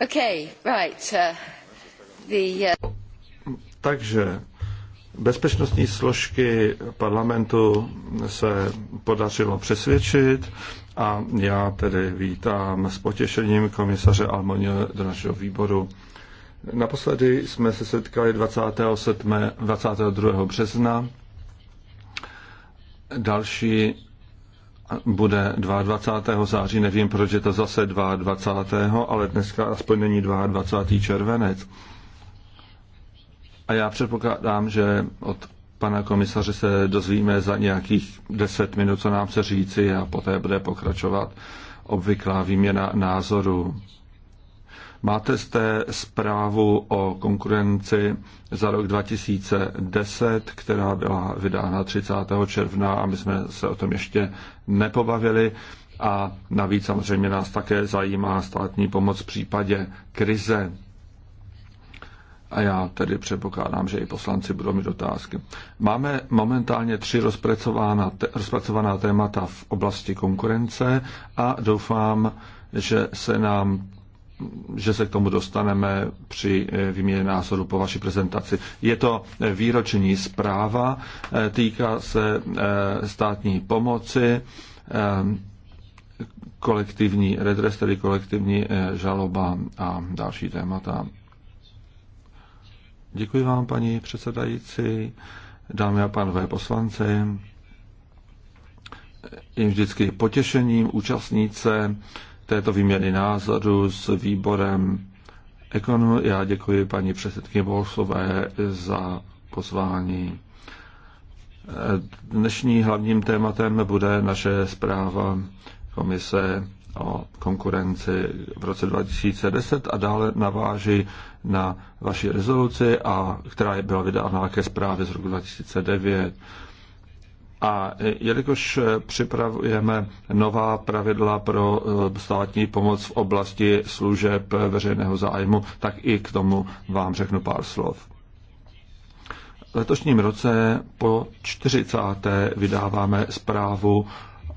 Uh, uh, Takže bezpečnostní složky parlamentu se podařilo přesvědčit a já tedy vítám s potěšením komisaře Almoně do našeho výboru. Naposledy jsme se setkali 27. 22. března. Další bude 22. září, nevím, proč je to zase 22. ale dneska aspoň není 22. červenec. A já předpokládám, že od pana komisaře se dozvíme za nějakých 10 minut, co nám se říci a poté bude pokračovat obvyklá výměna názoru. Máte zde zprávu o konkurenci za rok 2010, která byla vydána 30. června a my jsme se o tom ještě nepobavili. A navíc samozřejmě nás také zajímá státní pomoc v případě krize. A já tedy předpokládám, že i poslanci budou mít otázky. Máme momentálně tři rozpracovaná, rozpracovaná témata v oblasti konkurence a doufám, že se nám že se k tomu dostaneme při eh, výměně názoru po vaší prezentaci. Je to eh, výroční zpráva, eh, týká se státní pomoci, kolektivní redres, tedy kolektivní žaloba a další témata. Děkuji vám, paní předsedající, dámy a pánové poslanci. Je vždycky potěšením účastnit se této výměny názorů s výborem Ekonu. Já děkuji paní předsedkyni Bolsové za pozvání. Dnešní hlavním tématem bude naše zpráva komise o konkurenci v roce 2010 a dále naváží na vaši rezoluci, a, která je byla vydána ke zprávě z roku 2009. A jelikož připravujeme nová pravidla pro eh, státní pomoc v oblasti služeb veřejného zájmu, tak i k tomu vám řeknu pár slov. V letošním roce po 40. vydáváme zprávu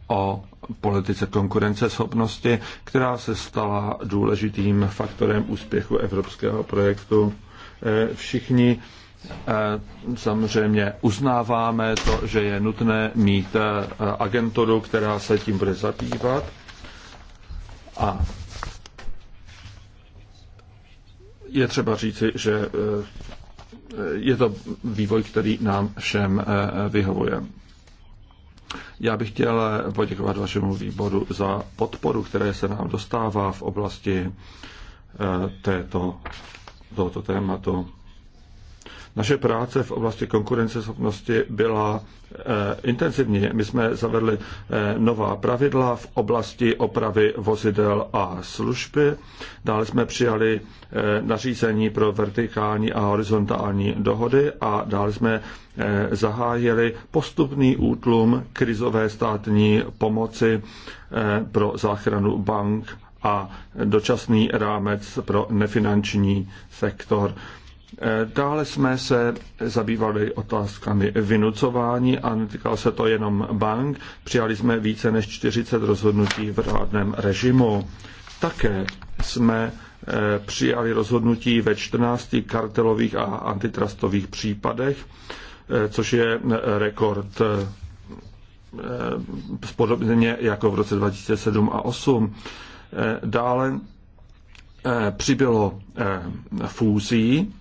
o politice konkurenceschopnosti, která se stala důležitým faktorem úspěchu evropského projektu. Eh, všichni Eh, samozřejmě uznáváme to, že je nutné mít eh, agenturu, která se tím bude zabývat. A je třeba říci, že eh, je to vývoj, který nám všem vyhovuje. Já bych chtěl poděkovat vašemu výboru za podporu, které se nám dostává v oblasti této, tohoto tématu. Naše práce v oblasti konkurenceschopnosti byla eh, intenzivní. My jsme zavedli eh, nová pravidla v oblasti opravy vozidel a služby. Dále jsme přijali eh, nařízení pro vertikální a horizontální dohody a dále jsme zahájili postupný útlum krizové státní pomoci pro záchranu bank a dočasný rámec pro nefinanční sektor. Eh, dále jsme se zabývali otázkami vynucování a netýkalo se to jenom bank. Přijali jsme více než 40 rozhodnutí v řádném režimu. Také jsme eh, přijali rozhodnutí ve 14 kartelových a antitrustových případech, eh, což je rekord podobně jako v roce 2007 a 2008. Dále přibylo fúzí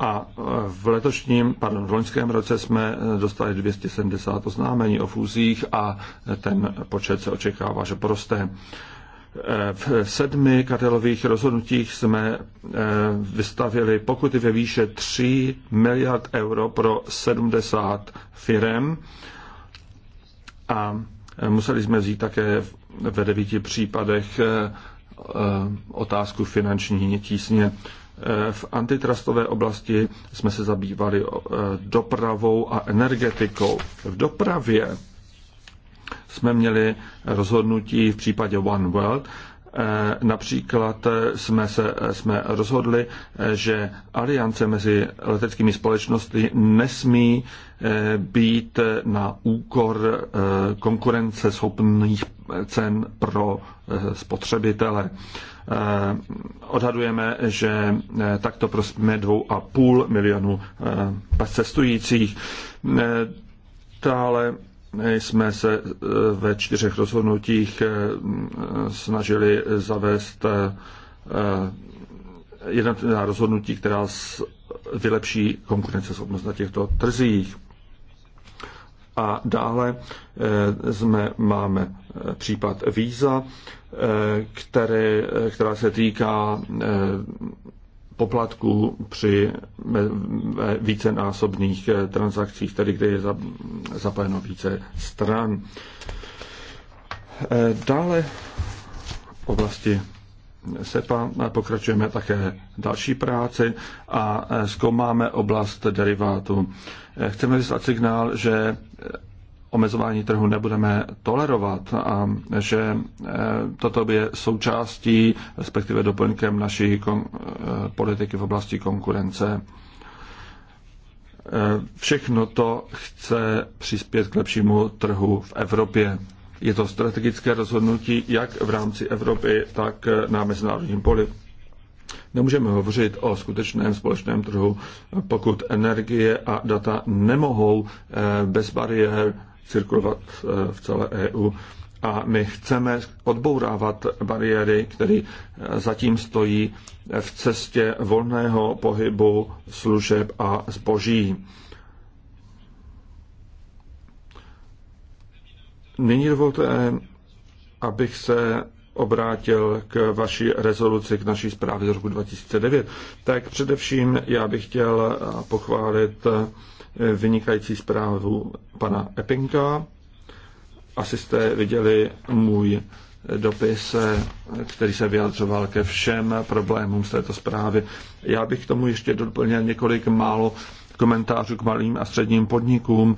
a e, v letošním, pardon, v loňském roce jsme e, dostali 270 oznámení o fúzích a e, ten počet se očekává, že poroste. V sedmi kartelových rozhodnutích jsme vystavili pokuty ve výše 3 miliard euro pro 70 firem a museli jsme vzít také ve devíti případech otázku finanční tísně. Eh, v antitrustové oblasti jsme se zabývali eh, dopravou a energetikou. V dopravě jsme měli rozhodnutí v případě One World, Eh, například eh, jsme, se, eh, jsme rozhodli, že aliance mezi leteckými společnostmi nesmí být na úkor konkurence schopných cen pro spotřebitele. Odhadujeme, že takto prospíme 2,5 milionu cestujících. Dále jsme se e, ve čtyřech rozhodnutích e, snažili zavést e, jednotlivá rozhodnutí, která vylepší konkurenceschopnost na těchto trzích. A dále jsme, máme případ víza, které, která se týká poplatků při vícenásobných eh, transakcích, tedy kde je zapojeno více stran. Eh, dále v oblasti SEPA eh, pokračujeme také další práci a zkoumáme oblast derivátu. Chceme vyslat signál, že omezování trhu nebudeme tolerovat a že e, toto je součástí, respektive doplňkem naší e, politiky v oblasti konkurence. E, všechno to chce přispět k lepšímu trhu v Evropě. Je to strategické rozhodnutí jak v rámci Evropy, tak na mezinárodním poli. Nemůžeme hovořit o skutečném společném trhu, pokud energie a data nemohou bez bariér cirkulovat eh, v celé EU. A my chceme odbourávat bariéry, které eh, zatím stojí eh, v cestě volného pohybu služeb a zboží. Nyní dovolte, abych se obrátil k vaší rezoluci, k naší zprávě z roku 2009. Tak především já bych chtěl pochválit vynikající zprávu pana Epinka. Asi jste viděli můj dopis, který se vyjadřoval ke všem problémům z této zprávy. Já bych k tomu ještě doplnil několik málo komentářů k malým a středním podnikům,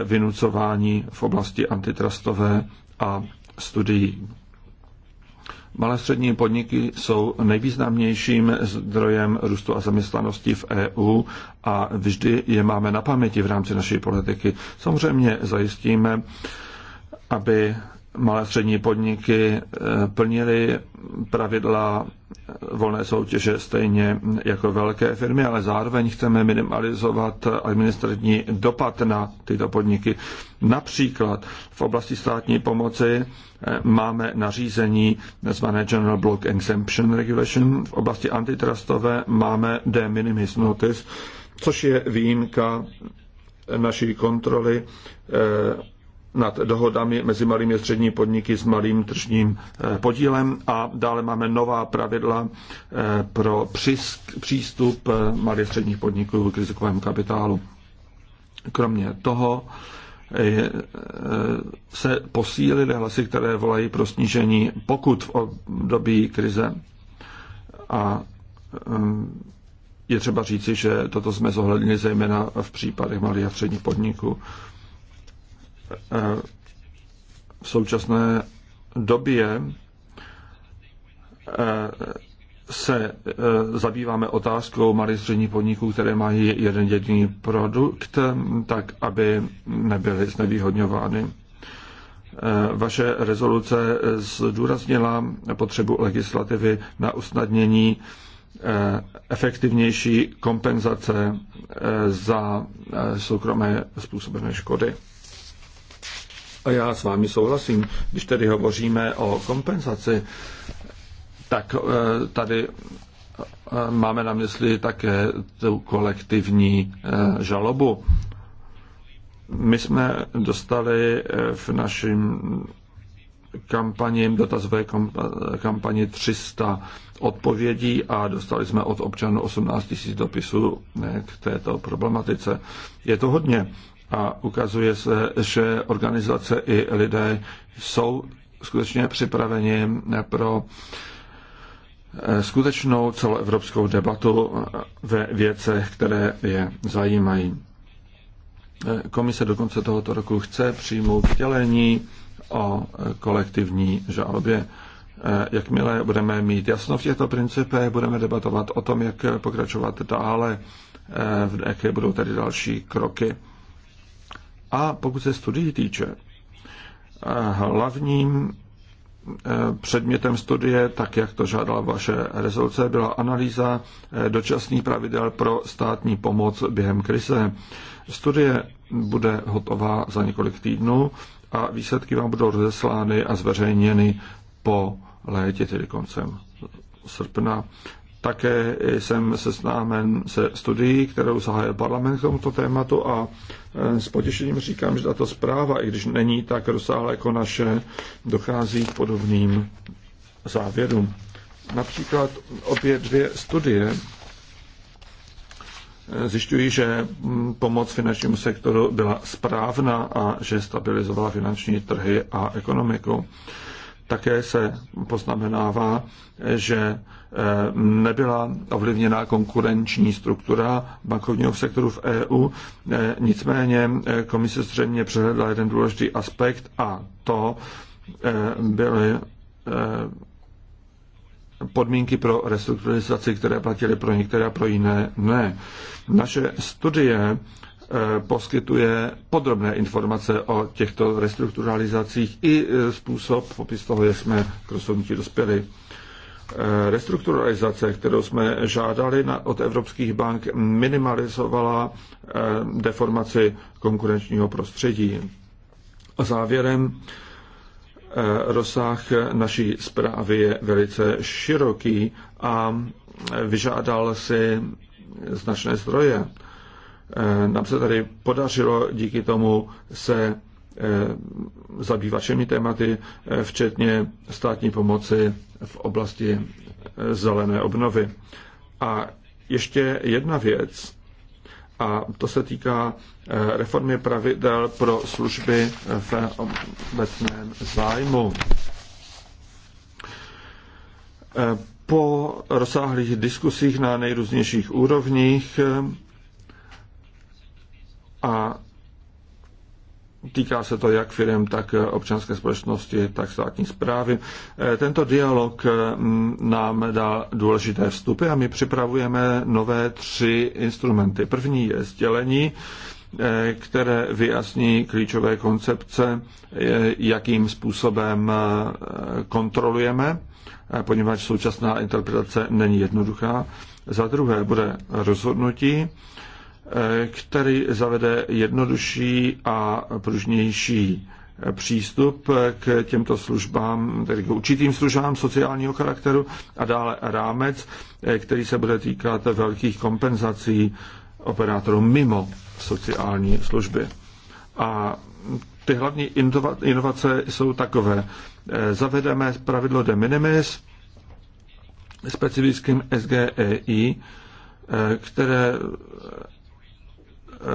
eh, vynucování v oblasti antitrustové a studií. Malé střední podniky jsou nejvýznamnějším zdrojem růstu a zaměstnanosti v EU a vždy je máme na paměti v rámci naší politiky. Samozřejmě zajistíme, aby malé střední podniky eh, plnily pravidla volné soutěže stejně jako velké firmy, ale zároveň chceme minimalizovat administrativní dopad na tyto podniky. Například v oblasti státní pomoci eh, máme nařízení nazvané General Block Exemption Regulation, v oblasti antitrustové máme de minimis notice, což je výjimka naší kontroly eh, nad dohodami mezi malými a středními podniky s malým tržním eh, podílem a dále máme nová pravidla eh, pro přístup eh, malých a středních podniků k rizikovému kapitálu. Kromě toho se posílily hlasy, které volají pro snížení pokud v období krize a je třeba říci, že toto jsme zohlednili zejména v případech malých a středních podniků. Eh, v současné době eh, se eh, zabýváme otázkou malých podniků, které mají jeden jediný produkt, tak aby nebyly znevýhodňovány. Vaše rezoluce zdůraznila potřebu legislativy na usnadnění efektivnější kompenzace za soukromé způsobené škody. A já s vámi souhlasím, když tedy hovoříme o kompenzaci, tak eh, tady eh, máme na mysli také tu kolektivní eh, žalobu. My jsme dostali v našem kampaním, dotazové kampani 300 odpovědí a dostali jsme od občanů 18 000 dopisů k této problematice. Je to hodně a ukazuje se, že organizace i lidé jsou skutečně připraveni pro eh, skutečnou celoevropskou debatu eh, ve věcech, které je zajímají. Eh, komise do konce tohoto roku chce přijmout vtělení o kolektivní žalobě. Jakmile budeme mít jasno v těchto principech, budeme debatovat o tom, jak pokračovat dále, jaké budou tady další kroky. A pokud se studií týče, eh, hlavním eh, předmětem studie, tak jak to žádala vaše rezoluce, byla analýza eh, dočasných pravidel pro státní pomoc během krize. Studie bude hotová za několik týdnů a výsledky vám budou rozeslány a zveřejněny po létě, tedy koncem srpna. Také jsem seznámen se studií, kterou zahájil parlament k tomuto tématu a eh, s potěšením říkám, že tato zpráva, i když není tak rozsáhlá jako naše, dochází k podobným závěrům. Například obě dvě studie eh, zjišťují, že hm, pomoc finančnímu sektoru byla správná a že stabilizovala finanční trhy a ekonomiku. Také se poznamenává, že eh, nebyla ovlivněná konkurenční struktura bankovního sektoru v EU. Eh, nicméně eh, komise zřejmě přehledla jeden důležitý aspekt a to byly podmínky pro restrukturalizaci, které platily pro některé a pro jiné ne. Naše studie Eh, poskytuje podrobné informace o těchto restrukturalizacích i eh, způsob, popis toho, jak jsme k rozhodnutí dospěli. Eh, restrukturalizace, kterou jsme žádali od evropských bank, minimalizovala deformaci konkurenčního prostředí. A závěrem rozsah naší zprávy je velice široký a vyžádal si značné zdroje Eh, nám se tady podařilo díky tomu se eh, zabývat všemi tématy, eh, včetně státní pomoci v oblasti zelené obnovy. A ještě jedna věc, a to se týká reformy pravidel pro služby v obecném zájmu. Po rozsáhlých diskusích na nejrůznějších úrovních a Týká se to jak firm, tak občanské společnosti, tak státní zprávy. E, tento dialog e, nám dá důležité vstupy a my připravujeme nové tři instrumenty. První je sdělení, e, které vyjasní klíčové koncepce, jakým způsobem kontrolujeme, poněvadž současná interpretace není jednoduchá. Za druhé bude rozhodnutí, Eh, který zavede jednodušší a pružnější přístup k těmto službám, tedy k určitým službám sociálního charakteru a dále rámec, eh, který se bude týkat velkých kompenzací operátorů mimo sociální služby. A ty hlavní inovace jsou takové. Eh, zavedeme pravidlo de minimis specifickým SGEI, které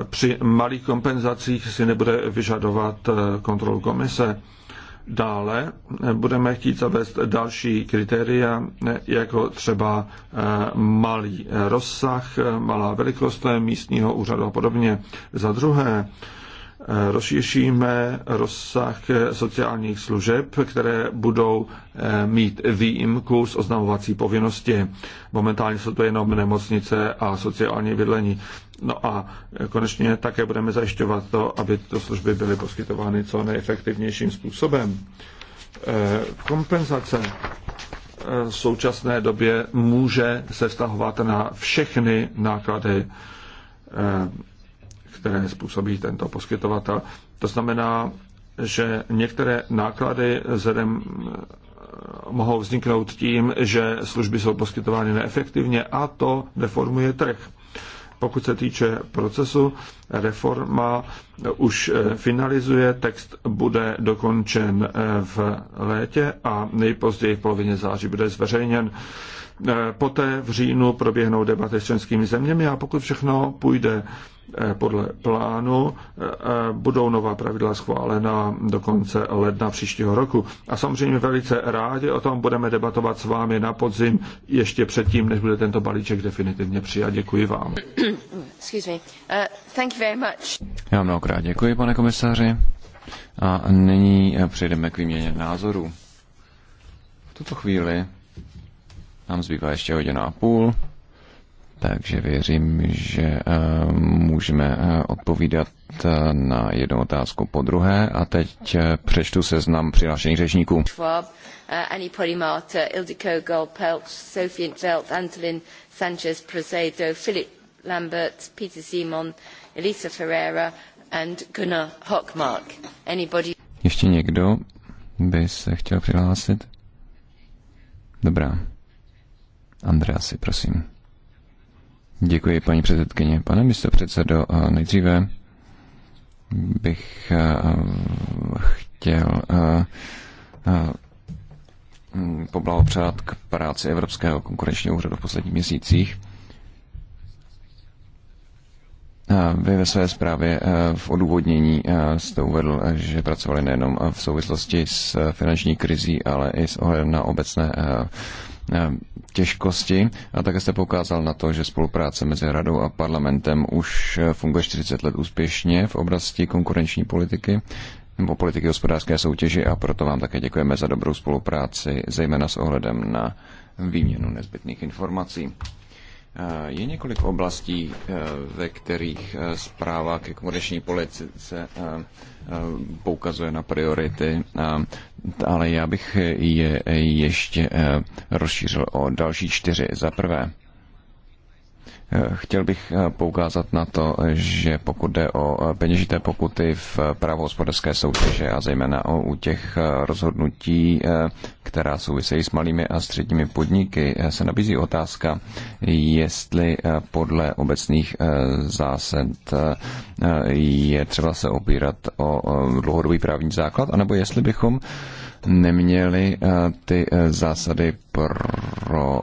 při malých kompenzacích si nebude vyžadovat eh, kontrolu komise. Dále eh, budeme chtít zavést další kritéria, eh, jako třeba malý rozsah, malá velikost místního úřadu a podobně. Za druhé, rozšíříme rozsah sociálních služeb, které budou eh, mít výjimku z oznamovací povinnosti. Momentálně jsou to jenom nemocnice a sociální bydlení. No a eh, konečně také budeme zajišťovat to, aby tyto služby byly poskytovány co nejefektivnějším způsobem. Eh, kompenzace v současné době může se vztahovat na všechny náklady které způsobí tento poskytovatel. To znamená, že některé náklady zedem eh, mohou vzniknout tím, že služby jsou poskytovány neefektivně a to deformuje trh. Pokud se týče procesu, reforma už eh, finalizuje, text bude dokončen eh, v létě a nejpozději v polovině září bude zveřejněn. Poté v říjnu proběhnou debaty s členskými zeměmi a pokud všechno půjde Eh, podle plánu eh, eh, budou nová pravidla schválena do konce ledna příštího roku. A samozřejmě velice rádi o tom budeme debatovat s vámi na podzim, ještě předtím, než bude tento balíček definitivně přijat. Děkuji vám. Excuse me. thank you very much. Já mnohokrát děkuji, pane komisaři. A nyní přejdeme k výměně názorů. V tuto chvíli nám zbývá ještě hodina a půl. Takže věřím, že eh, můžeme eh, odpovídat eh, na jednu otázku po druhé. A teď přečtu seznam přihlášených řečníků. Annie Polimata, Ildiko Golpelch, Sophie Intveld, Antolin Sanchez Prozedo, Philip Lambert, Peter Simon, Elisa Ferreira and Gunnar Hockmark. Anybody? Ještě někdo by se chtěl přihlásit? Dobrá. Andreasi, prosím. Děkuji, paní předsedkyně. Pane místopředsedo, eh, nejdříve bych eh, chtěl eh, poblahopřát k práci Evropského konkurenčního úřadu v posledních měsících. Vy ve své zprávě v odůvodnění jste uvedl, že pracovali nejenom v souvislosti s finanční krizí, ale i s ohledem na obecné Eh, těžkosti a také jste poukázal na to, že spolupráce mezi radou a parlamentem už eh, funguje 40 let úspěšně v oblasti konkurenční politiky nebo politiky hospodářské soutěži a proto vám také děkujeme za dobrou spolupráci, zejména s ohledem na výměnu nezbytných informací. Eh, je několik oblastí, ve kterých zpráva ke komerční politice poukazuje na priority ale já bych je ještě eh, rozšířil o další čtyři. Za prvé, Chtěl bych eh, poukázat na to, že pokud jde o eh, peněžité pokuty v eh, pravohospodářské soutěže a zejména o, u těch rozhodnutí, která souvisejí s malými a středními podniky, se nabízí otázka, jestli podle obecných zásad je třeba se opírat o dlouhodobý právní základ, anebo jestli bychom neměli ty zásady pro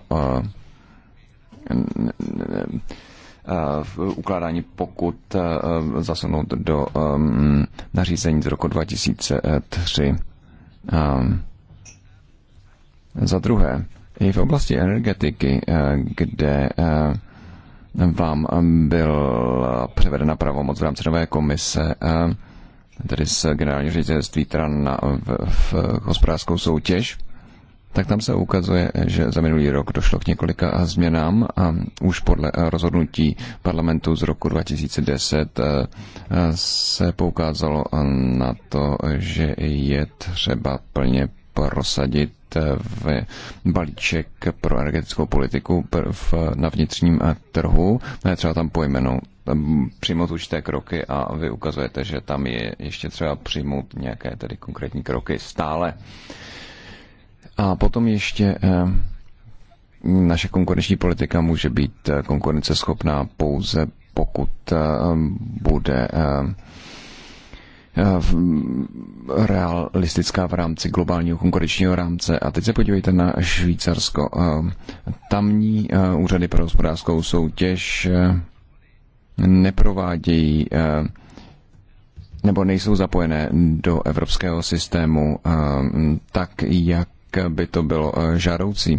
v eh, ukládání pokud eh, zasunout do eh, nařízení z roku 2003. Za druhé, i v oblasti energetiky, kde vám byl převedena pravomoc v rámci nové komise, tedy z generálního ředitelství TRAN na, v, v hospodářskou soutěž, tak tam se ukazuje, že za minulý rok došlo k několika změnám a už podle rozhodnutí parlamentu z roku 2010 eh, se poukázalo na to, že je třeba plně prosadit eh, v balíček pro energetickou politiku na vnitřním eh, trhu. Je třeba tam pojmenou přijmout určité kroky a vy ukazujete, že tam je ještě třeba přijmout nějaké tedy konkrétní kroky stále. Uh, a potom ještě eh, naše konkurenční politika může být eh, konkurenceschopná pouze pokud eh, bude realistická v rámci globálního konkurenčního rámce. A teď se podívejte na Švýcarsko. Tamní úřady pro hospodářskou soutěž neprovádějí nebo nejsou zapojené do evropského systému tak, jak by to bylo eh, žádoucí.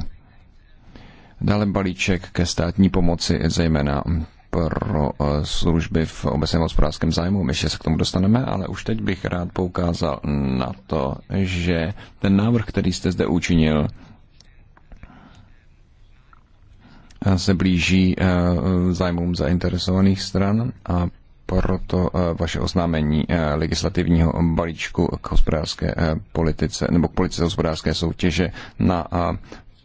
Dále balíček ke státní pomoci, zejména pro eh, služby v obecném hospodářském zájmu. My ještě se k tomu dostaneme, ale už teď bych rád poukázal na to, že ten návrh, který jste zde učinil, eh, se blíží zájmům zainteresovaných stran a proto eh, vaše oznámení eh, legislativního balíčku k hospodářské eh, politice nebo k politice hospodářské soutěže na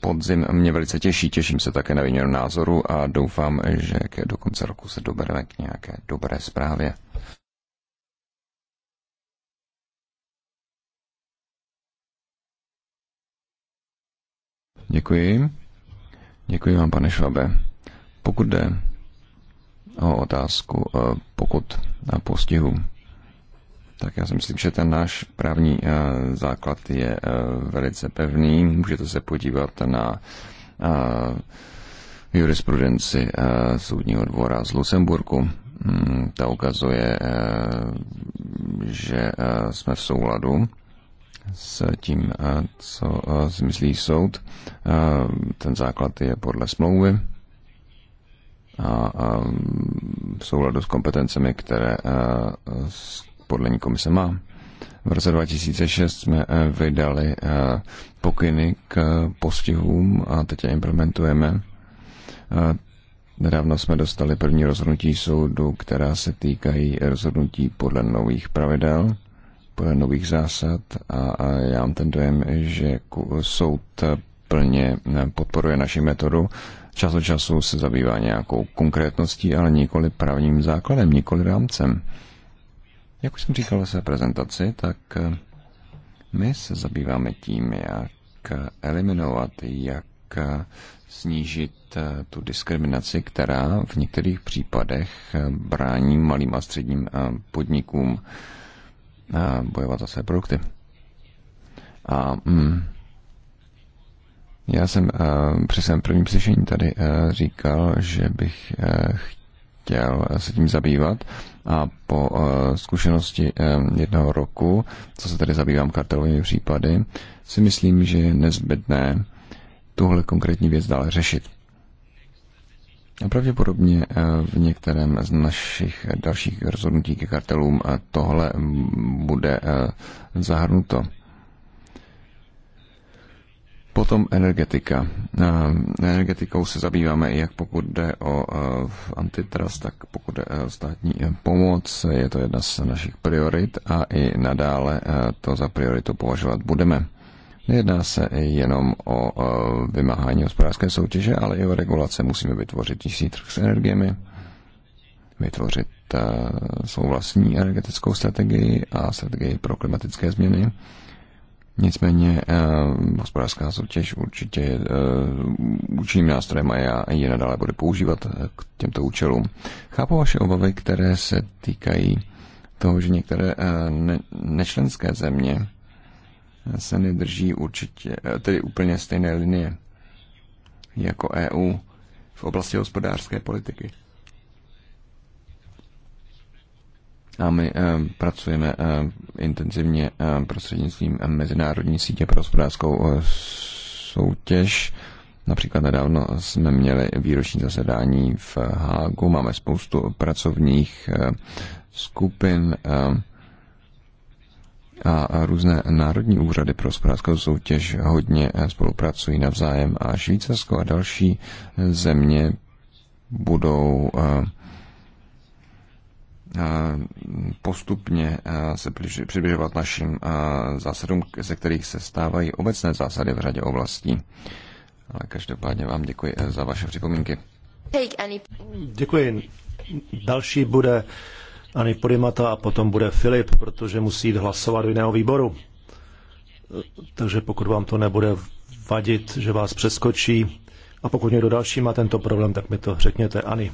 podzim mě velice těší. Těším se také na výměnu názoru a doufám, že do konce roku se dobereme k nějaké dobré zprávě. Děkuji. Děkuji vám, pane Švabe. Pokud jde o otázku e, pokud a postihu. Tak já si myslím, že ten náš právní e, základ je e, velice pevný. Můžete se podívat na jurisprudenci soudního dvora z Lucemburku. Mm, ta ukazuje, že jsme v souladu s tím, co zmyslí soud. Ten základ je podle smlouvy a, a v souladu s kompetencemi, které podle ní komise má. V roce 2006 jsme e, vydali e, pokyny k postihům a teď je implementujeme. E, nedávno jsme dostali první rozhodnutí soudu, která se týkají rozhodnutí podle nových pravidel, podle nových zásad a, já mám ten dojem, že soud plně podporuje naši metodu čas od času se zabývá nějakou konkrétností, ale nikoli právním základem, nikoli rámcem. Jak už jsem říkal ve své prezentaci, tak eh, my se zabýváme tím, jak eliminovat, jak eh, snížit eh, tu diskriminaci, která v některých případech brání malým a středním podnikům bojovat za své produkty. A mm, já jsem eh, při svém prvním slyšení tady eh, říkal, že bych eh, chtěl se tím zabývat a po zkušenosti jednoho roku, co se tady zabývám kartelovými případy, si myslím, že je nezbytné tuhle konkrétní věc dále řešit. A pravděpodobně v některém z našich dalších rozhodnutí ke kartelům tohle bude zahrnuto. Potom energetika. Energetikou se zabýváme jak pokud jde o eh, antitrust, tak pokud jde o eh, státní eh, pomoc. Je to jedna z našich priorit a i nadále to za prioritu považovat budeme. Nejedná se jenom o vymáhání hospodářské soutěže, ale i o regulace. Musíme vytvořit nižší trh s energiemi, vytvořit svou vlastní energetickou strategii a strategii pro klimatické změny Nicméně eh, hospodářská soutěž určitě je eh, účinným nástrojem a já ji nadále budu používat eh, k těmto účelům. Chápu vaše obavy, které se týkají toho, že některé eh, ne, nečlenské země se nedrží určitě, eh, tedy úplně stejné linie jako EU v oblasti hospodářské politiky. a my eh, pracujeme eh, intenzivně eh, prostřednictvím Mezinárodní sítě pro hospodářskou soutěž. Například nedávno jsme měli výroční zasedání v Hágu, máme spoustu pracovních skupin a různé národní úřady pro hospodářskou soutěž hodně spolupracují navzájem a Švýcarsko a další země budou Eh, postupně eh, se přibližovat našim eh, zásadům, ze kterých se stávají obecné zásady v řadě oblastí. Ale každopádně vám děkuji za vaše připomínky. Děkuji. Další bude Ani Podimata a potom bude Filip, protože musí jít hlasovat do jiného výboru. Takže pokud vám to nebude vadit, že vás přeskočí, a pokud někdo další má tento problém, tak mi to řekněte, Ani.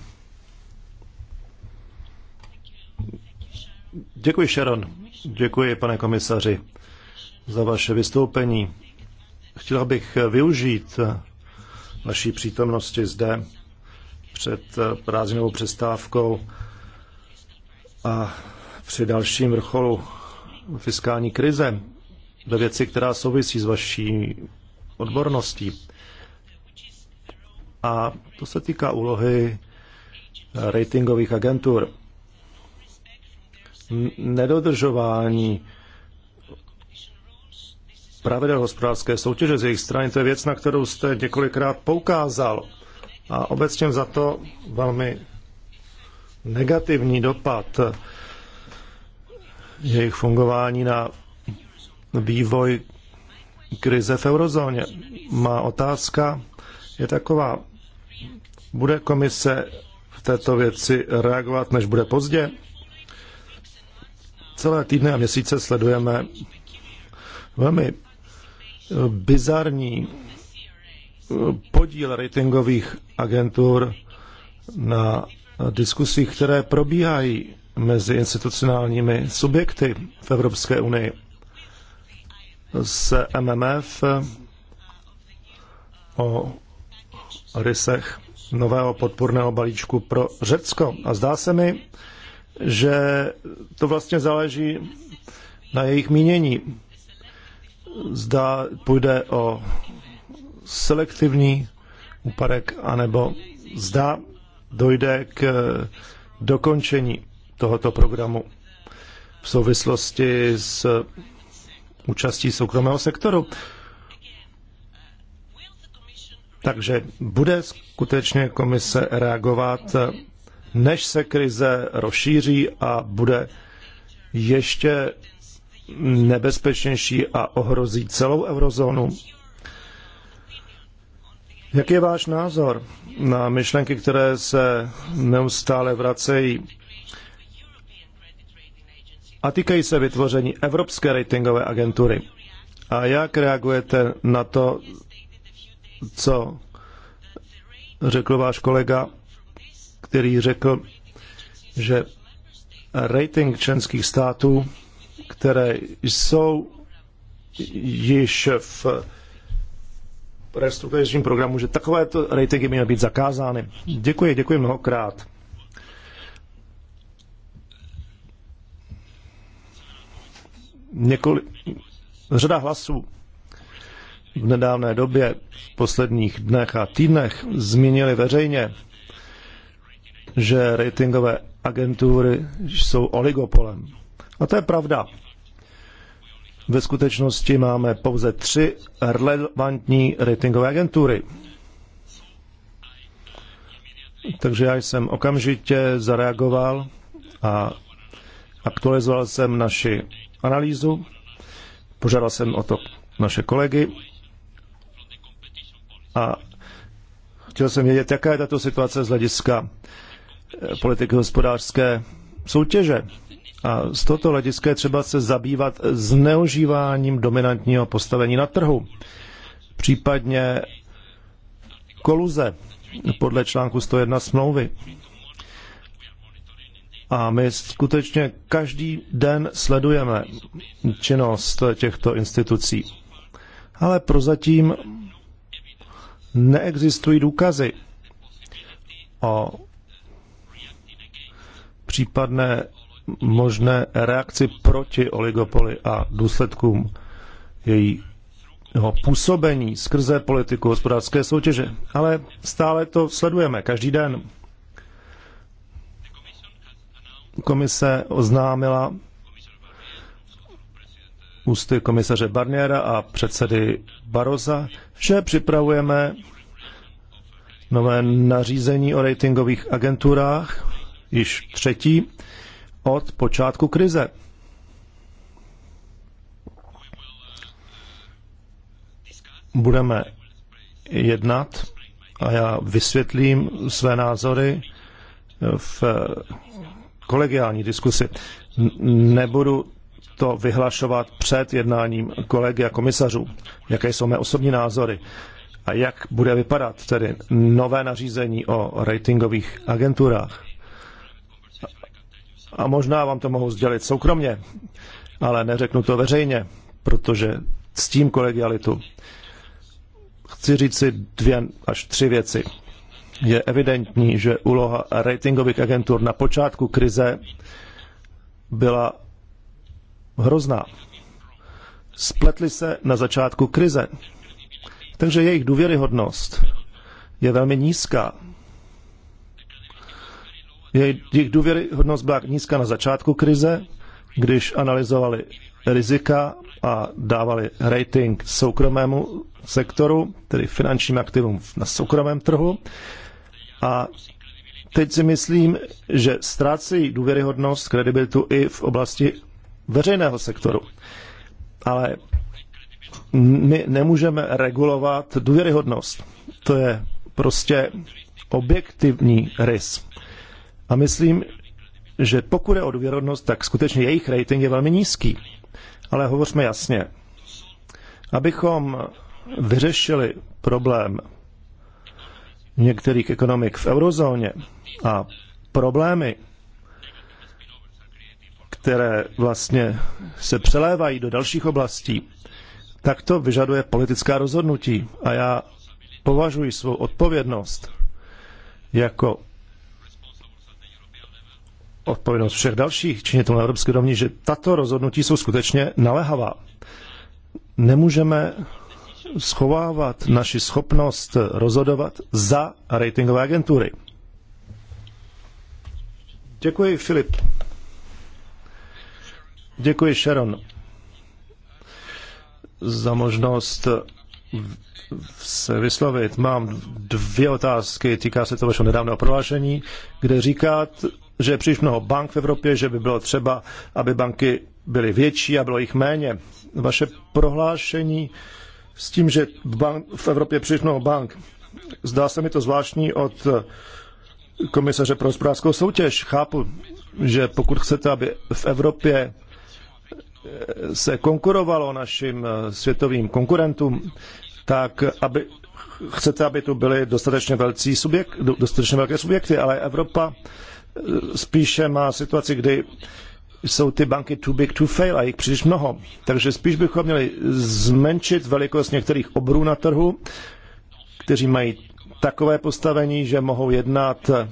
Děkuji, Sharon. Děkuji, pane komisaři, za vaše vystoupení. Chtěla bych využít vaší přítomnosti zde před prázdninovou přestávkou a při dalším vrcholu fiskální krize ve věci, která souvisí s vaší odborností. A to se týká úlohy ratingových agentur nedodržování pravidel hospodářské soutěže z jejich strany. To je věc, na kterou jste několikrát poukázal. A obecně za to velmi negativní dopad jejich fungování na vývoj krize v eurozóně. Má otázka je taková. Bude komise v této věci reagovat, než bude pozdě? celé týdny a měsíce sledujeme velmi eh, bizarní eh, podíl ratingových agentur na diskusích, které probíhají mezi institucionálními subjekty v Evropské unii s MMF o rysech nového podpůrného balíčku pro Řecko. A zdá se mi, že to vlastně záleží na jejich mínění. Zda půjde o selektivní úpadek, anebo zda dojde k dokončení tohoto programu v souvislosti s účastí soukromého sektoru. Takže bude skutečně komise reagovat než se krize rozšíří a bude ještě nebezpečnější a ohrozí celou eurozónu. Jak je váš názor na myšlenky, které se neustále vracejí a týkají se vytvoření Evropské ratingové agentury? A jak reagujete na to, co řekl váš kolega který řekl, že rating členských států, které jsou již v restrukturalizačním programu, že takovéto ratingy měly být zakázány. Děkuji, děkuji mnohokrát. Několik, řada hlasů v nedávné době, v posledních dnech a týdnech zmínili veřejně, že ratingové agentury jsou oligopolem. A to je pravda. Ve skutečnosti máme pouze tři relevantní ratingové agentury. Takže já jsem okamžitě zareagoval a aktualizoval jsem naši analýzu, požádal jsem o to naše kolegy a chtěl jsem vědět, jaká je tato situace z hlediska Eh, politiky hospodářské soutěže. A z tohoto hlediska je třeba se zabývat zneužíváním dominantního postavení na trhu, případně koluze podle článku 101 smlouvy. A my skutečně každý den sledujeme činnost těchto institucí. Ale prozatím neexistují důkazy o případné možné reakci proti oligopoly a důsledkům jejího působení skrze politiku hospodářské soutěže. Ale stále to sledujeme každý den. Komise oznámila ústy komisaře Barniera a předsedy Baroza, že připravujeme nové nařízení o ratingových agenturách již třetí od počátku krize. Budeme jednat a já vysvětlím své názory v kolegiální diskusi. Nebudu to vyhlašovat před jednáním kolegy a komisařů, jaké jsou mé osobní názory a jak bude vypadat tedy nové nařízení o ratingových agenturách a možná vám to mohu sdělit soukromně, ale neřeknu to veřejně, protože s tím kolegialitu. Chci říct si dvě až tři věci. Je evidentní, že úloha ratingových agentur na počátku krize byla hrozná. Spletli se na začátku krize. Takže jejich důvěryhodnost je velmi nízká jejich důvěryhodnost byla nízká na začátku krize, když analyzovali rizika a dávali rating soukromému sektoru, tedy finančním aktivům na soukromém trhu. A teď si myslím, že ztrácí důvěryhodnost, kredibilitu i v oblasti veřejného sektoru. Ale my nemůžeme regulovat důvěryhodnost. To je prostě objektivní rys. A myslím, že pokud je o důvěrodnost, tak skutečně jejich rating je velmi nízký. Ale hovořme jasně. Abychom vyřešili problém některých ekonomik v eurozóně a problémy, které vlastně se přelévají do dalších oblastí, tak to vyžaduje politická rozhodnutí. A já považuji svou odpovědnost jako odpovědnost všech dalších to na evropské rovni, že tato rozhodnutí jsou skutečně naléhavá. Nemůžeme schovávat naši schopnost rozhodovat za ratingové agentury. Děkuji, Filip. Děkuji, Sharon, za možnost se vyslovit. Mám dvě otázky, týká se toho, vašeho nedávného prohlášení, kde říkat, že je příliš mnoho bank v Evropě, že by bylo třeba, aby banky byly větší a bylo jich méně. Vaše prohlášení s tím, že bank, v Evropě je příliš mnoho bank, zdá se mi to zvláštní od komisaře pro hospodářskou soutěž. Chápu, že pokud chcete, aby v Evropě eh, se konkurovalo našim eh, světovým konkurentům, tak aby, chcete, aby tu byly dostatečně, velcí subjek, dostatečně velké subjekty, ale Evropa spíše má situaci, kdy jsou ty banky too big to fail a jich příliš mnoho. Takže spíš bychom měli zmenšit velikost některých obrů na trhu, kteří mají takové postavení, že mohou jednat, eh,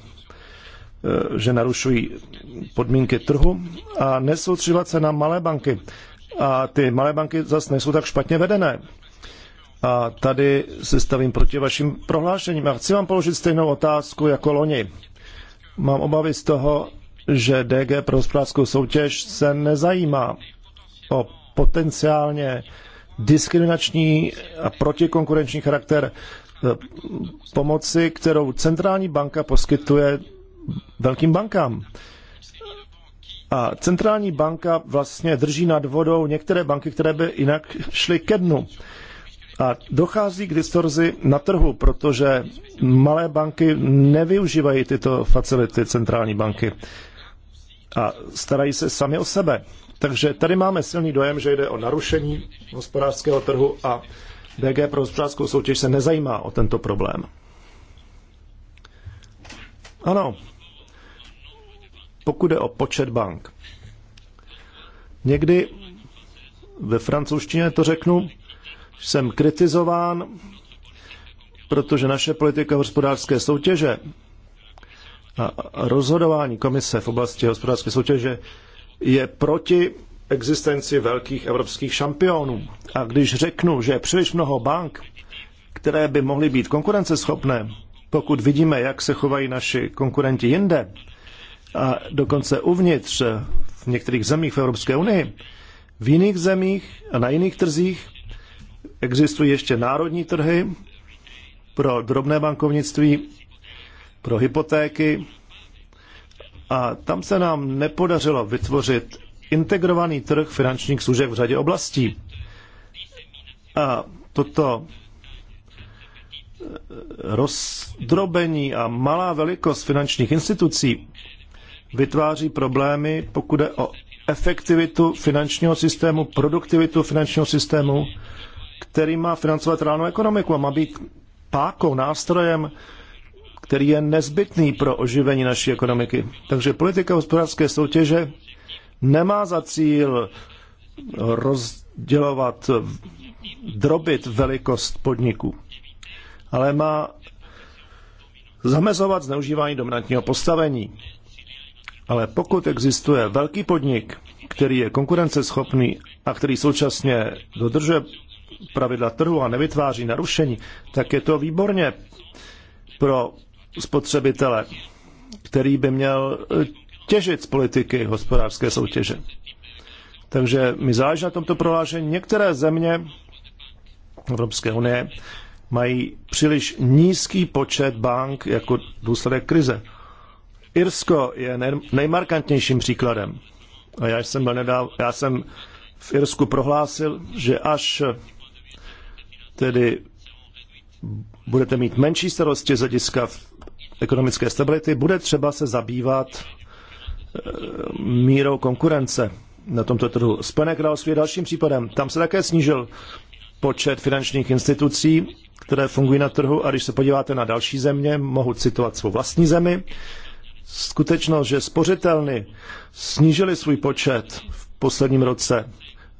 že narušují podmínky trhu a nesoustředovat se na malé banky. A ty malé banky zase nejsou tak špatně vedené. A tady se stavím proti vašim prohlášením. A chci vám položit stejnou otázku jako loni. Mám obavy z toho, že DG pro hospodářskou soutěž se nezajímá o potenciálně diskriminační a protikonkurenční charakter eh, pomoci, kterou centrální banka poskytuje velkým bankám. A centrální banka vlastně drží nad vodou některé banky, které by jinak šly ke dnu. A dochází k distorzi na trhu, protože malé banky nevyužívají tyto facility centrální banky a starají se sami o sebe. Takže tady máme silný dojem, že jde o narušení hospodářského trhu a DG pro hospodářskou soutěž se nezajímá o tento problém. Ano, pokud jde o počet bank. Někdy ve francouzštině to řeknu, jsem kritizován, protože naše politika hospodářské soutěže a rozhodování komise v oblasti hospodářské soutěže je proti existenci velkých evropských šampionů. A když řeknu, že je příliš mnoho bank, které by mohly být konkurenceschopné, pokud vidíme, jak se chovají naši konkurenti jinde, a dokonce uvnitř v některých zemích v Evropské unii, v jiných zemích a na jiných trzích, Existují ještě národní trhy pro drobné bankovnictví, pro hypotéky a tam se nám nepodařilo vytvořit integrovaný trh finančních služeb v řadě oblastí. A toto rozdrobení a malá velikost finančních institucí vytváří problémy, pokud je o efektivitu finančního systému, produktivitu finančního systému který má financovat reálnou ekonomiku a má být pákou, nástrojem, který je nezbytný pro oživení naší ekonomiky. Takže politika hospodářské soutěže nemá za cíl rozdělovat, drobit velikost podniků, ale má zamezovat zneužívání dominantního postavení. Ale pokud existuje velký podnik, který je konkurenceschopný a který současně dodržuje pravidla trhu a nevytváří narušení, tak je to výborně pro spotřebitele, který by měl eh, těžit z politiky hospodářské soutěže. Takže mi záleží na tomto prohlášení. Některé země Evropské unie mají příliš nízký počet bank jako důsledek krize. Irsko je nejmarkantnějším příkladem. A já jsem, byl nedáv- já jsem v Irsku prohlásil, že až Tedy budete mít menší starosti z hlediska ekonomické stability, bude třeba se zabývat eh, mírou konkurence na tomto trhu. Spojené království je dalším případem. Tam se také snížil počet finančních institucí, které fungují na trhu a když se podíváte na další země, mohu citovat svou vlastní zemi, skutečnost, že spořitelny snížily svůj počet v posledním roce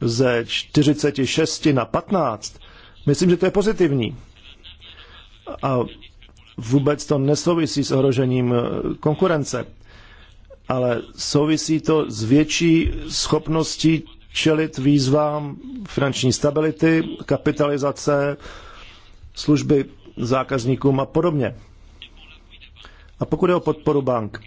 ze 46 na 15, Myslím, že to je pozitivní. A vůbec to nesouvisí s ohrožením eh, konkurence, ale souvisí to s větší schopností čelit výzvám finanční stability, kapitalizace, služby zákazníkům a podobně. A pokud je o podporu bank,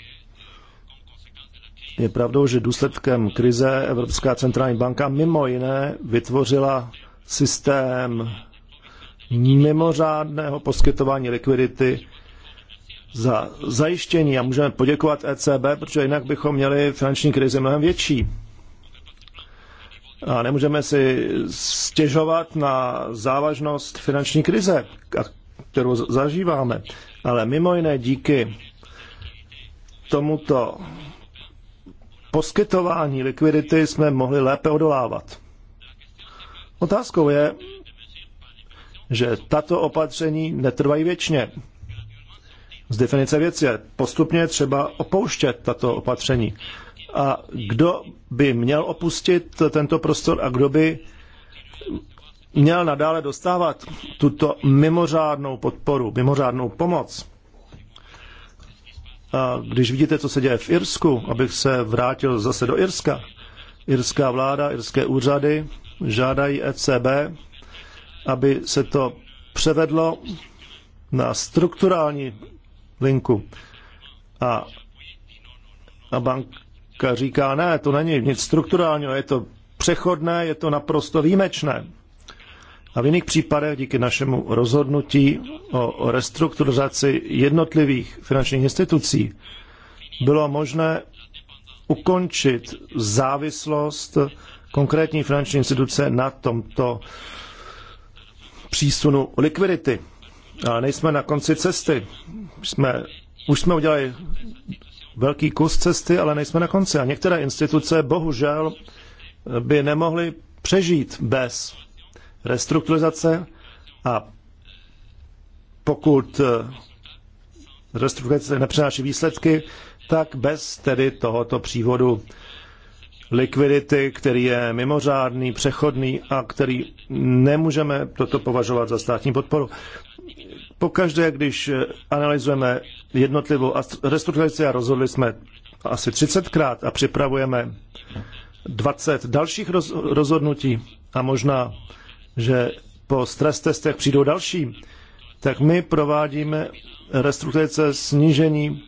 je pravdou, že důsledkem krize Evropská centrální banka mimo jiné vytvořila systém mimořádného poskytování likvidity za zajištění a můžeme poděkovat ECB, protože jinak bychom měli finanční krizi mnohem větší. A nemůžeme si stěžovat na závažnost finanční krize, kterou zažíváme. Ale mimo jiné díky tomuto poskytování likvidity jsme mohli lépe odolávat. Otázkou je, že tato opatření netrvají věčně. Z definice věci je postupně třeba opouštět tato opatření. A kdo by měl opustit tento prostor a kdo by měl nadále dostávat tuto mimořádnou podporu, mimořádnou pomoc. A když vidíte, co se děje v Irsku, abych se vrátil zase do Irska, irská vláda, irské úřady žádají ECB, aby se to převedlo na strukturální linku. A, a banka říká, ne, to není nic strukturálního, je to přechodné, je to naprosto výjimečné. A v jiných případech díky našemu rozhodnutí o restrukturizaci jednotlivých finančních institucí bylo možné ukončit závislost konkrétní finanční instituce na tomto přísunu likvidity. A nejsme na konci cesty. Jsme, už jsme udělali velký kus cesty, ale nejsme na konci. A některé instituce bohužel by nemohly přežít bez restrukturalizace a pokud eh, restrukturalizace nepřináší výsledky, tak bez tedy tohoto přívodu likvidity, který je mimořádný, přechodný a který nemůžeme toto považovat za státní podporu. Pokaždé, když analyzujeme jednotlivou restrukturalizaci a rozhodli jsme asi 30krát a připravujeme 20 dalších rozhodnutí a možná, že po stres testech přijdou další, tak my provádíme restrukturalizace snížení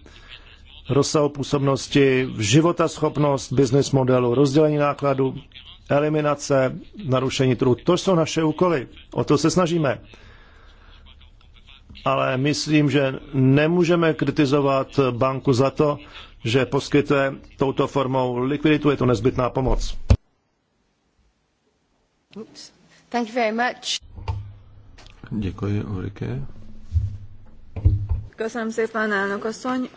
rozsahu působnosti, schopnost, business modelu, rozdělení nákladů, eliminace narušení trhu. To jsou naše úkoly. O to se snažíme. Ale myslím, že nemůžeme kritizovat banku za to, že poskytuje touto formou likviditu. Je to nezbytná pomoc. Thank you very much. Děkuji, Ulrike. Köszönöm szépen, elnök asszony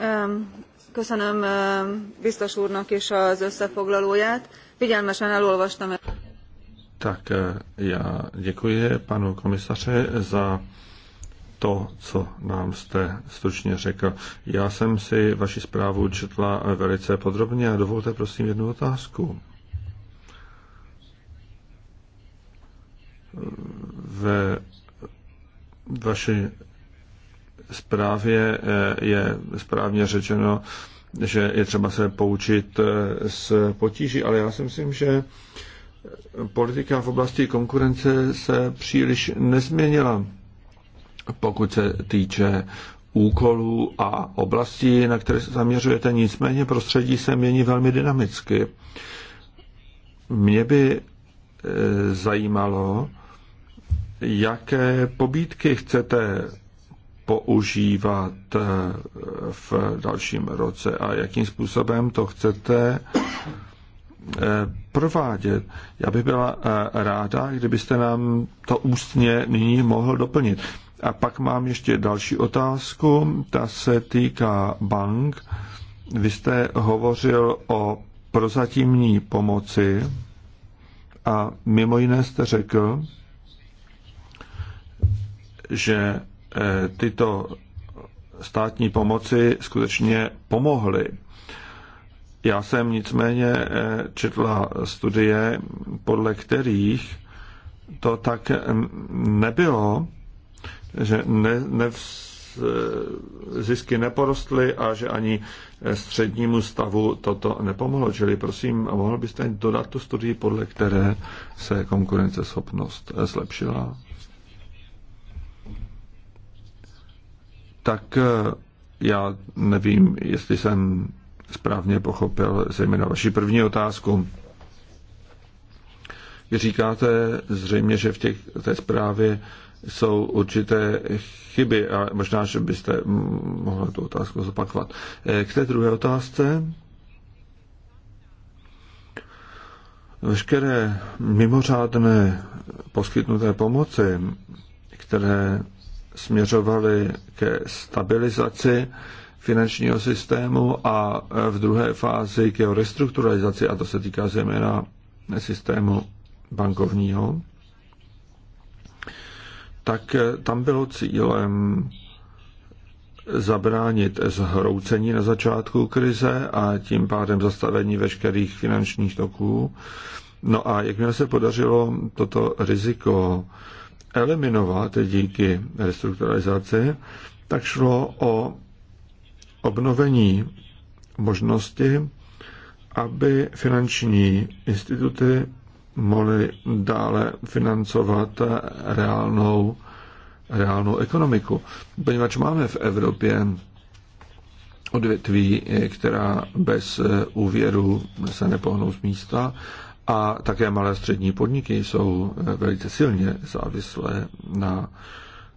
köszönöm eh, biztos úrnak is az összefoglalóját. Figyelmesen elolvastam. Tak eh, já děkuji panu komisaře za to, co nám jste stručně řekl. Já jsem si vaši zprávu četla velice podrobně a dovolte prosím jednu otázku. Ve vaši zprávě eh, je správně řečeno, že je třeba se poučit eh, z potíží, ale já si myslím, že politika v oblasti konkurence se příliš nezměnila, pokud se týče úkolů a oblastí, na které se zaměřujete. Nicméně prostředí se mění velmi dynamicky. Mě by eh, zajímalo, jaké pobídky chcete používat eh, v dalším roce a jakým způsobem to chcete eh, provádět. Já bych byla eh, ráda, kdybyste nám to ústně nyní mohl doplnit. A pak mám ještě další otázku, ta se týká bank. Vy jste hovořil o prozatímní pomoci a mimo jiné jste řekl, že Eh, tyto státní pomoci skutečně pomohly. Já jsem nicméně eh, četla studie, podle kterých to tak nebylo, že ne, ne, eh, zisky neporostly a že ani střednímu stavu toto nepomohlo. Čili prosím, mohl byste dodat tu studii, podle které se konkurenceschopnost zlepšila? tak eh, já nevím, jestli jsem správně pochopil zejména vaši první otázku. Říkáte zřejmě, že v těch, té zprávě jsou určité chyby a možná, že byste mohla tu otázku zopakovat. Eh, k té druhé otázce. Veškeré mimořádné poskytnuté pomoci, které směřovaly ke stabilizaci finančního systému a v druhé fázi k jeho restrukturalizaci, a to se týká zejména systému bankovního, tak tam bylo cílem zabránit zhroucení na začátku krize a tím pádem zastavení veškerých finančních toků. No a jakmile se podařilo toto riziko eliminovat díky restrukturalizaci, tak šlo o obnovení možnosti, aby finanční instituty mohly dále financovat reálnou, reálnou ekonomiku. Poněvadž máme v Evropě odvětví, která bez úvěru se nepohnou z místa a také malé střední podniky jsou eh, velice silně závislé na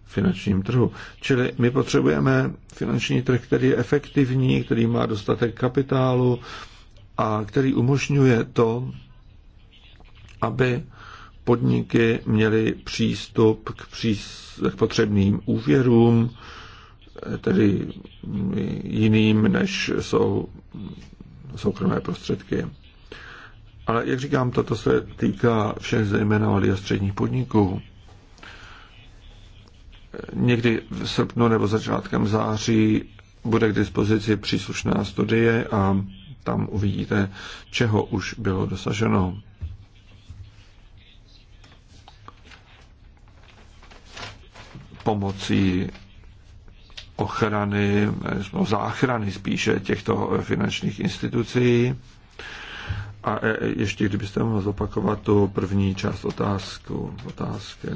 finančním trhu. Čili my potřebujeme finanční trh, který je efektivní, který má dostatek kapitálu a který umožňuje to, aby podniky měly přístup k, přís, k potřebným úvěrům, eh, tedy jiným, než jsou soukromé prostředky. Ale jak říkám, toto se týká všech zejména malých a středních podniků. Někdy v srpnu nebo začátkem září bude k dispozici příslušná studie a tam uvidíte, čeho už bylo dosaženo. Pomocí ochrany, záchrany spíše těchto finančních institucí a e, e, ještě kdybyste mohl zopakovat tu první část otázku, otázky.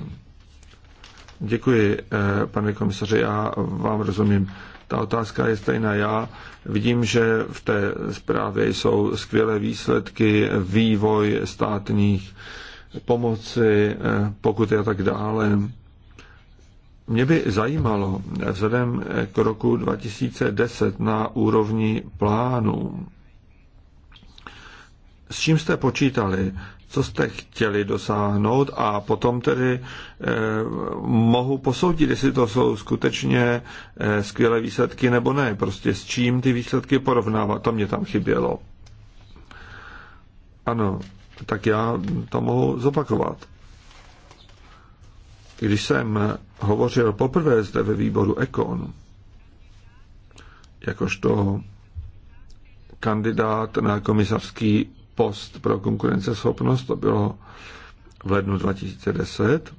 Děkuji, e, pane komisaři, já vám rozumím. Ta otázka je stejná. Já vidím, že v té zprávě jsou skvělé výsledky, vývoj státních pomoci, pokuty a tak dále. Mě by zajímalo, vzhledem k roku 2010 na úrovni plánu, s čím jste počítali, co jste chtěli dosáhnout a potom tedy eh, mohu posoudit, jestli to jsou skutečně eh, skvělé výsledky nebo ne. Prostě s čím ty výsledky porovnávat, to mě tam chybělo. Ano, tak já to mohu zopakovat. Když jsem hovořil poprvé zde ve výboru Ekon, jakožto kandidát na komisařský post pro konkurenceschopnost, to bylo v lednu 2010,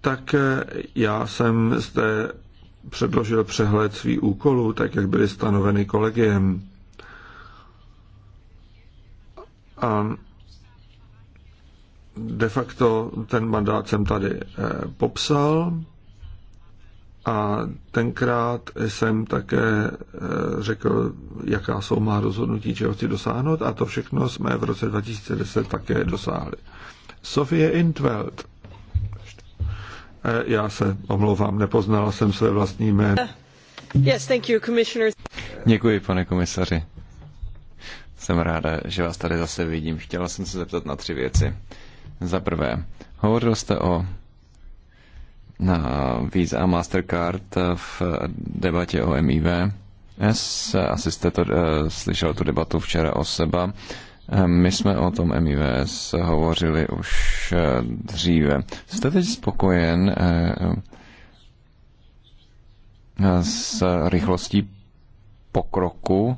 tak já jsem zde předložil přehled svých úkolů, tak jak byly stanoveny kolegiem. A de facto ten mandát jsem tady eh, popsal a tenkrát jsem také eh, řekl, jaká jsou má rozhodnutí, čeho chci dosáhnout a to všechno jsme v roce 2010 také dosáhli. Sofie Intveld. Eh, já se omlouvám, nepoznala jsem své vlastní jméno. Yes, thank you, commissioner. Děkuji, pane komisaři. Jsem ráda, že vás tady zase vidím. Chtěla jsem se zeptat na tři věci. Za prvé, hovořil jste o na Visa a Mastercard v debatě o MIV. S, asi jste to, eh, slyšel tu debatu včera o seba. Eh, my jsme o tom MIVS hovořili už eh, dříve. Jste teď spokojen s rychlostí pokroku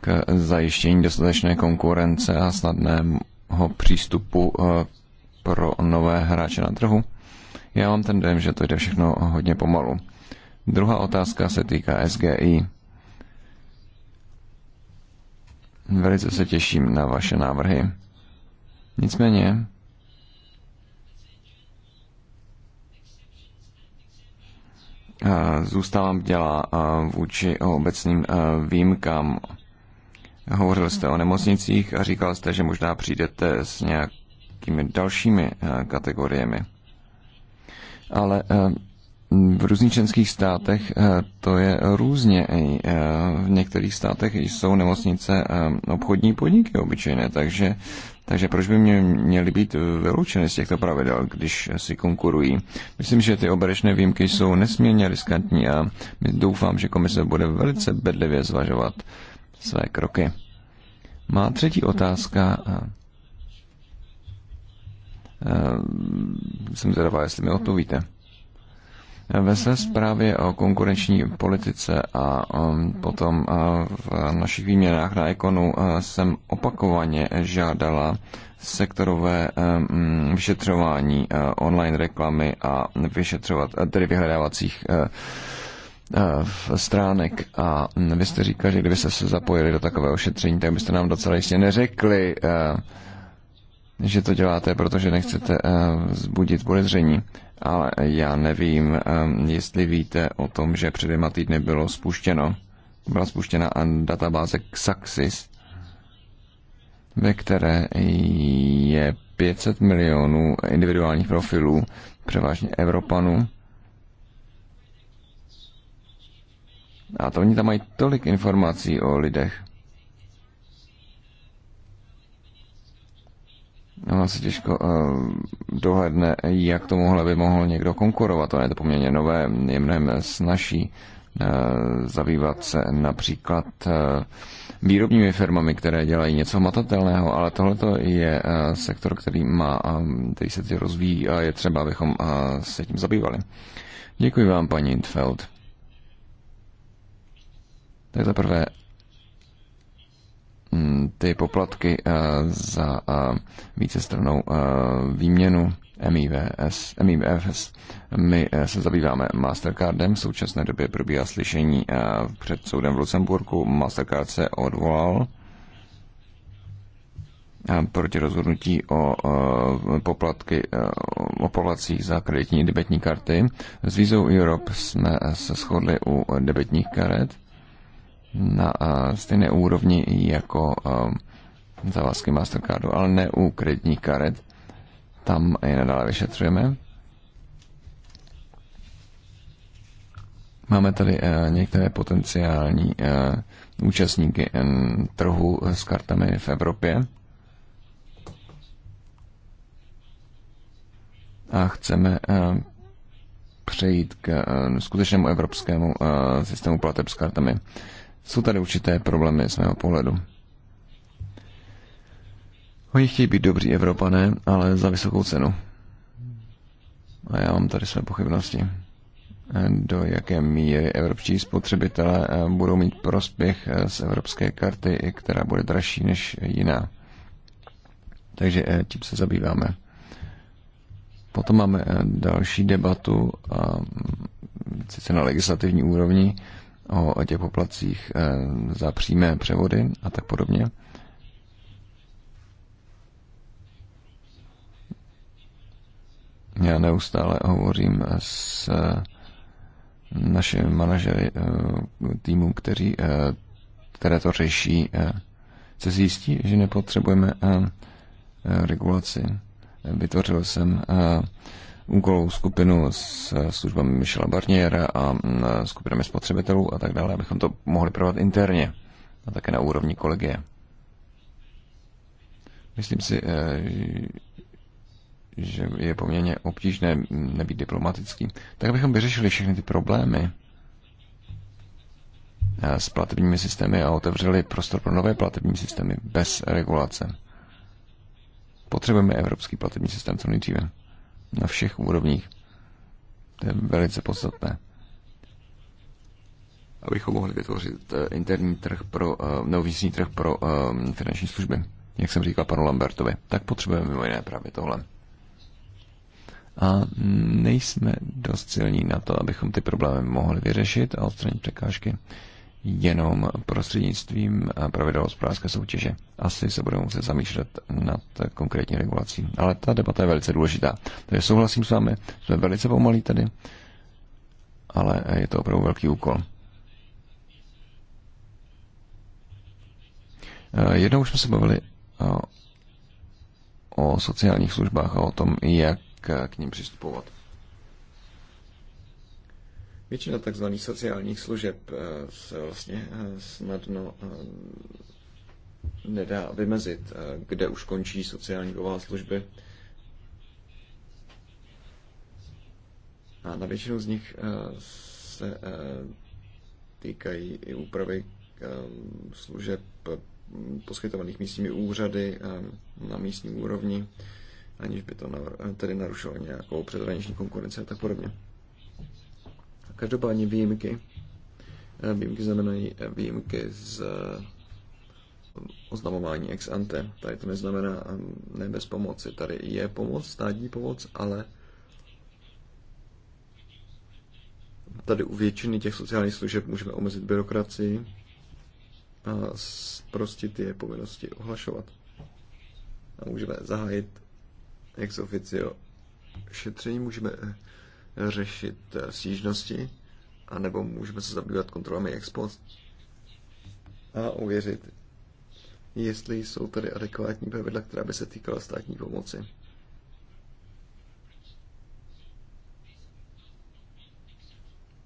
k zajištění dostatečné konkurence a snadného přístupu pro nové hráče na trhu? Já mám ten dojem, že to jde všechno hodně pomalu. Druhá otázka se týká SGI. Velice se těším na vaše návrhy. Nicméně, zůstávám dělá vůči obecným výjimkám. Hovořil jste o nemocnicích a říkal jste, že možná přijdete s nějakými dalšími kategoriemi ale eh, v různých členských státech eh, to je různě. Eh, v některých státech jsou nemocnice obchodní podniky obyčejné, takže, takže proč by mě měly být vyloučeny z těchto pravidel, když si konkurují? Myslím, že ty oberečné výjimky jsou nesmírně riskantní a doufám, že komise bude velice bedlivě zvažovat své kroky. Má třetí otázka Eh, jsem zvědavá, jestli mi odpovíte. Ve své zprávě o konkurenční politice a um, potom eh, v našich výměnách na Ekonu eh, jsem opakovaně žádala sektorové vyšetřování online reklamy a vyšetřovat, tedy vyhledávacích v stránek a vy jste říkal, že kdyby se zapojili do takového šetření, tak byste nám docela jistě neřekli, že to děláte, protože nechcete eh, vzbudit podezření, ale já nevím, eh, jestli víte o tom, že před dvěma týdny bylo spuštěno, byla spuštěna databáze Xaxis, ve které je 500 milionů individuálních profilů, převážně Evropanů. A to oni tam mají tolik informací o lidech, ono se těžko uh, dohledne, jak tomuhle by mohl někdo konkurovat. Ono je to poměrně nové, je mnohem snažší uh, zabývat se například uh, výrobními firmami, které dělají něco matatelného, ale tohle je uh, sektor, který má, um, který se teď rozvíjí a je třeba, abychom uh, se tím zabývali. Děkuji vám, paní Intfeld. Tak za prvé Mm, ty poplatky eh, za eh, vícestranou eh, výměnu MIVS, MIVS. My se zabýváme Mastercardem, v současné době probíhá slyšení před soudem v Lucemburku. Mastercard se odvolal proti rozhodnutí o poplatky, o poplatcích za kreditní debetní karty. S Visou Europe jsme se shodli u debetních karet na eh, stejné úrovni jako eh, závazky Mastercardu, ale ne u kreditních karet. Tam je nadále vyšetřujeme. Máme tady eh, některé potenciální účastníky trhu s kartami v Evropě. A chceme přejít k skutečnému evropskému systému plateb s kartami. Jsou tady určité problémy z mého pohledu. Oni chtějí být dobří Evropané, ale za vysokou cenu. A já mám tady své pochybnosti. Do jaké míry evropští spotřebitelé eh, budou mít prospěch eh, z evropské karty, která bude dražší než jiná. Takže eh, tím se zabýváme. Potom máme další debatu, mm, sice na legislativní úrovni, o těch poplacích eh, za přímé převody a tak podobně. Já neustále hovořím s eh, našimi manažery eh, týmu, kteří, které to řeší, se zjistí, že nepotřebujeme regulaci. Vytvořil jsem úkolovou skupinu s eh, službami Michela Barniera a mm, eh, skupinami spotřebitelů a tak dále, abychom to mohli provat interně a také na úrovni kolegie. Myslím si, eh, že je poměrně obtížné mm, nebýt diplomatický. Tak abychom vyřešili všechny ty problémy s platebními systémy a otevřeli prostor pro nové platební systémy bez regulace. Potřebujeme evropský platební systém co nejdříve na všech úrovních. To je velice podstatné. Abychom mohli vytvořit eh, interní trh pro, eh, nebo vnitřní trh pro eh, finanční služby, jak jsem říkal panu Lambertovi, tak potřebujeme mimo jiné právě tohle. A nejsme dost silní na to, abychom ty problémy mohli vyřešit a odstranit překážky jenom prostřednictvím pravidel hospodářské soutěže. Asi se budeme muset zamýšlet nad konkrétní regulací. Ale ta debata je velice důležitá. Takže souhlasím s vámi, jsme velice pomalí tady, ale je to opravdu velký úkol. Jednou už jsme se bavili o, o sociálních službách a o tom, jak k ním přistupovat. Většina tzv. sociálních služeb eh, se vlastně eh, snadno eh, nedá vymezit, kde už končí sociální dlouhá služby. A na většinu z nich se týkají i úpravy služeb mm, poskytovaných místními úřady na místní úrovni, aniž by to tedy narušilo nějakou přeshraniční konkurenci a tak podobně. Každopádně výjimky. Eh, výjimky znamenají eh, výjimky z eh, oznamování ex ante. Tady to neznamená ne bez pomoci. Tady je pomoc, státní pomoc, ale tady u většiny těch sociálních služeb můžeme omezit byrokracii a zprostit je povinnosti ohlašovat. A můžeme zahájit ex officio šetření, můžeme řešit eh, stížnosti, anebo můžeme se zabývat kontrolami ex post a uvěřit, jestli jsou tady adekvátní pravidla, která by se týkala státní pomoci.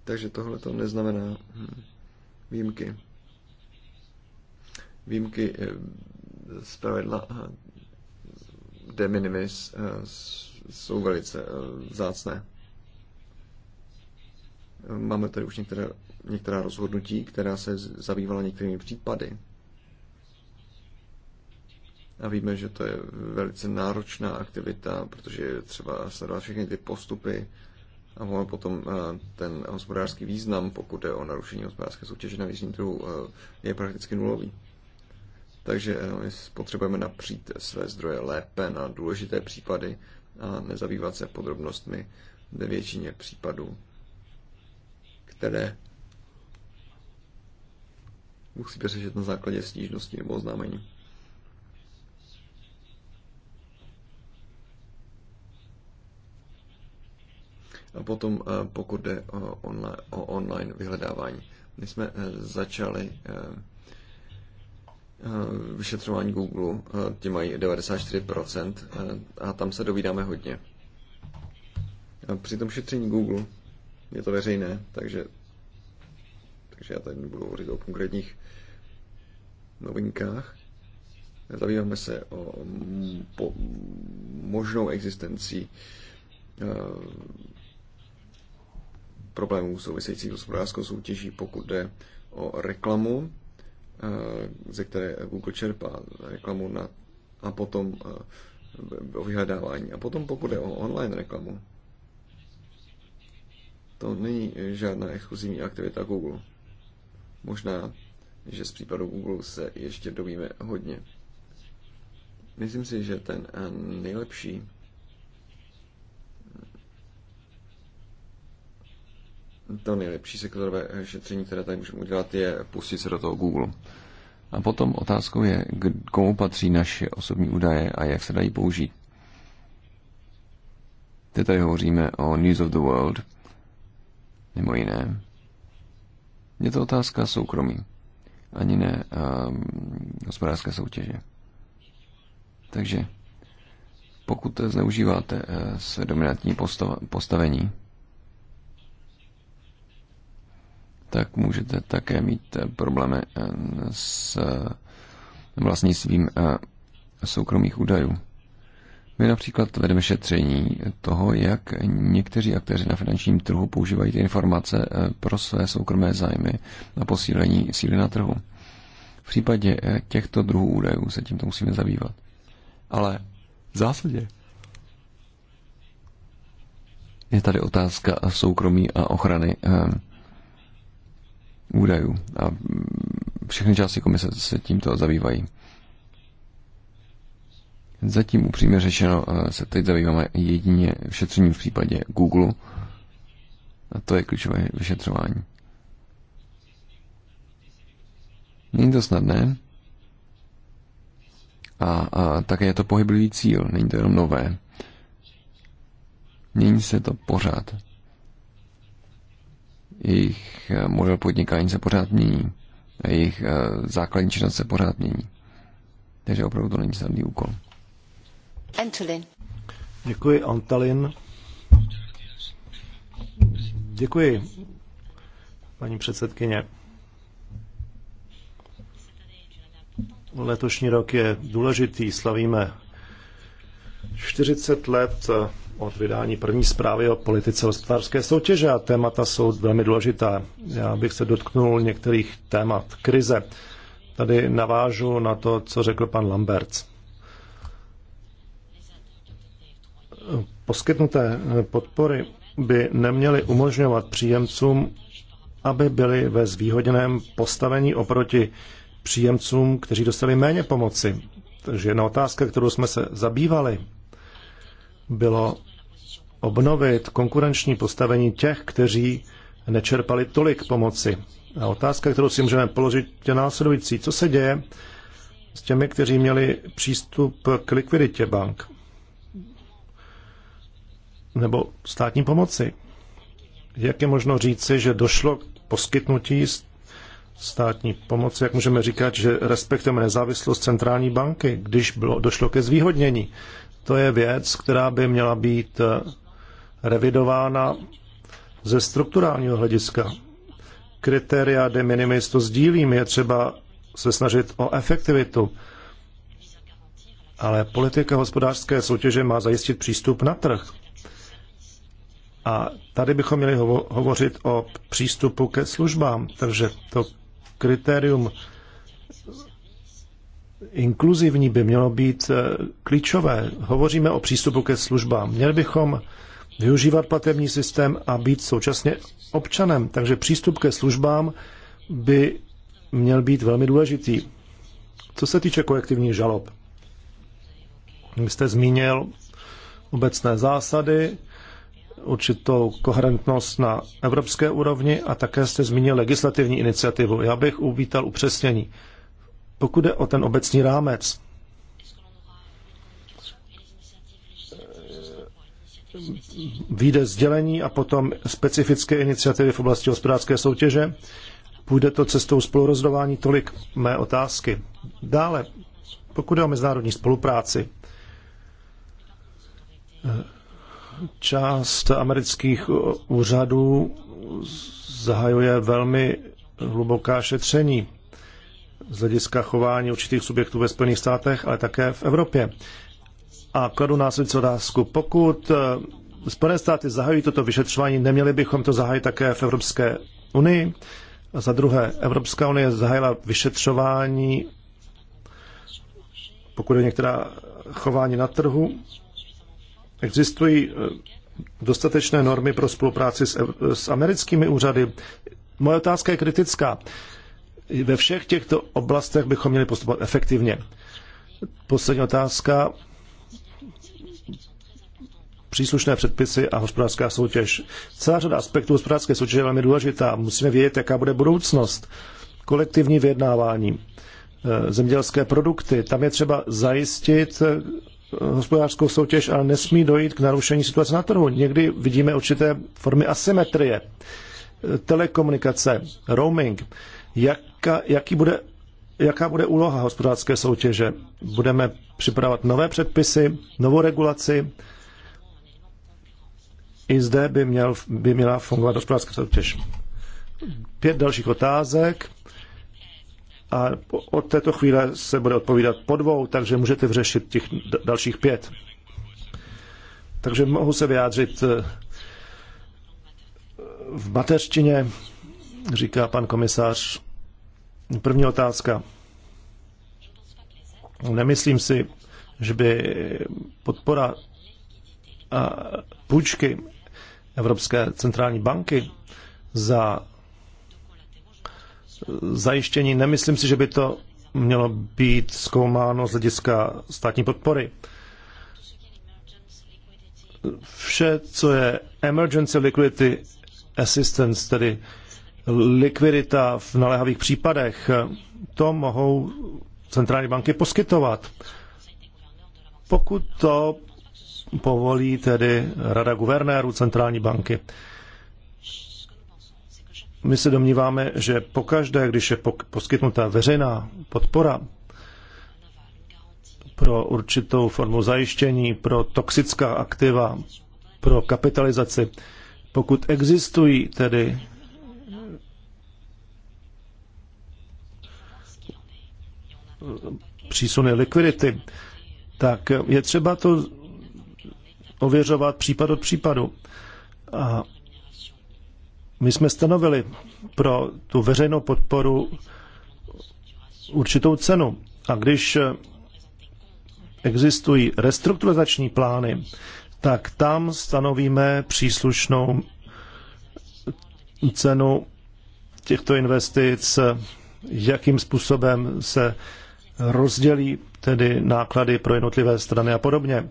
Takže tohle to neznamená hm, výjimky. Výjimky eh, z pravidla eh, de minimis jsou velice zácné. Máme tady už některé, některá rozhodnutí, která se zabývala některými případy. A víme, že to je velice náročná aktivita, protože je třeba sledovat všechny ty postupy a máme potom eh, ten hospodářský význam, pokud je o narušení hospodářské soutěže na vnitřním trhu, eh, je prakticky nulový. Takže eh, my potřebujeme napřít své zdroje lépe na důležité případy a nezabývat se podrobnostmi ve většině případů které musí řešit na základě stížnosti nebo oznámení. A potom, eh, pokud jde o online, o online vyhledávání, my jsme eh, začali eh, vyšetřování Google, ti mají 94% a tam se dovídáme hodně. Při tom šetření Google je to veřejné, takže, takže já tady nebudu hovořit o konkrétních novinkách. Zabýváme se o po, možnou existenci e, eh, problémů souvisejících s hospodářskou soutěží, pokud jde o reklamu, e, ze které Google čerpá reklamu na, a potom e, o vyhledávání. A potom pokud jde o online reklamu, to není žádná exkluzivní aktivita Google. Možná, že z případu Google se ještě dovíme hodně. Myslím si, že ten eh, nejlepší to nejlepší sektorové eh, šetření, které tady můžeme udělat, je pustit se do toho Google. A potom otázkou je, komu patří naše osobní údaje a jak se dají použít. Teď tady hovoříme o News of the World, mimo jiné. Je to otázka soukromí, ani ne um, hospodářské soutěže. Takže pokud zneužíváte eh, své dominantní postav, postavení, tak můžete také mít eh, problémy eh, s vlastnictvím soukromých údajů. My například vedeme šetření toho, jak někteří aktéři na finančním trhu používají ty informace eh, pro své soukromé zájmy na posílení síly na trhu. V případě eh, těchto druhů údajů se tímto musíme zabývat. Ale v zásadě je tady otázka soukromí a ochrany eh, údajů. A mm, všechny části komise se tímto zabývají. Zatím upřímně řečeno eh, se teď zabýváme jedině šetřením v případě Google a to je klíčové vyšetřování. Není to snadné a, a také je to pohyblivý cíl, není to jenom nové. Mění se to pořád. Jejich eh, model podnikání se pořád mění. Jejich eh, základní činnost se pořád mění. Takže opravdu to není snadný úkol. Antolin. Děkuji, Antalin. Děkuji, paní předsedkyně. Letošní rok je důležitý, slavíme 40 let od vydání první zprávy o politice hospodářské soutěže a témata jsou velmi důležitá. Já bych se dotknul některých témat. Krize. Tady navážu na to, co řekl pan Lamberts. Poskytnuté eh, podpory by neměly umožňovat příjemcům, aby byli ve zvýhodněném postavení oproti příjemcům, kteří dostali méně pomoci. Takže jedna otázka, kterou jsme se zabývali, bylo obnovit konkurenční postavení těch, kteří nečerpali tolik pomoci. A otázka, kterou si můžeme položit, je následující. Co se děje s těmi, kteří měli přístup k likviditě bank? nebo státní pomoci. Jak je možno říci, že došlo k poskytnutí státní pomoci, jak můžeme říkat, že respektujeme nezávislost centrální banky, když bylo, došlo ke zvýhodnění. To je věc, která by měla být eh, revidována ze strukturálního hlediska. Kritéria de minimis to sdílím, je třeba se snažit o efektivitu. Ale politika hospodářské soutěže má zajistit přístup na trh. A tady bychom měli hovo- hovořit o přístupu ke službám, takže to kritérium inkluzivní by mělo být eh, klíčové. Hovoříme o přístupu ke službám. Měli bychom využívat platební systém a být současně občanem. Takže přístup ke službám by měl být velmi důležitý. Co se týče kolektivních žalob, vy jste zmínil obecné zásady, určitou koherentnost na evropské úrovni a také jste zmínil legislativní iniciativu. Já bych uvítal upřesnění. Pokud je o ten obecní rámec, výjde sdělení a potom specifické iniciativy v oblasti hospodářské soutěže. Půjde to cestou spolurozdování tolik mé otázky. Dále, pokud je o mezinárodní spolupráci, Část amerických úřadů zahajuje velmi hluboká šetření z hlediska chování určitých subjektů ve Spojených státech, ale také v Evropě. A kladu následující otázku. Pokud eh, Spojené státy zahajují toto vyšetřování, neměli bychom to zahájit také v Evropské unii? A za druhé, Evropská unie zahájila vyšetřování, pokud je některá chování na trhu, Existují eh, dostatečné normy pro spolupráci s, s americkými úřady. Moje otázka je kritická. Ve všech těchto oblastech bychom měli postupovat efektivně. Poslední otázka. Příslušné předpisy a hospodářská soutěž. Celá řada aspektů hospodářské soutěže je velmi důležitá. Musíme vědět, jaká bude budoucnost. Kolektivní vyjednávání, eh, zemědělské produkty. Tam je třeba zajistit eh, hospodářskou soutěž, ale nesmí dojít k narušení situace na trhu. Někdy vidíme určité formy asymetrie, telekomunikace, roaming. Jaka, jaký bude, jaká bude úloha hospodářské soutěže? Budeme připravovat nové předpisy, novou regulaci. I zde by, měl, by měla fungovat hospodářská soutěž. Pět dalších otázek a od této chvíle se bude odpovídat po dvou, takže můžete vřešit těch dalších pět. Takže mohu se vyjádřit eh, v mateřštině, říká pan komisář. První otázka. Nemyslím si, že by podpora a půjčky Evropské centrální banky za zajištění. Nemyslím si, že by to mělo být zkoumáno z hlediska státní podpory. Vše, co je emergency liquidity assistance, tedy likvidita v naléhavých případech, to mohou centrální banky poskytovat. Pokud to povolí tedy Rada guvernérů centrální banky. My se domníváme, že pokaždé, když je poskytnutá veřejná podpora pro určitou formu zajištění, pro toxická aktiva, pro kapitalizaci, pokud existují tedy přísuny likvidity, tak je třeba to ověřovat případ od případu. A my jsme stanovili pro tu veřejnou podporu určitou cenu. A když existují restrukturalizační plány, tak tam stanovíme příslušnou cenu těchto investic, jakým způsobem se rozdělí tedy náklady pro jednotlivé strany a podobně.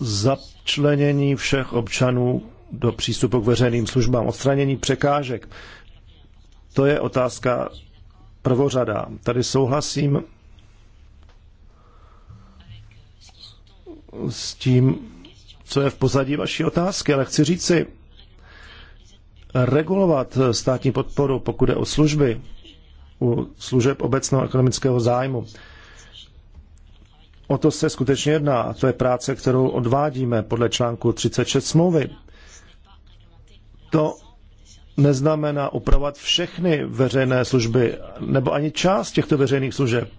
Začlenění všech občanů do přístupu k veřejným službám, odstranění překážek. To je otázka prvořada. Tady souhlasím s tím, co je v pozadí vaší otázky, ale chci říci, regulovat státní podporu, pokud je o služby, u služeb obecného ekonomického zájmu. O to se skutečně jedná. To je práce, kterou odvádíme podle článku 36 smlouvy to neznamená upravovat všechny veřejné služby nebo ani část těchto veřejných služeb.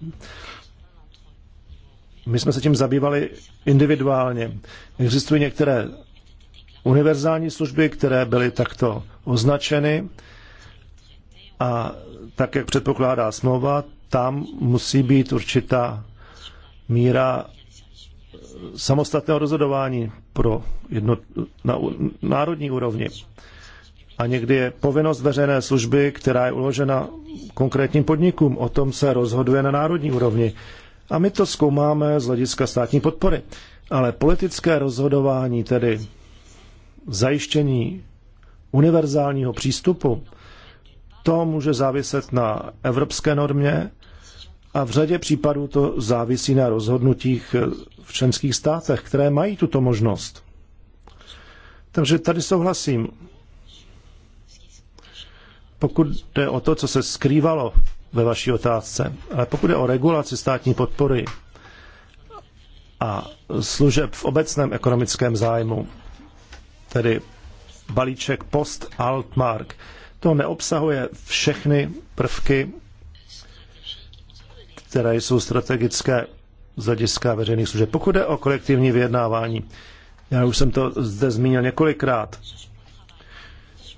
My jsme se tím zabývali individuálně. Existují některé univerzální služby, které byly takto označeny a tak, jak předpokládá smlouva, tam musí být určitá míra samostatného rozhodování pro jedno, na národní úrovni a někdy je povinnost veřejné služby, která je uložena konkrétním podnikům. O tom se rozhoduje na národní úrovni. A my to zkoumáme z hlediska státní podpory. Ale politické rozhodování, tedy zajištění univerzálního přístupu, to může záviset na evropské normě a v řadě případů to závisí na rozhodnutích v členských státech, které mají tuto možnost. Takže tady souhlasím pokud jde o to, co se skrývalo ve vaší otázce, ale pokud jde o regulaci státní podpory a služeb v obecném ekonomickém zájmu, tedy balíček post-Altmark, to neobsahuje všechny prvky, které jsou strategické z hlediska veřejných služeb. Pokud jde o kolektivní vyjednávání, já už jsem to zde zmínil několikrát.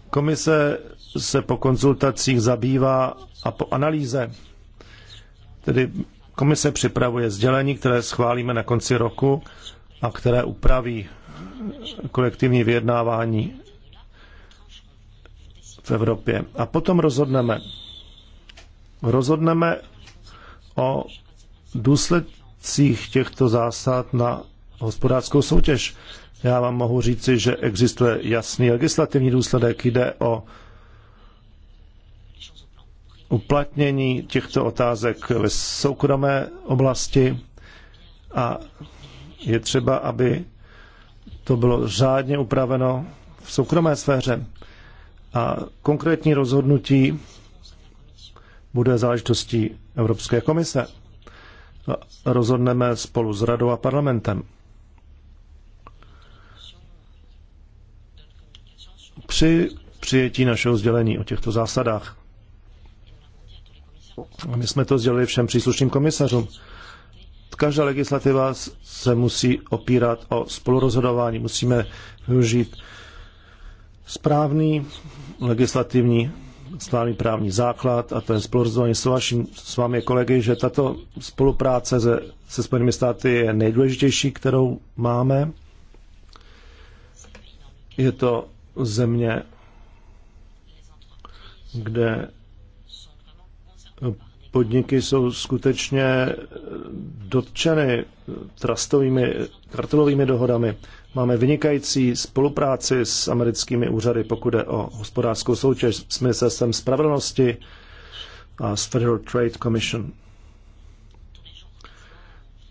Komise se po konzultacích zabývá a po analýze. Tedy komise připravuje sdělení, které schválíme na konci roku a které upraví kolektivní vyjednávání v Evropě. A potom rozhodneme. Rozhodneme o důsledcích těchto zásad na hospodářskou soutěž. Já vám mohu říci, že existuje jasný legislativní důsledek. Jde o uplatnění těchto otázek ve soukromé oblasti a je třeba, aby to bylo řádně upraveno v soukromé sféře. A konkrétní rozhodnutí bude záležitostí Evropské komise. Rozhodneme spolu s radou a parlamentem. Při přijetí našeho sdělení o těchto zásadách. My jsme to sdělili všem příslušným komisařům. Každá legislativa se musí opírat o spolurozhodování. Musíme využít správný legislativní stálý právní základ a to je spolurozhodování s, vaším, s vámi kolegy, že tato spolupráce se, se Spojenými státy je nejdůležitější, kterou máme. Je to země, kde podniky jsou skutečně dotčeny trastovými kartelovými dohodami. Máme vynikající spolupráci s americkými úřady, pokud je o hospodářskou soutěž s ministerstvem spravedlnosti a s Federal Trade Commission.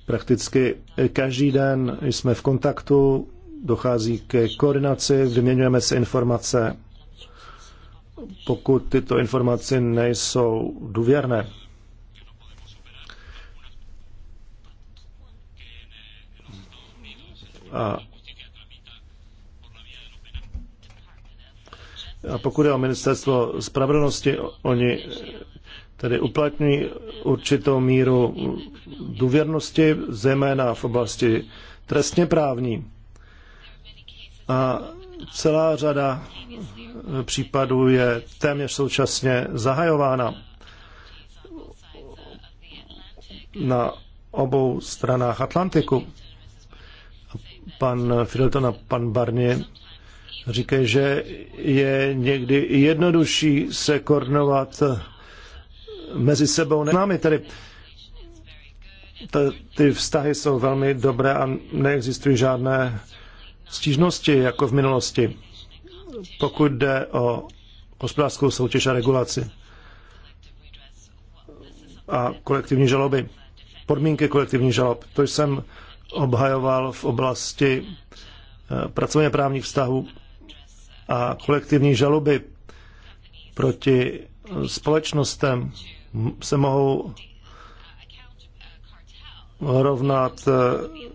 Prakticky každý den jsme v kontaktu, dochází ke koordinaci, vyměňujeme se informace pokud tyto informace nejsou důvěrné. A, a pokud je o ministerstvo spravedlnosti, oni tedy uplatňují určitou míru důvěrnosti, zejména v oblasti trestně právní. A Celá řada eh, případů je téměř současně zahajována na obou stranách Atlantiku. Pan Filton a pan Barnier říkají, že je někdy jednodušší se koordinovat eh, mezi sebou. Námi tedy ty vztahy jsou velmi dobré a neexistují žádné stížnosti jako v minulosti, pokud jde o hospodářskou soutěž a regulaci a kolektivní žaloby. Podmínky kolektivní žalob. To jsem obhajoval v oblasti eh, pracovně právních vztahů a kolektivní žaloby proti společnostem se mohou rovnat eh,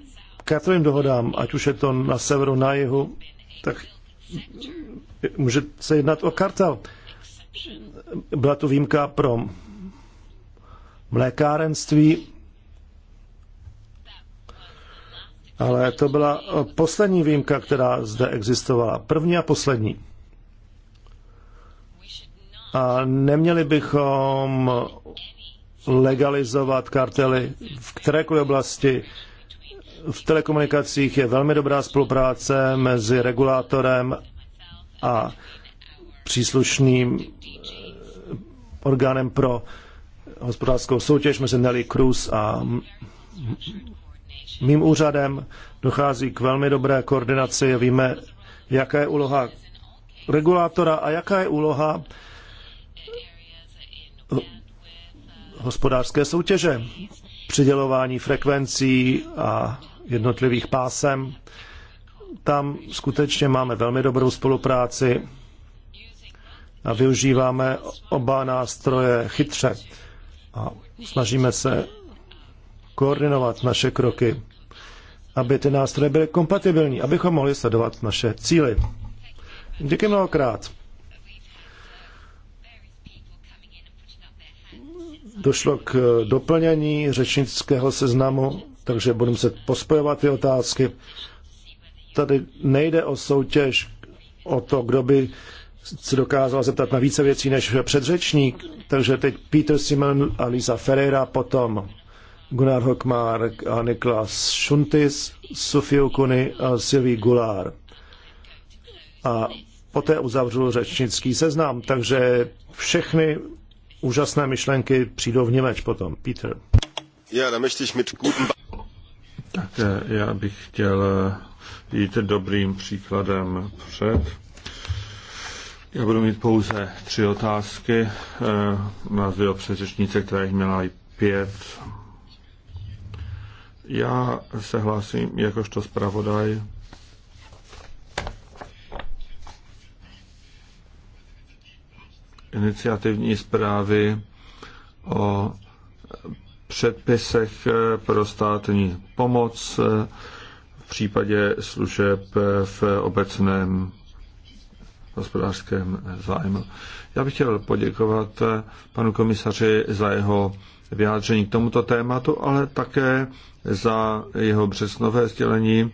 kátrovým dohodám, ať už je to na severu, na jihu, tak může se jednat o kartel. Byla tu výjimka pro mlékárenství, ale to byla poslední výjimka, která zde existovala. První a poslední. A neměli bychom legalizovat kartely v kterékoliv oblasti, v telekomunikacích je velmi dobrá spolupráce mezi regulátorem a příslušným eh, orgánem pro hospodářskou soutěž mezi Nelly Cruz a mým úřadem. Dochází k velmi dobré koordinaci. Víme, jaká je úloha regulátora a jaká je úloha eh, hospodářské soutěže, přidělování frekvencí a jednotlivých pásem. Tam skutečně máme velmi dobrou spolupráci a využíváme oba nástroje chytře a snažíme se koordinovat naše kroky, aby ty nástroje byly kompatibilní, abychom mohli sledovat naše cíly. Díky mnohokrát. Došlo k doplnění řečnického seznamu takže budeme se pospojovat ty otázky. Tady nejde o soutěž, o to, kdo by se dokázal zeptat na více věcí než předřečník, takže teď Peter Simon a Lisa Ferreira, potom Gunnar Hockmark a Niklas Šuntis, Sofie Kuny a Sylvie Goulart. A poté uzavřu řečnický seznam, takže všechny úžasné myšlenky přijdou v Němeč potom. Peter. Ja, da möchte ich mit guten tak eh, já bych chtěl eh, jít dobrým příkladem před. Já budu mít pouze tři otázky. Eh, Nás dvě předřečnice, která jich měla i pět. Já se hlásím jakožto zpravodaj iniciativní zprávy o předpisech eh, pro státní pomoc eh, v případě služeb eh, v obecném hospodářském zájmu. Já bych chtěl poděkovat panu komisaři za jeho vyjádření k tomuto tématu, ale také za jeho břesnové sdělení,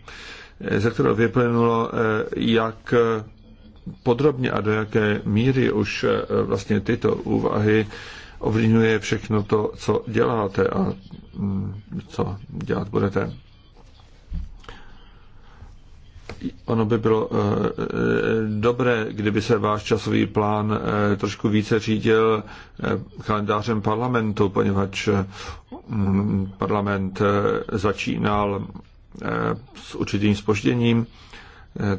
ze kterého vyplynulo, jak podrobně a do jaké míry už vlastně tyto úvahy ovlivňuje všechno to, co děláte a mm, co dělat budete. Ono by bylo eh, eh, dobré, kdyby se váš časový plán eh, trošku více řídil kalendářem parlamentu, poněvadž parlament začínal s určitým spožděním,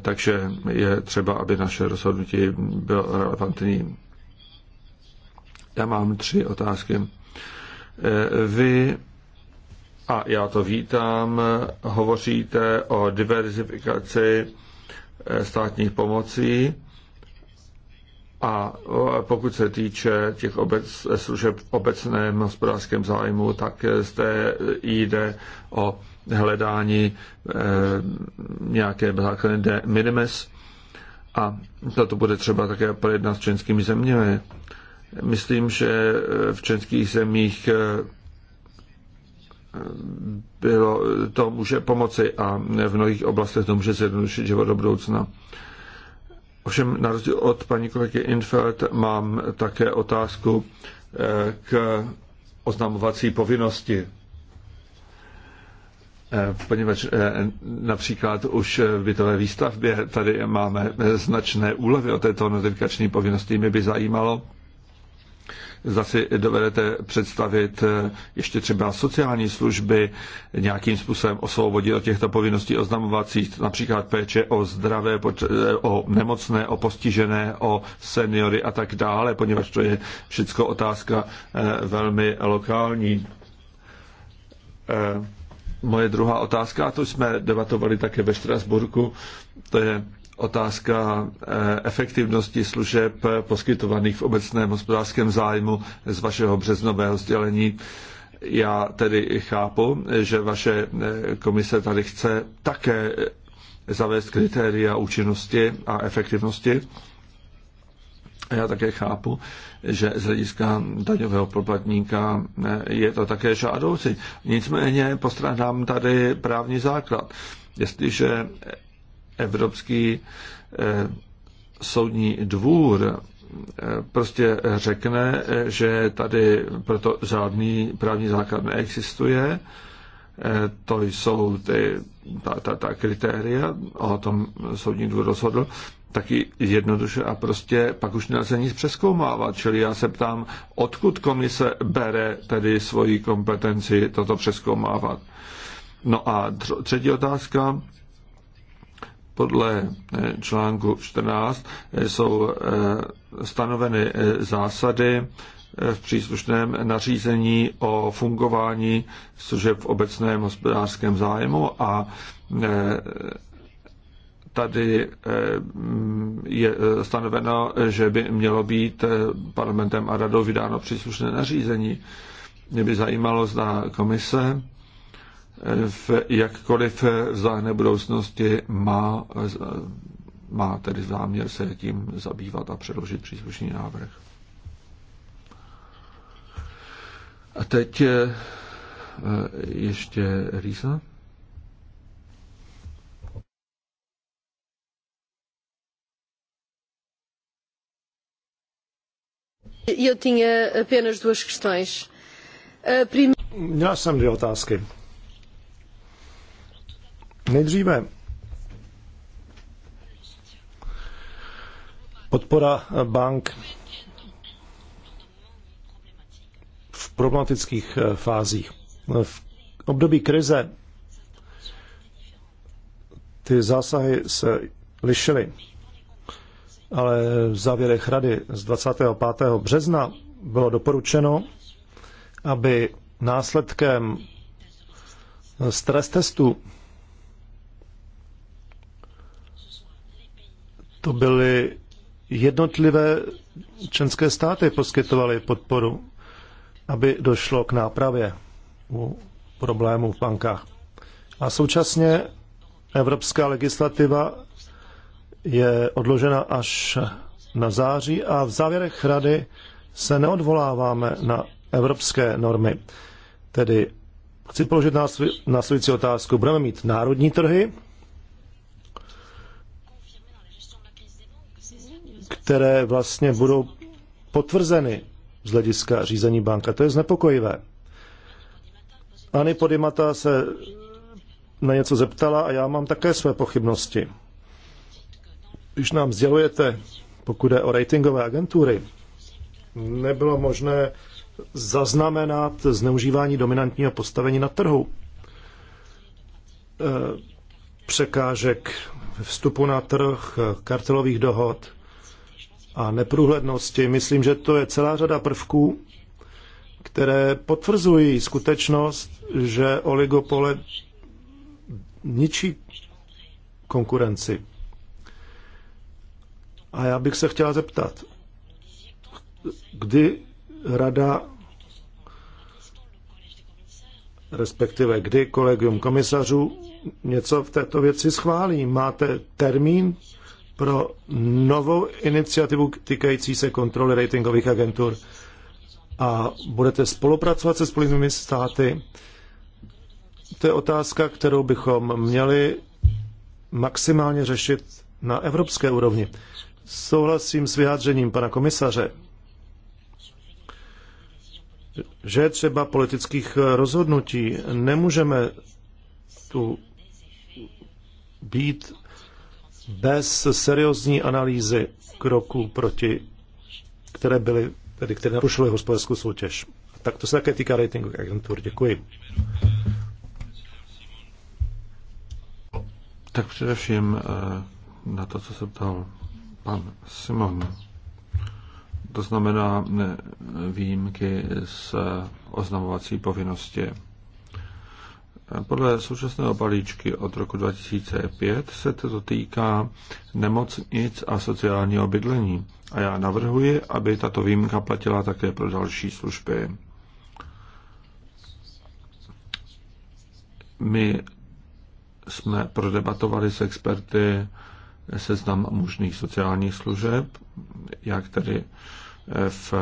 takže je třeba, aby naše rozhodnutí bylo relevantní. Já mám tři otázky. Eh, vy, a já to vítám, hovoříte o diverzifikaci eh, státních pomocí a pokud se týče těch obec, eh, služeb v obecném hospodářském zájmu, tak zde jde o hledání e, nějaké základní de minimis a toto bude třeba také projednat s členskými zeměmi. Myslím, že eh, v českých zemích eh, bylo, eh, to může pomoci a v mnohých oblastech to může zjednodušit život do budoucna. Ovšem, na rozdíl od paní kolegy Infeld, mám také otázku k oznamovací povinnosti. Poněvadž například už v bytové výstavbě tady máme značné úlevy o této notifikační povinnosti. Mě by zajímalo, Zda si dovedete představit eh, ještě třeba sociální služby nějakým způsobem osvobodit od těchto povinností oznamovacích, například péče o zdravé, eh, o nemocné, o postižené, o seniory a tak dále, poněvadž to je všechno otázka eh, velmi lokální. Moje druhá otázka, a to jsme debatovali také ve Štrasburku, to je otázka eh, efektivnosti služeb eh, poskytovaných v obecném hospodářském zájmu z vašeho březnového sdělení. Já tedy chápu, že vaše eh, komise tady chce také zavést kritéria účinnosti a efektivnosti. A já také chápu, že z hlediska daňového poplatníka je to také žádoucí. Nicméně postrádám tady právní základ. Jestliže Evropský eh, soudní dvůr eh, prostě řekne, eh, že tady proto žádný právní základ neexistuje, to jsou ty, ta, ta, ta kritéria, o tom soudní dvůr rozhodl, taky jednoduše a prostě pak už nelze nic přeskoumávat. Čili já se ptám, odkud komise bere tedy svoji kompetenci toto přeskoumávat. No a třetí otázka, podle eh, článku 14 eh, jsou eh, stanoveny zásady v příslušném nařízení o fungování služeb v obecném hospodářském zájmu a tady je stanoveno, že by mělo být parlamentem a radou vydáno příslušné nařízení. Mě by zajímalo, zda komise v jakkoliv vzdálené budoucnosti má, má tedy záměr se tím zabývat a předložit příslušný návrh. A teď eh, ještě Rýsa. E eu tinha apenas duas questões. Prim... jsem dvě otázky. Nejdříve podpora bank v problematických eh, fázích. V období krize ty zásahy se lišily, ale v závěrech rady z 25. března bylo doporučeno, aby následkem eh, stres testu to byly jednotlivé členské státy poskytovaly podporu, aby došlo k nápravě u problémů v bankách. A současně evropská legislativa je odložena až na září a v závěrech rady se neodvoláváme na evropské normy. Tedy chci položit následující otázku. Budeme mít národní trhy, které vlastně budou potvrzeny z hlediska řízení banka. To je znepokojivé. Ani Podimata se na něco zeptala a já mám také své pochybnosti. Když nám sdělujete, pokud je o ratingové agentury, nebylo možné zaznamenat zneužívání dominantního postavení na trhu, eh, překážek vstupu na trh, eh, kartelových dohod, a neprůhlednosti. Myslím, že to je celá řada prvků, které potvrzují skutečnost, že oligopole ničí konkurenci. A já bych se chtěla zeptat, kdy rada, respektive kdy kolegium komisařů něco v této věci schválí? Máte termín pro novou iniciativu týkající se kontroly ratingových agentur a budete spolupracovat se spolivými státy. To je otázka, kterou bychom měli maximálně řešit na evropské úrovni. Souhlasím s vyjádřením pana komisaře, že třeba politických rozhodnutí nemůžeme tu být bez seriózní analýzy kroků proti, které byly, tedy které narušily hospodářskou soutěž. Tak to se také týká ratingu agentur. Děkuji. Tak především eh, na to, co se ptal pan Simon. To znamená eh, výjimky z eh, oznamovací povinnosti. Podle současného balíčky od roku 2005 se to týká nemocnic a sociálního bydlení. A já navrhuji, aby tato výjimka platila také pro další služby. My jsme prodebatovali s experty seznam možných sociálních služeb, jak tedy v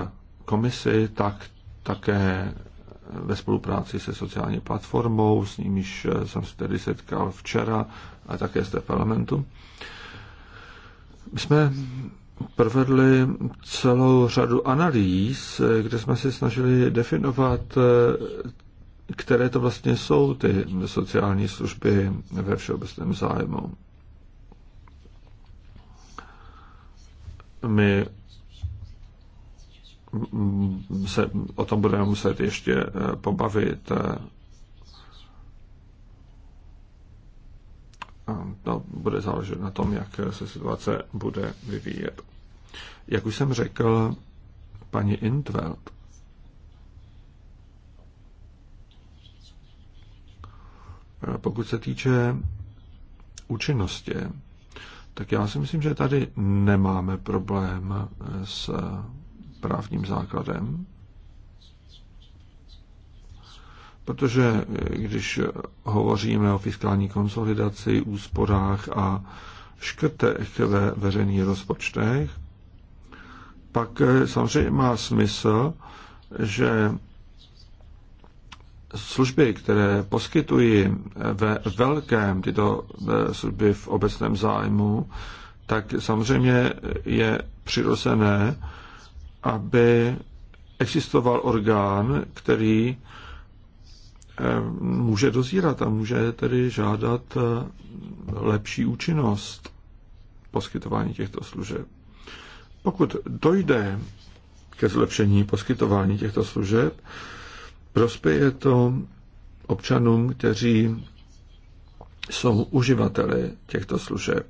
komisi, tak také ve spolupráci se sociální platformou, s nimiž eh, jsem se tedy setkal včera a také zde v parlamentu. My jsme provedli celou řadu analýz, eh, kde jsme se snažili definovat, eh, které to vlastně jsou ty sociální služby ve všeobecném zájmu. My se o tom budeme muset ještě eh, pobavit. Eh. To bude záležet na tom, jak se situace bude vyvíjet. Jak už jsem řekl, paní Intveld eh, Pokud se týče účinnosti, tak já si myslím, že tady nemáme problém s právním základem? Protože když hovoříme o fiskální konsolidaci, úsporách a škrtech ve veřejných rozpočtech, pak samozřejmě má smysl, že služby, které poskytují ve velkém tyto eh, služby v obecném zájmu, tak samozřejmě je přirozené, aby existoval orgán, který eh, může dozírat a může tedy žádat eh, lepší účinnost poskytování těchto služeb. Pokud dojde ke zlepšení poskytování těchto služeb, prospěje to občanům, kteří jsou uživateli těchto služeb.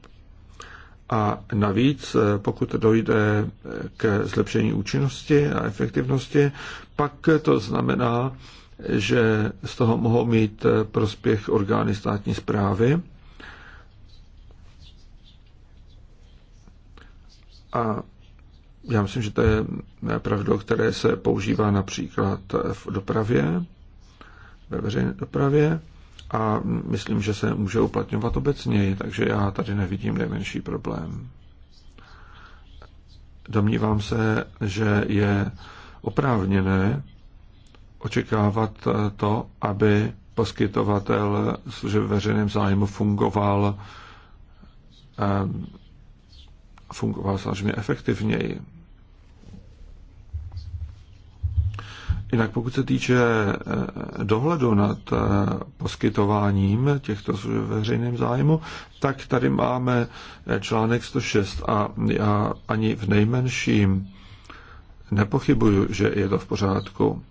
A navíc, eh, pokud dojde eh, k zlepšení účinnosti a efektivnosti, pak to znamená, že z toho mohou mít eh, prospěch orgány státní zprávy. A já myslím, že to je pravidlo, které se používá například v dopravě, ve veřejné dopravě a myslím, že se může uplatňovat obecněji, takže já tady nevidím nejmenší problém. Domnívám se, že je oprávněné očekávat to, aby poskytovatel služeb veřejném zájmu fungoval eh, fungoval samozřejmě efektivněji. Jinak pokud se týče eh, dohledu nad eh, poskytováním těchto veřejném zájmu, tak tady máme eh, článek 106 a já ani v nejmenším nepochybuju, že je to v pořádku.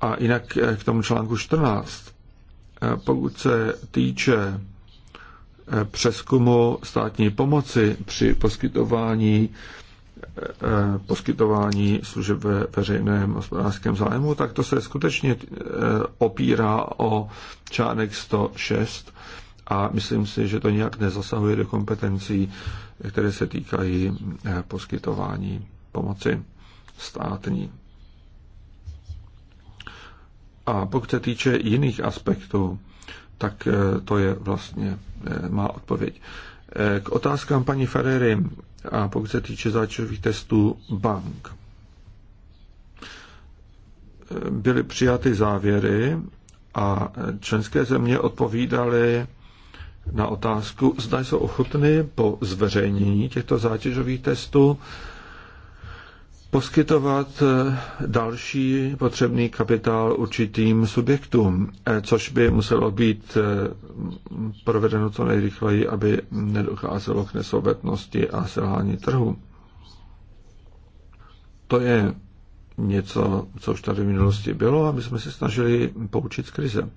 A jinak k tomu článku 14. Pokud se týče přeskumu státní pomoci při poskytování Eh, poskytování služeb ve veřejném hospodářském zájmu, tak to se skutečně eh, opírá o článek 106 a myslím si, že to nějak nezasahuje do kompetencí, které se týkají eh, poskytování pomoci státní. A pokud se týče jiných aspektů, tak to je vlastně má odpověď. K otázkám paní Ferrery a pokud se týče záčových testů bank. Byly přijaty závěry a členské země odpovídaly na otázku, zda jsou ochotny po zveřejnění těchto zátěžových testů poskytovat eh, další potřebný kapitál určitým subjektům, eh, což by muselo být eh, provedeno co nejrychleji, aby nedocházelo k nesobetnosti a selhání trhu. To je něco, co už tady v minulosti bylo, aby jsme se snažili poučit z krize.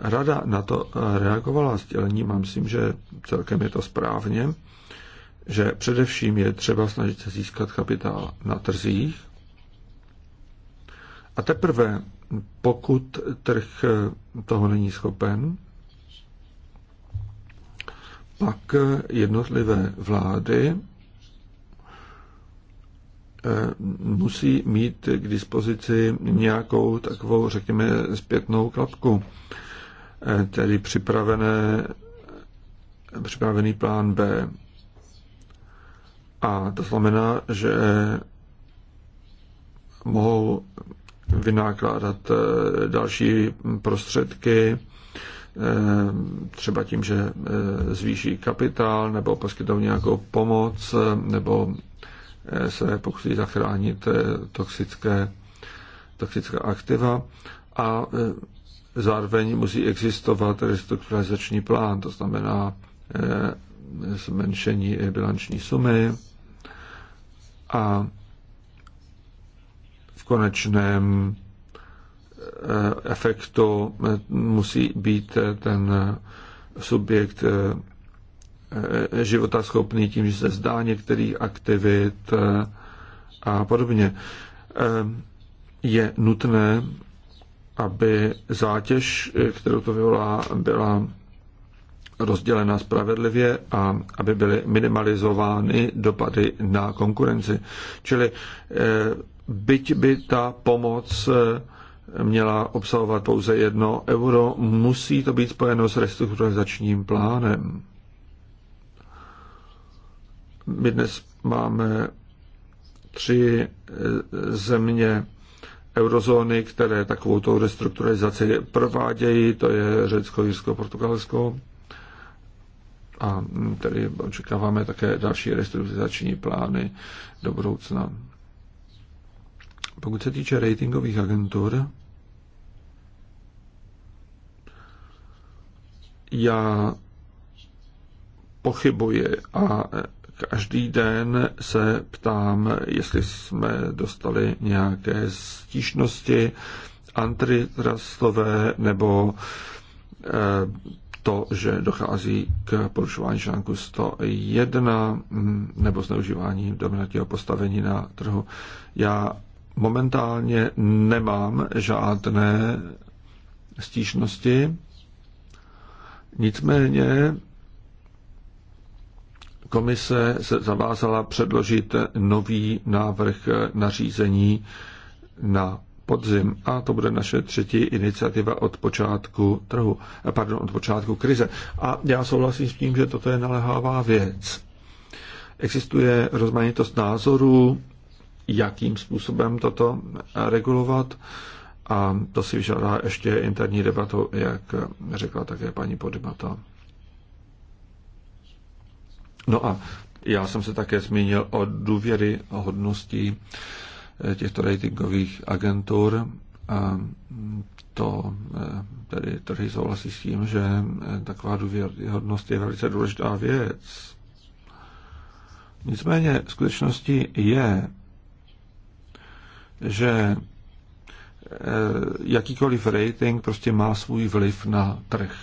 Rada na to reagovala sdělením a myslím, že celkem je to správně že především je třeba snažit se získat kapitál na trzích a teprve, pokud trh toho není schopen, pak jednotlivé vlády eh, musí mít k dispozici nějakou takovou, řekněme, zpětnou klapku, eh, tedy připravené, připravený plán B. A to znamená, že mohou vynákládat eh, další prostředky, eh, třeba tím, že eh, zvýší kapitál nebo poskytnou nějakou pomoc nebo se pokusí zachránit toxické, toxická aktiva a zároveň musí existovat restrukturalizační plán, to znamená zmenšení bilanční sumy, a v konečném eh, efektu eh, musí být eh, ten subjekt životaschopný tím, že se zdá některých aktivit a podobně. Je nutné, aby zátěž, kterou to vyvolá, byla rozdělena spravedlivě a aby byly minimalizovány dopady na konkurenci. Čili eh, byť by ta pomoc eh, měla obsahovat pouze jedno euro, musí to být spojeno s restrukturalizačním plánem. My dnes máme tři eh, země eurozóny, které takovou restrukturalizaci provádějí, to je Řecko, Jirsko, Portugalsko a mm, tedy očekáváme také další restrukturizační plány do budoucna. Pokud se týče ratingových agentur, já pochybuji a každý den se ptám, jestli jsme dostali nějaké stížnosti antitrustové nebo eh, to, že dochází k porušování článku 101 mm, nebo zneužívání dominantního postavení na trhu. Já momentálně nemám žádné stížnosti, nicméně komise se zavázala předložit nový návrh nařízení na podzim a to bude naše třetí iniciativa od počátku trhu, pardon, od počátku krize. A já souhlasím s tím, že toto je naléhavá věc. Existuje rozmanitost názorů, jakým způsobem toto regulovat a to si vyžádá ještě interní debatu, jak řekla také paní Podimata. No a já jsem se také zmínil o důvěry hodnosti Eh, těchto ratingových agentur. A to eh, tedy trhy souhlasí s tím, že eh, taková důvěryhodnost je velice důležitá věc. Nicméně skutečností je, že jakýkoliv rating prostě má svůj vliv na trh.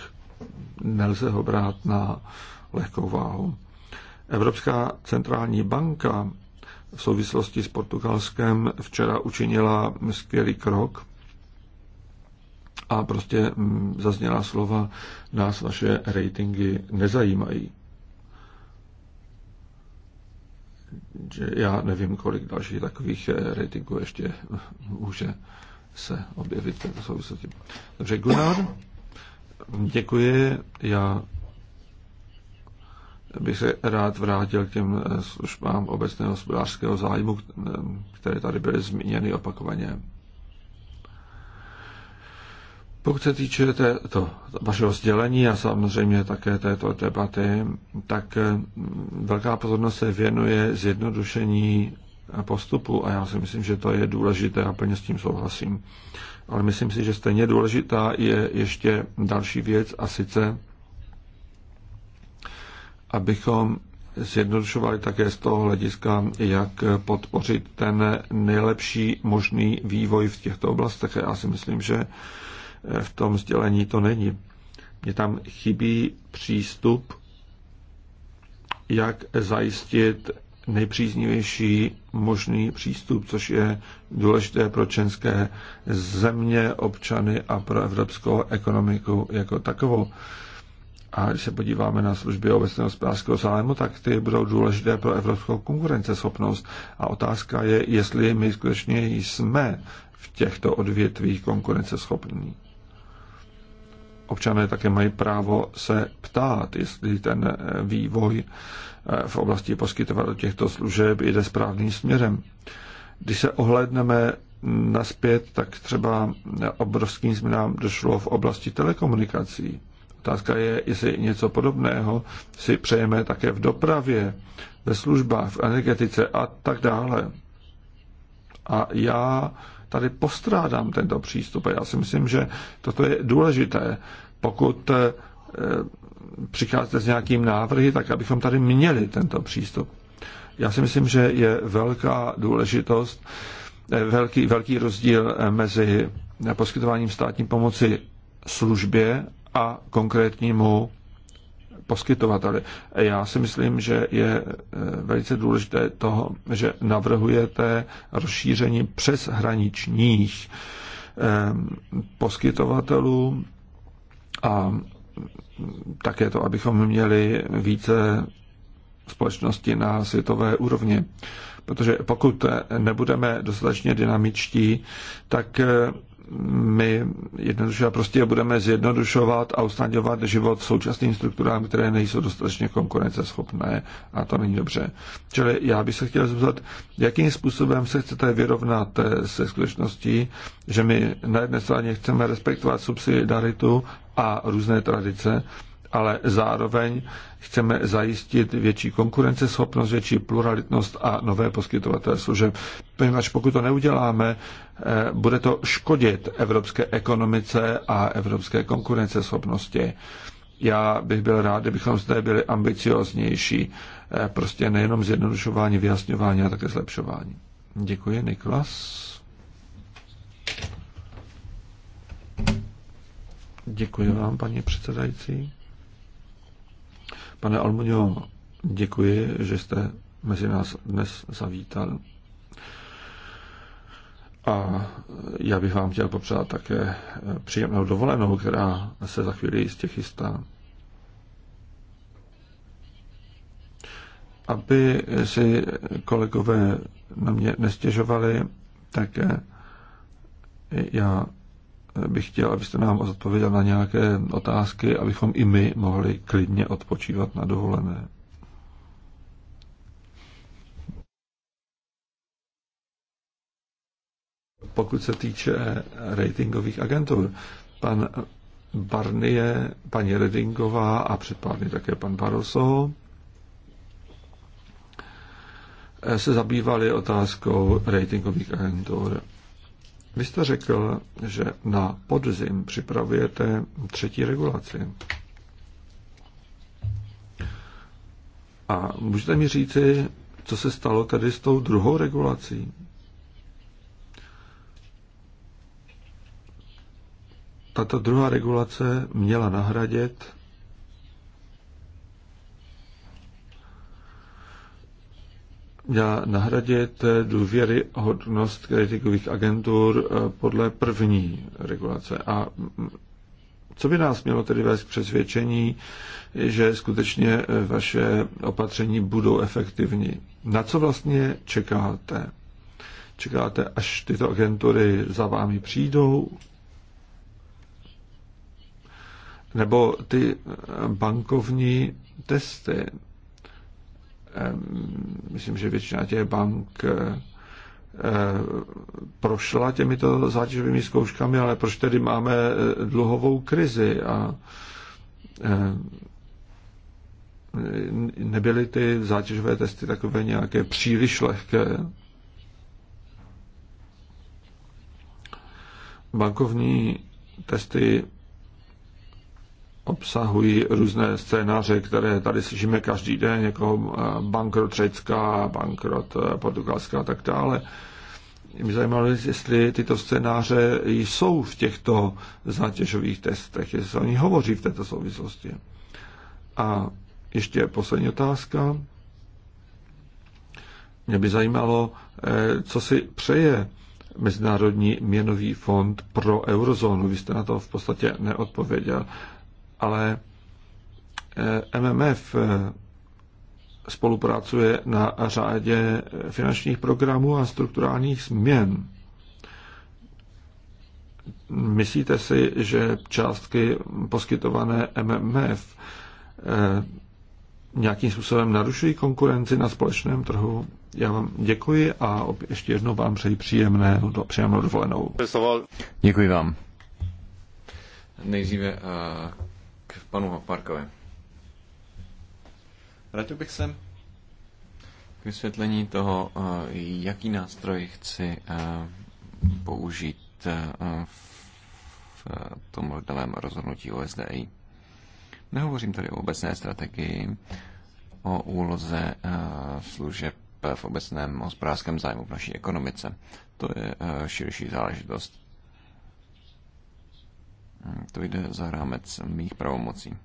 Nelze ho brát na lehkou váhu. Evropská centrální banka v souvislosti s Portugalskem včera učinila skvělý krok a prostě mm, zazněla slova, nás vaše ratingy nezajímají. Že já nevím, kolik dalších takových eh, ratingů ještě může se objevit v této souvislosti. Dobře, Gunnar, děkuji. Já bych se rád vrátil k těm eh, službám obecného hospodářského zájmu, eh, které tady byly zmíněny opakovaně. Pokud se týče této, vašeho sdělení a samozřejmě také této debaty, tak eh, velká pozornost se věnuje zjednodušení postupu a já si myslím, že to je důležité a plně s tím souhlasím. Ale myslím si, že stejně důležitá je ještě další věc a sice abychom zjednodušovali také z toho hlediska, jak podpořit ten nejlepší možný vývoj v těchto oblastech. Já si myslím, že v tom sdělení to není. Mně tam chybí přístup, jak zajistit nejpříznivější možný přístup, což je důležité pro české země, občany a pro evropskou ekonomiku jako takovou. A když se podíváme na služby obecného hospodářského zájmu, tak ty budou důležité pro evropskou konkurenceschopnost. A otázka je, jestli my skutečně jsme v těchto odvětvích konkurenceschopní. Občané také mají právo se ptát, jestli ten eh, vývoj eh, v oblasti poskytování těchto služeb jde správným směrem. Když se ohledneme naspět, tak třeba eh, obrovským změnám došlo v oblasti telekomunikací Otázka je, jestli něco podobného si přejeme také v dopravě, ve službách, v energetice a tak dále. A já tady postrádám tento přístup a já si myslím, že toto je důležité. Pokud eh, přicházíte s nějakým návrhy, tak abychom tady měli tento přístup. Já si myslím, že je velká důležitost, eh, velký, velký rozdíl eh, mezi poskytováním státní pomoci službě a konkrétnímu poskytovateli. Já si myslím, že je eh, velice důležité toho, že navrhujete rozšíření přeshraničních ehm, poskytovatelů a také to, abychom měli více společnosti na světové úrovni. Protože pokud nebudeme dostatečně dynamičtí, tak eh, my jednoduše a prostě budeme zjednodušovat a usnadňovat život současným strukturám, které nejsou dostatečně konkurenceschopné a to není dobře. Čili já bych se chtěl zeptat, jakým způsobem se chcete vyrovnat eh, se skutečností, že my na jedné straně chceme respektovat subsidiaritu a různé tradice, ale zároveň chceme zajistit větší konkurenceschopnost, větší pluralitnost a nové poskytovatele služeb. Poněvadž pokud to neuděláme, Eh, bude to škodit evropské ekonomice a evropské konkurenceschopnosti. Já bych byl rád, kdybychom zde byli ambicioznější, eh, prostě nejenom zjednodušování, vyjasňování, ale také zlepšování. Děkuji, Niklas. Děkuji vám, paní předsedající. Pane Almuňo, děkuji, že jste mezi nás dnes zavítal. A já bych vám chtěl popřát také eh, příjemnou dovolenou, která se za chvíli jistě chystá. Aby si kolegové na mě nestěžovali, tak eh, já bych chtěl, abyste nám odpověděl na nějaké otázky, abychom i my mohli klidně odpočívat na dovolené. Pokud se týče ratingových agentur, pan Barnie, paní Redingová a předpávně také pan Barroso eh, se zabývali otázkou ratingových agentur. Vy jste řekl, že na podzim připravujete třetí regulaci. A můžete mi říci, co se stalo tady s tou druhou regulací? tato druhá regulace měla nahradit měla nahradit důvěryhodnost kritikových agentur eh, podle první regulace. A co by nás mělo tedy vést k přesvědčení, že skutečně eh, vaše opatření budou efektivní? Na co vlastně čekáte? Čekáte, až tyto agentury za vámi přijdou? nebo ty eh, bankovní testy. Myslím, že většina těch bank eh, eh, prošla těmito zátěžovými zkouškami, ale proč tedy máme dluhovou krizi a nebyly ty zátěžové testy takové nějaké příliš lehké. Bankovní testy obsahují různé scénáře, které tady slyšíme každý den, jako eh, bankrot Řecka, bankrot eh, Portugalska a tak dále. Mě zajímalo, jestli tyto scénáře jsou v těchto zátěžových testech, jestli se o nich hovoří v této souvislosti. A ještě poslední otázka. Mě by zajímalo, eh, co si přeje Mezinárodní měnový fond pro eurozónu. Vy jste na to v podstatě neodpověděl ale eh, MMF eh, spolupracuje na řádě eh, finančních programů a strukturálních změn. Myslíte si, že částky poskytované MMF nějakým způsobem narušují konkurenci na společném trhu? Já vám děkuji a ještě jednou vám přeji příjemné, do, příjemnou dovolenou. Děkuji vám. Nejdříve uh k panu Hoparkovi. Vrátil bych se k vysvětlení toho, eh, jaký nástroj chci eh, použít eh, v tom lednovém rozhodnutí OSDI. Nehovořím tady o obecné strategii, o úloze služeb v obecném hospodářském zájmu v naší ekonomice. To je širší záležitost. Hm, to jde za rámec mých pravomocí.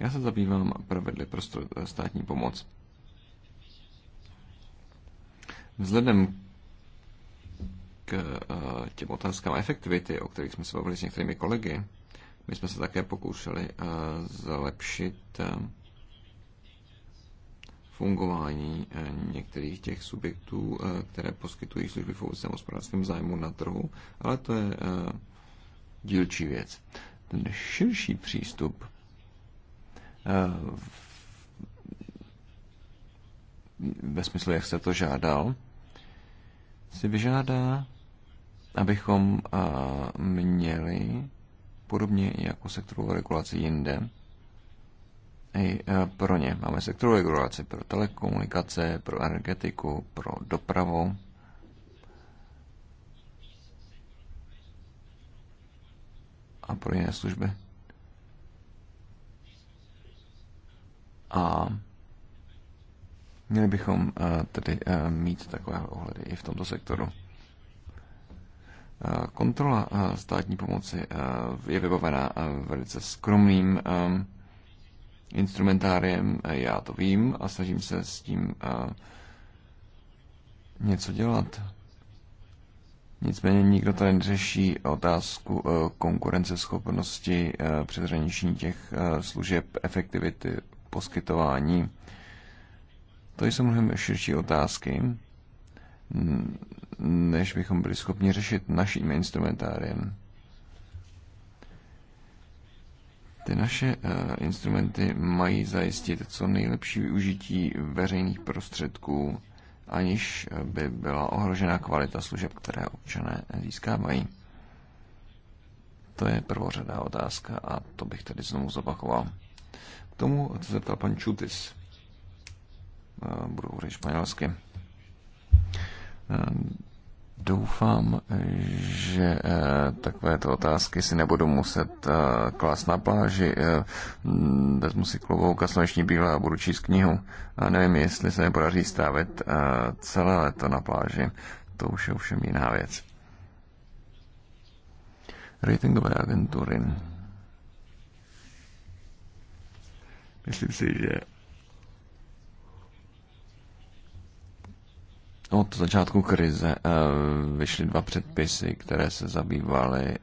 Já se zabývám pravidly pro státní pomoc. Vzhledem k eh, těm otázkám efektivity, o kterých jsme se bavili s některými kolegy, my jsme se také pokoušeli eh, zlepšit eh, fungování eh, některých těch subjektů, eh, které poskytují služby v obecném hospodářském zájmu na trhu, ale to je eh, dílčí věc. Ten širší přístup ve smyslu, jak se to žádal, si vyžádá, abychom měli podobně jako sektorovou regulaci jinde, i eh, pro ně. Máme sektorovou regulaci pro telekomunikace, pro energetiku, pro dopravu. A pro jiné služby. A měli bychom eh, tedy eh, mít takové ohledy i v tomto sektoru. Kontrola státní pomoci je vybavená velice skromným instrumentáriem, eh, já to vím a snažím se s tím eh, něco dělat. Nicméně nikdo tady neřeší otázku eh, konkurenceschopnosti přeshraniční těch služeb, efektivity poskytování. To jsou mnohem širší otázky, než bychom byli schopni řešit naším instrumentáriem. Ty naše eh, instrumenty mají zajistit co nejlepší využití veřejných prostředků, aniž eh, by byla ohrožena kvalita služeb, které občané získávají. To je prvořadá otázka a to bych tady znovu zopakoval. K tomu, co se ptal pan Čutis, eh, budu hovořit španělsky. Doufám, že eh, takovéto otázky si nebudu muset eh, klást na pláži. Eh, vezmu si klobouk a sluneční a budu číst knihu. A nevím, jestli se mi podaří strávit celé léto na pláži. To už je ovšem jiná věc. Ratingové agentury. Myslím si, že od začátku krize eh, vyšly dva předpisy, které se zabývaly eh,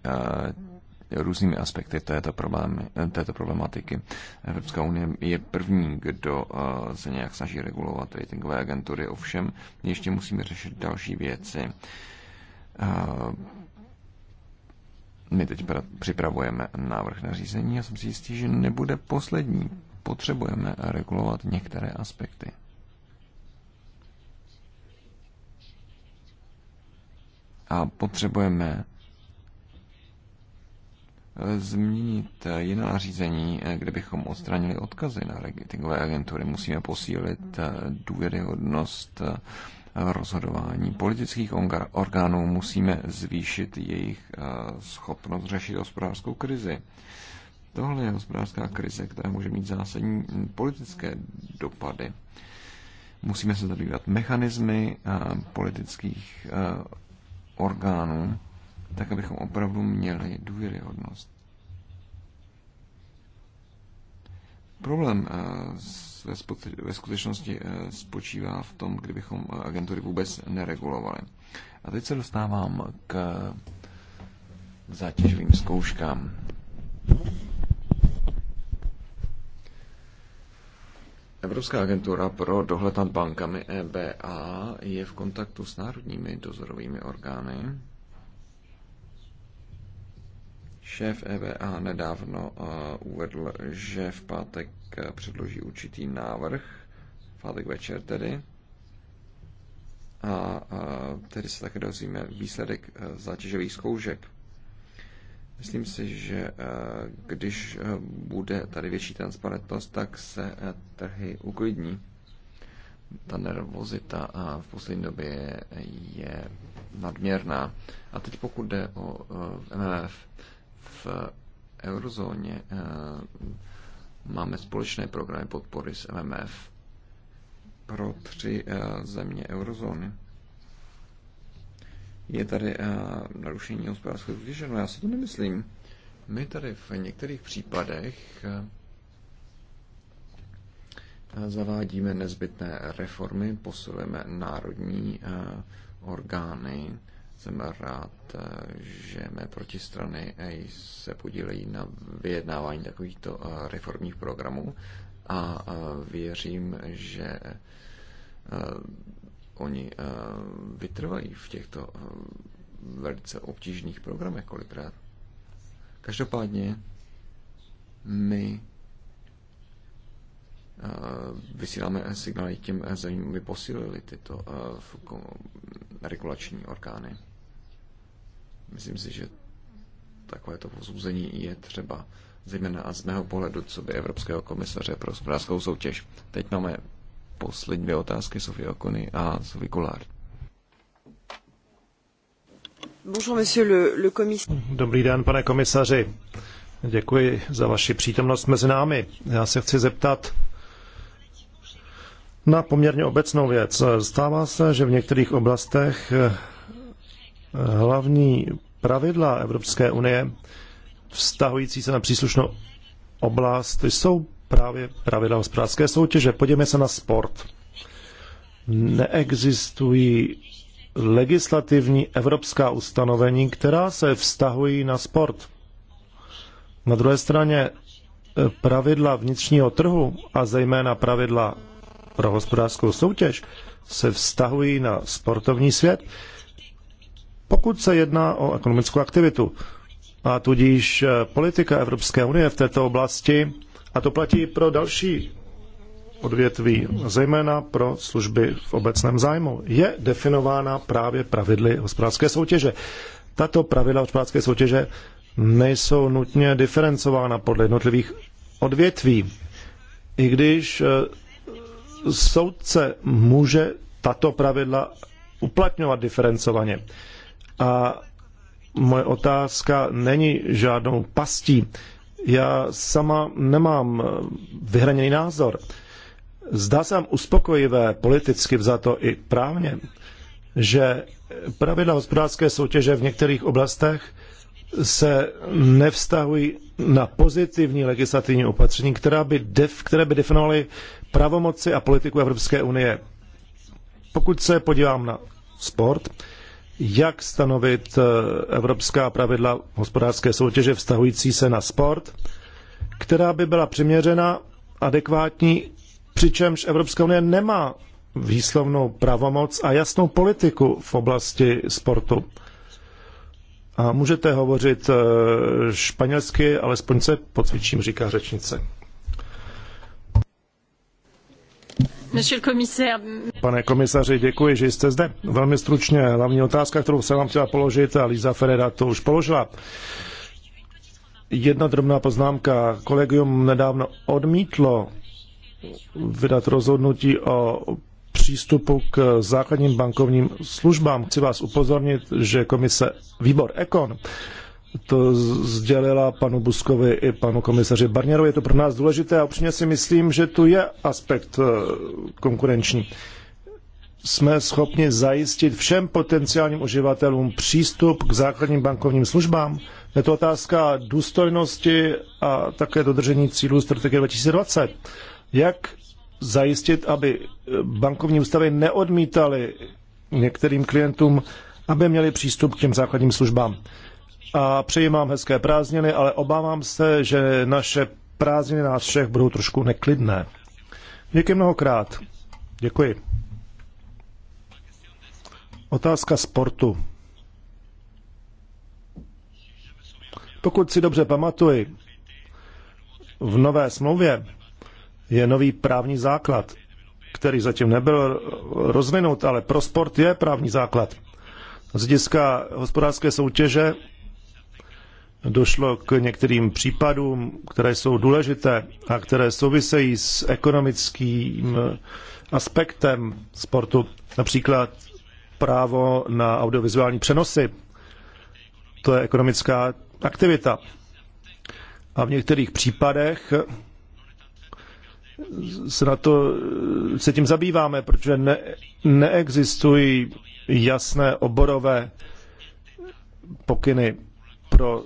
různými aspekty této, problémy, této problematiky. Evropská unie je první, kdo eh, se nějak snaží regulovat ratingové agentury, ovšem ještě musíme řešit další věci. My teď připravujeme návrh na řízení a jsem si jistý, že nebude poslední. Potřebujeme regulovat některé aspekty. a potřebujeme eh, změnit eh, jiná řízení, eh, kde bychom odstranili odkazy na ratingové agentury. Musíme posílit důvěryhodnost rozhodování politických orgánů, musíme zvýšit jejich schopnost řešit hospodářskou krizi. Tohle je hospodářská krize, která může mít zásadní mm, politické dopady. Musíme se zabývat mechanismy politických orgánům, tak abychom opravdu měli důvěryhodnost. Problém eh, ve skutečnosti eh, spočívá v tom, kdybychom eh, agentury vůbec neregulovali. A teď se dostávám k zátěžovým zkouškám. Evropská agentura pro dohled nad bankami EBA je v kontaktu s národními dozorovými orgány. Šéf EBA nedávno eh, uvedl, že v pátek eh, předloží určitý návrh, v pátek večer tedy, a, eh, tedy se také dozvíme výsledek zátěžových zkoušek. Myslím si, že eh, když eh, bude tady větší transparentnost, tak se eh, trhy uklidní. Ta nervozita v poslední době je nadměrná. A teď pokud jde o MMF, v eurozóně máme společné programy podpory s MMF pro tři země eurozóny je tady eh, narušení hospodářské soutěže. No já si to nemyslím. My tady v některých případech eh, eh, zavádíme nezbytné reformy, posilujeme národní orgány. Jsem rád, že mé protistrany se podílejí na vyjednávání takovýchto reformních programů a věřím, že oni eh, vytrvají v těchto eh, velice obtížných programech kolikrát. Každopádně my eh, vysíláme signály těm zemím, aby posílili tyto regulační orgány. Myslím si, že takovéto pozůzení je třeba, zejména z mého pohledu, co by Evropského komisaře pro hospodářskou soutěž. Teď máme poslední dvě otázky Sofie Okony a Sofie Kulár. Dobrý den, pane komisaři. Děkuji za vaši přítomnost mezi námi. Já se chci zeptat na poměrně obecnou věc. Stává se, že v některých oblastech eh, hlavní pravidla Evropské unie vztahující se na příslušnou oblast jsou právě pravidla hospodářské soutěže. Podívejme se na sport. Neexistují legislativní evropská ustanovení, která se vztahují na sport. Na druhé straně eh, pravidla vnitřního trhu a zejména pravidla pro hospodářskou soutěž se vztahují na sportovní svět, pokud se jedná o ekonomickou aktivitu. A tudíž eh, politika Evropské unie v této oblasti a to platí pro další odvětví, zejména pro služby v obecném zájmu. Je definována právě pravidly hospodářské soutěže. Tato pravidla hospodářské soutěže nejsou nutně diferencována podle jednotlivých odvětví. I když eh, soudce může tato pravidla uplatňovat diferencovaně. A moje otázka není žádnou pastí. Já sama nemám eh, vyhraněný názor. Zdá se vám uspokojivé politicky vzato i právně, že pravidla hospodářské soutěže v některých oblastech se nevztahují na pozitivní legislativní opatření, která by def, které by definovaly pravomoci a politiku Evropské unie. Pokud se podívám na sport, jak stanovit eh, evropská pravidla hospodářské soutěže vztahující se na sport, která by byla přiměřena, adekvátní, přičemž Evropská unie nemá výslovnou pravomoc a jasnou politiku v oblasti sportu. A můžete hovořit eh, španělsky, alespoň se pocvičím, říká řečnice. Pane komisaři, děkuji, že jste zde. Velmi stručně, hlavní otázka, kterou jsem vám chtěla položit, a Liza Ferreira to už položila. Jedna drobná poznámka. Kolegium nedávno odmítlo vydat rozhodnutí o přístupu k základním bankovním službám. Chci vás upozornit, že komise výbor Ekon to sdělila panu Buskovi i panu komisaři Barnierovi. Je to pro nás důležité a upřímně si myslím, že tu je aspekt eh, konkurenční. Jsme schopni zajistit všem potenciálním uživatelům přístup k základním bankovním službám. Je to otázka důstojnosti a také dodržení cílů strategie 2020. Jak zajistit, aby eh, bankovní ústavy neodmítaly některým klientům, aby měli přístup k těm základním službám a přeji vám hezké prázdniny, ale obávám se, že naše prázdniny nás všech budou trošku neklidné. Děkuji mnohokrát. Děkuji. Otázka sportu. Pokud si dobře pamatuji, v nové smlouvě je nový právní základ, který zatím nebyl rozvinut, ale pro sport je právní základ. Z hlediska hospodářské soutěže došlo k některým případům, které jsou důležité a které souvisejí s ekonomickým eh, aspektem sportu, například právo na audiovizuální přenosy. To je ekonomická aktivita. A v některých případech eh, se na to eh, se tím zabýváme, protože ne, neexistují jasné oborové pokyny pro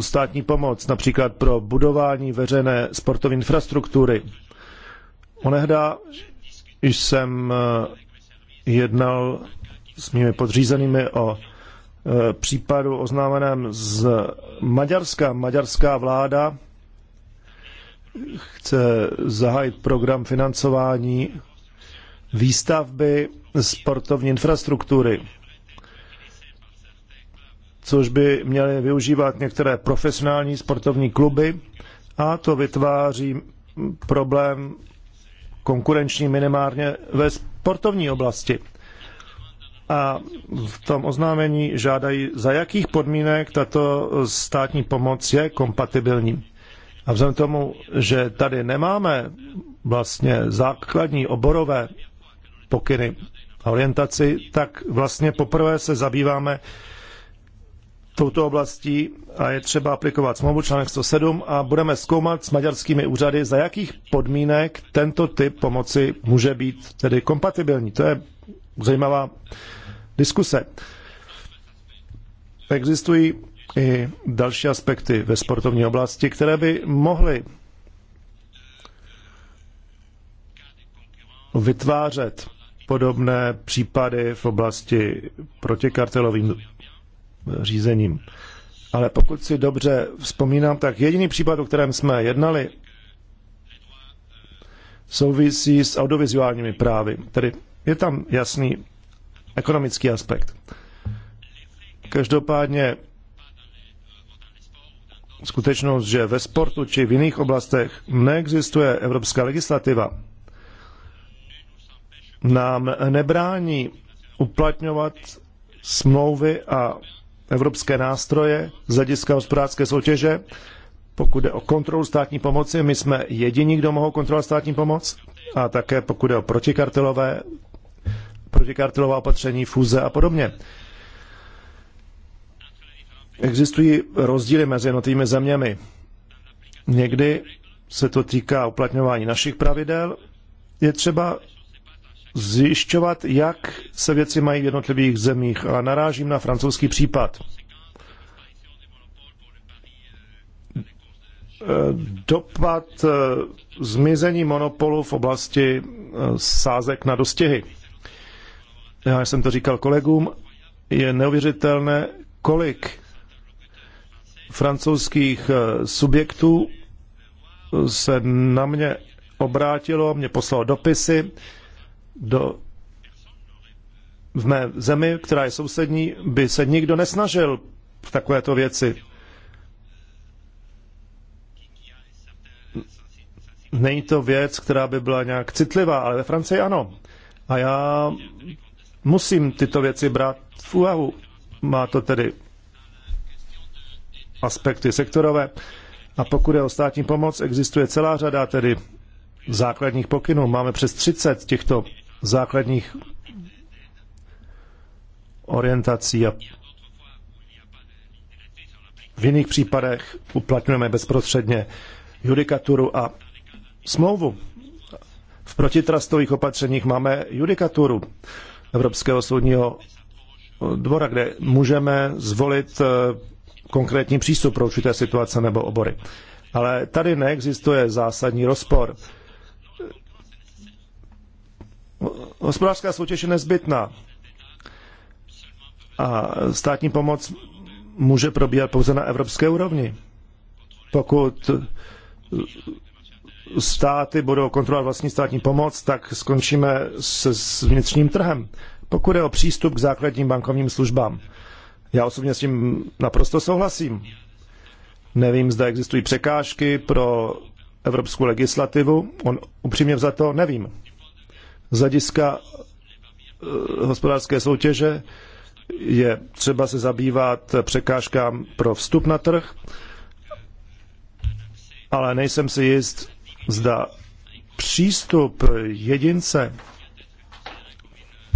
státní pomoc, například pro budování veřejné sportovní infrastruktury. Onehda jsem eh, jednal s mými podřízenými o eh, případu oznámeném z Maďarska. Maďarská vláda chce zahájit program financování výstavby sportovní infrastruktury což by měly využívat některé profesionální sportovní kluby a to vytváří problém konkurenční minimálně ve sportovní oblasti. A v tom oznámení žádají, za jakých podmínek tato státní pomoc je kompatibilní. A vzhledem tomu, že tady nemáme vlastně základní oborové pokyny a orientaci, tak vlastně poprvé se zabýváme touto oblastí a je třeba aplikovat smlouvu článek 107 a budeme zkoumat s maďarskými úřady, za jakých podmínek tento typ pomoci může být tedy kompatibilní. To je zajímavá diskuse. Existují i další aspekty ve sportovní oblasti, které by mohly vytvářet podobné případy v oblasti protikartelovým řízením. Ale pokud si dobře vzpomínám, tak jediný případ, o kterém jsme jednali, souvisí s audiovizuálními právy. Tedy je tam jasný ekonomický aspekt. Každopádně skutečnost, že ve sportu či v jiných oblastech neexistuje evropská legislativa, nám nebrání uplatňovat smlouvy a evropské nástroje z hlediska hospodářské soutěže. Pokud jde o kontrolu státní pomoci, my jsme jediní, kdo mohou kontrolovat státní pomoc. A také pokud jde o protikartelové, protikartelová opatření, fúze a podobně. Existují rozdíly mezi jednotlivými zeměmi. Někdy se to týká uplatňování našich pravidel. Je třeba zjišťovat, jak se věci mají v jednotlivých zemích. A narážím na francouzský případ. Dopad eh, zmizení monopolu v oblasti eh, sázek na dostihy. Já jsem to říkal kolegům, je neuvěřitelné, kolik francouzských eh, subjektů se na mě obrátilo, mě poslalo dopisy, do, v mé zemi, která je sousední, by se nikdo nesnažil v takovéto věci. Není to věc, která by byla nějak citlivá, ale ve Francii ano. A já musím tyto věci brát v úvahu. Má to tedy aspekty sektorové. A pokud je o státní pomoc, existuje celá řada tedy základních pokynů. Máme přes 30 těchto základních orientací a v jiných případech uplatňujeme bezprostředně judikaturu a smlouvu. V protitrastových opatřeních máme judikaturu Evropského soudního dvora, kde můžeme zvolit eh, konkrétní přístup pro určité situace nebo obory. Ale tady neexistuje zásadní rozpor. Hospodářská soutěž je nezbytná a státní pomoc může probíhat pouze na evropské úrovni. Pokud státy budou kontrolovat vlastní státní pomoc, tak skončíme s, s vnitřním trhem. Pokud je o přístup k základním bankovním službám, já osobně s tím naprosto souhlasím. Nevím, zda existují překážky pro evropskou legislativu, on upřímně za to nevím. Z hlediska eh, hospodářské soutěže je třeba se zabývat překážkám pro vstup na trh, ale nejsem si jist, zda přístup jedince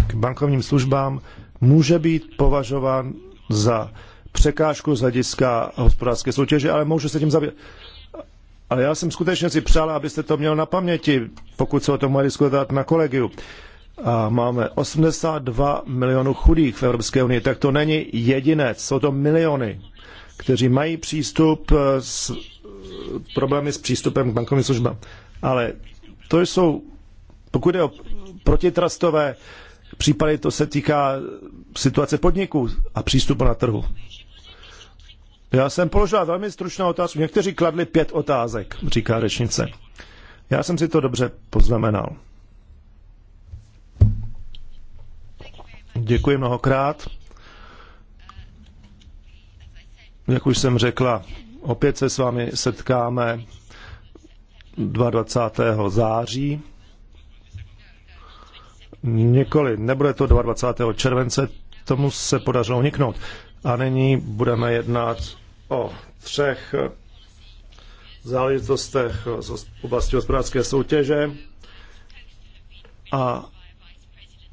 k bankovním službám může být považován za překážku z hlediska hospodářské soutěže, ale může se tím zabývat. Ale já jsem skutečně si přál, abyste to měl na paměti, pokud se o tom má diskutovat na kolegiu. A máme 82 milionů chudých v Evropské unii, tak to není jedinec, jsou to miliony, kteří mají přístup eh, s problémy s přístupem k bankovním službám. Ale to jsou, pokud je o protitrastové případy, to se týká situace podniků a přístupu na trhu. Já jsem položila velmi stručnou otázku. Někteří kladli pět otázek, říká řečnice. Já jsem si to dobře poznamenal. Děkuji mnohokrát. Jak už jsem řekla, opět se s vámi setkáme 22. září. Nikoli, nebude to 22. července, tomu se podařilo uniknout. A nyní budeme jednat o třech záležitostech z oblasti hospodářské soutěže a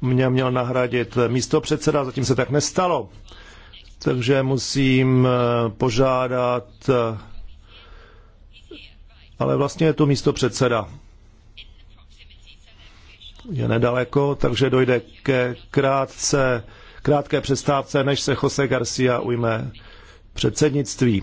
mě měl nahradit místo předseda, zatím se tak nestalo. Takže musím eh, požádat, eh, ale vlastně je to místo předseda. Je nedaleko, takže dojde ke krátce, krátké přestávce, než se Jose Garcia ujme předsednictví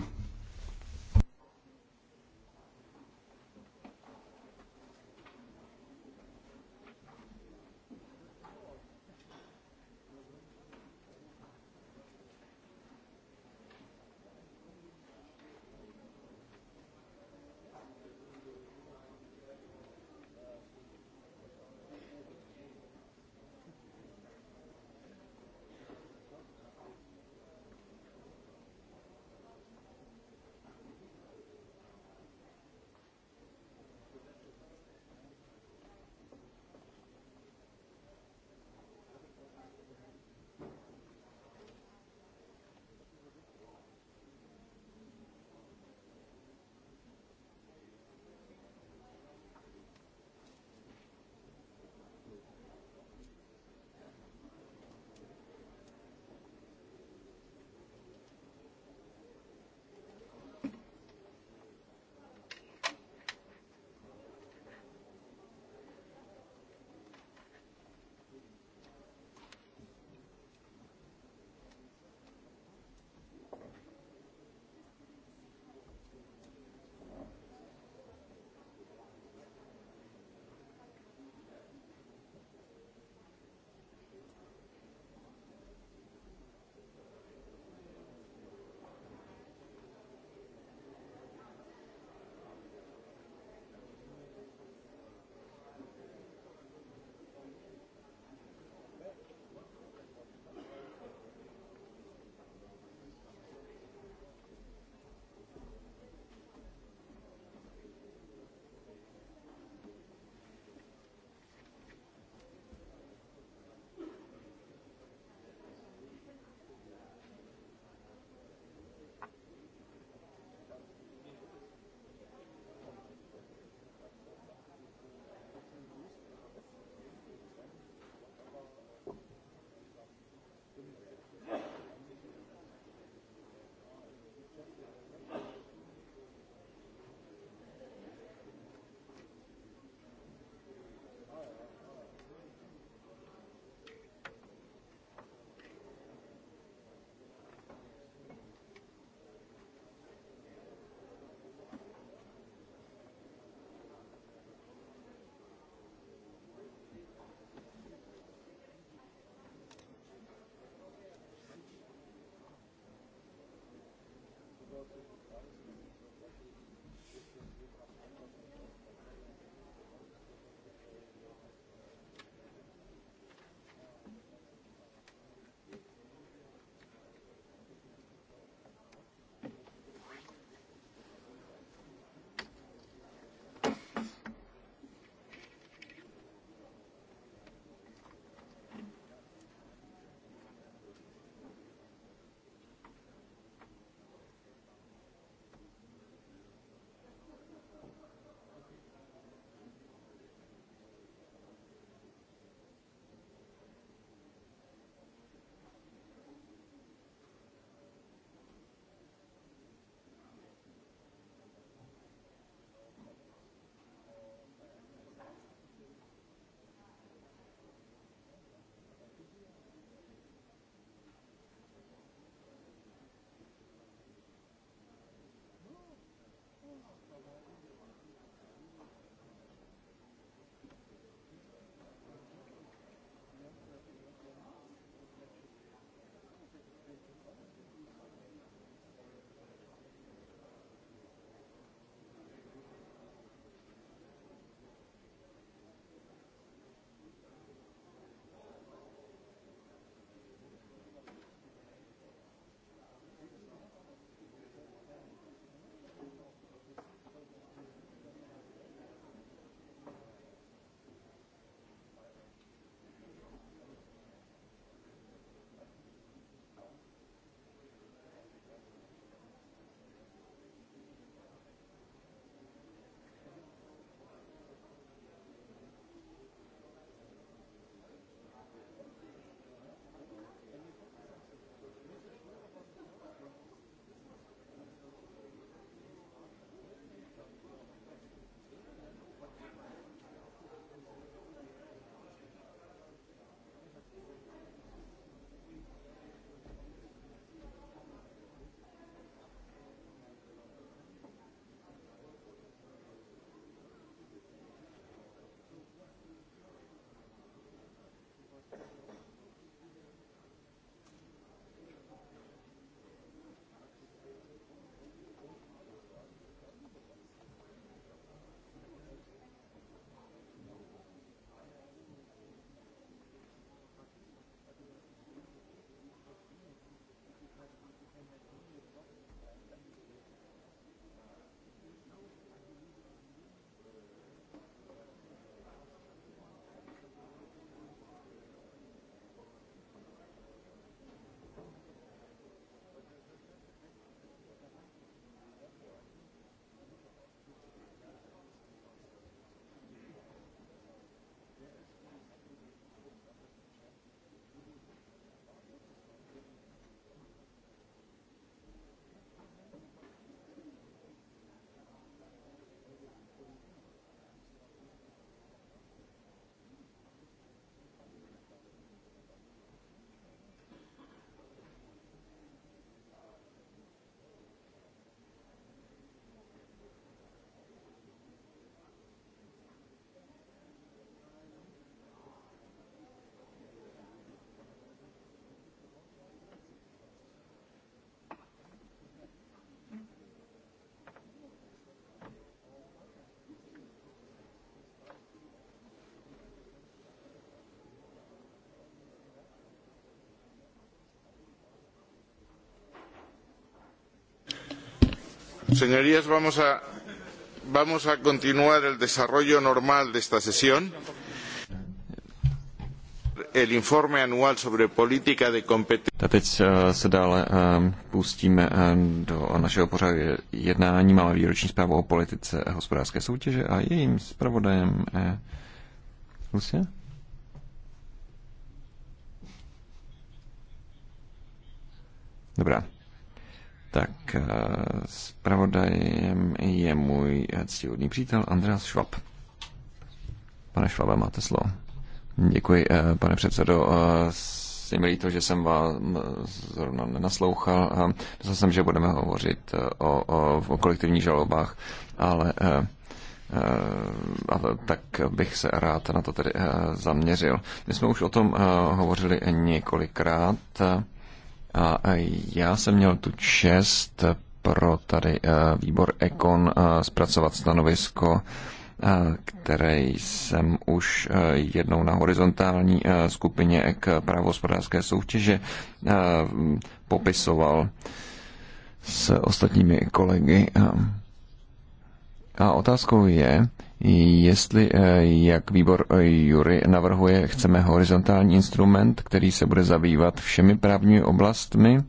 Señorías, vamos a, vamos a continuar el desarrollo normal de esta sesión. El informe anual sobre política de competencia. Teď eh, se dále eh, pustíme eh, do našeho pořadu jednání. Máme výroční zprávu o politice a hospodářské soutěže a jejím zpravodajem Lucie? Dobrá. Tak eh, zpravodajem je můj ctihodný přítel Andreas Schwab. Pane Švabe, máte slovo. Děkuji, eh, pane předsedo. Eh, je mi líto, že jsem vás zrovna nenaslouchal. Myslel jsem, že budeme hovořit o, o, o kolektivních žalobách, ale a tak bych se rád na to tedy zaměřil. My jsme už o tom hovořili několikrát. A já jsem měl tu čest pro tady eh, výbor Ekon eh, zpracovat stanovisko, eh, které jsem už jednou na horizontální skupině k právospodářské soutěže popisoval s ostatními kolegy. A otázkou je, jestli, eh, jak výbor eh, Jury navrhuje, chceme horizontální instrument, který se bude zabývat všemi právními oblastmi,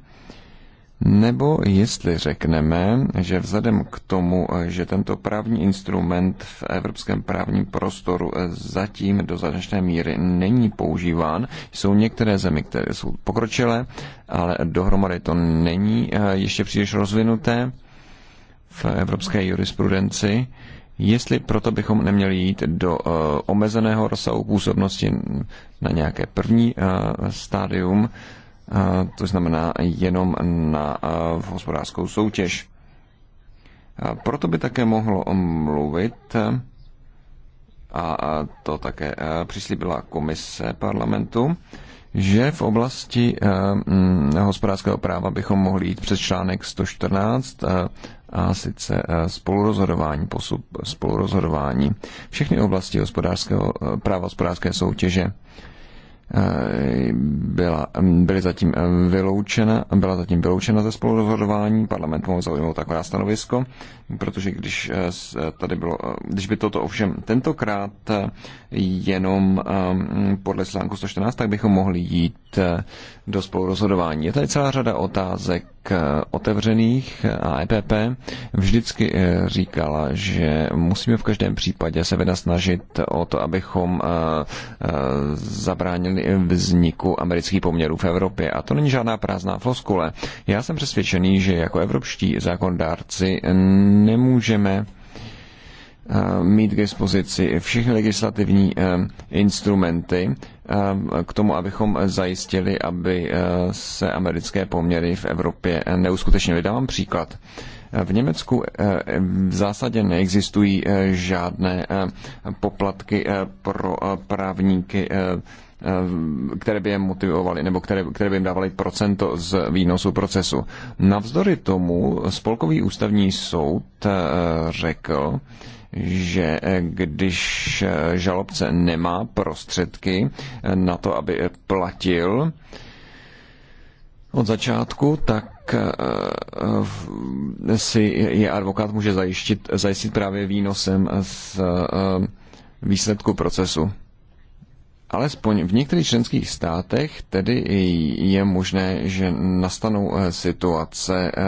nebo jestli řekneme, že vzhledem k tomu, eh, že tento právní instrument v evropském právním prostoru zatím do značné míry není používán, jsou některé zemi, které jsou pokročilé, ale dohromady to není ještě příliš rozvinuté, v evropské jurisprudenci, jestli proto bychom neměli jít do uh, omezeného rozsahu působnosti na nějaké první uh, stádium, uh, to znamená jenom na uh, hospodářskou soutěž. A proto by také mohlo mluvit, a to také přislíbila komise parlamentu, že v oblasti eh, mm, hospodářského práva bychom mohli jít přes článek 114 eh, a sice eh, spolurozhodování, posup spolurozhodování. Všechny oblasti hospodářského, práva hospodářské soutěže Eh, byla, mm, byly zatím eh, vyloučena, byla zatím vyloučena ze spolurozhodování. Parlament mohl zaujmout takové stanovisko, protože když eh, tady bylo, když by toto ovšem tentokrát jenom podle článku 114, tak bychom mohli jít do spolurozhodování. Je tady celá řada otázek, otevřených a EPP vždycky eh, říkala, že musíme v každém případě se veda snažit o to, abychom eh, eh, zabránili vzniku amerických poměrů v Evropě. A to není žádná prázdná floskule. Já jsem přesvědčený, že jako evropští zákondárci nemůžeme mít k dispozici všechny legislativní instrumenty, Eh, k tomu, abychom zajistili, aby eh, se americké poměry v Evropě neuskutečnily. Dávám příklad. Eh, v Německu v zásadě neexistují žádné poplatky pro právníky Eh, které by je motivovaly nebo které, které by jim dávaly procento z výnosu procesu. Navzdory tomu Spolkový ústavní soud eh, řekl, že eh, když žalobce nemá prostředky na to, aby platil od začátku, tak si je advokát může zajistit, zajistit právě výnosem z výsledku procesu. Alespoň v některých členských státech tedy je možné, že nastanou eh, situace, eh,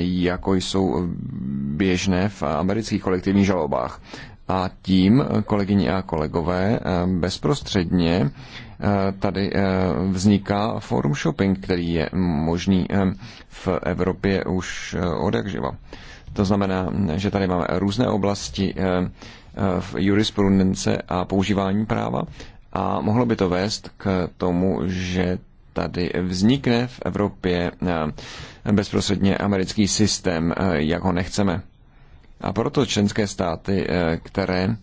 jako jsou běžné v amerických kolektivních žalobách. A tím, eh, kolegyně a kolegové, bezprostředně tady vzniká forum shopping, který je možný v Evropě už od jak živa. To znamená, že tady máme různé oblasti v jurisprudence a používání práva a mohlo by to vést k tomu, že tady vznikne v Evropě eh, bezprostředně americký systém, eh, jak ho nechceme. A proto členské státy, eh, které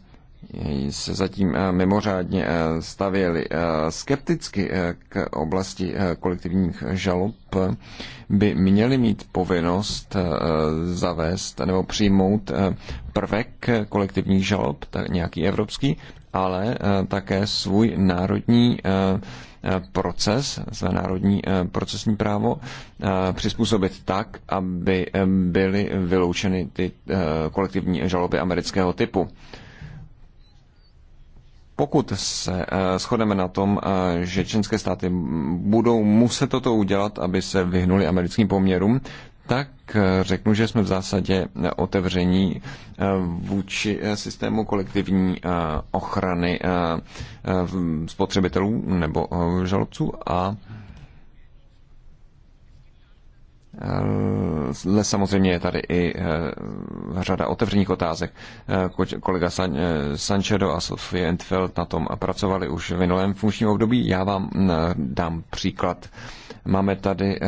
se zatím mimořádně stavěli skepticky k oblasti kolektivních žalob, by měli mít povinnost zavést nebo přijmout prvek kolektivních žalob, tak nějaký evropský, ale eh, také svůj národní eh, eh, proces, své národní procesní právo přizpůsobit tak, aby byly vyloučeny ty kolektivní žaloby amerického typu. Pokud se shodeme na tom, že členské státy budou muset toto udělat, aby se vyhnuli americkým poměrům, tak eh, řeknu, že jsme v zásadě eh, otevření eh, vůči systému kolektivní ochrany spotřebitelů nebo žalobců a ale samozřejmě je tady i řada otevřených otázek. Kolega San, Sančedo a Sofie Entfeld na tom pracovali už v minulém funkčním období. Já vám dám příklad. Máme tady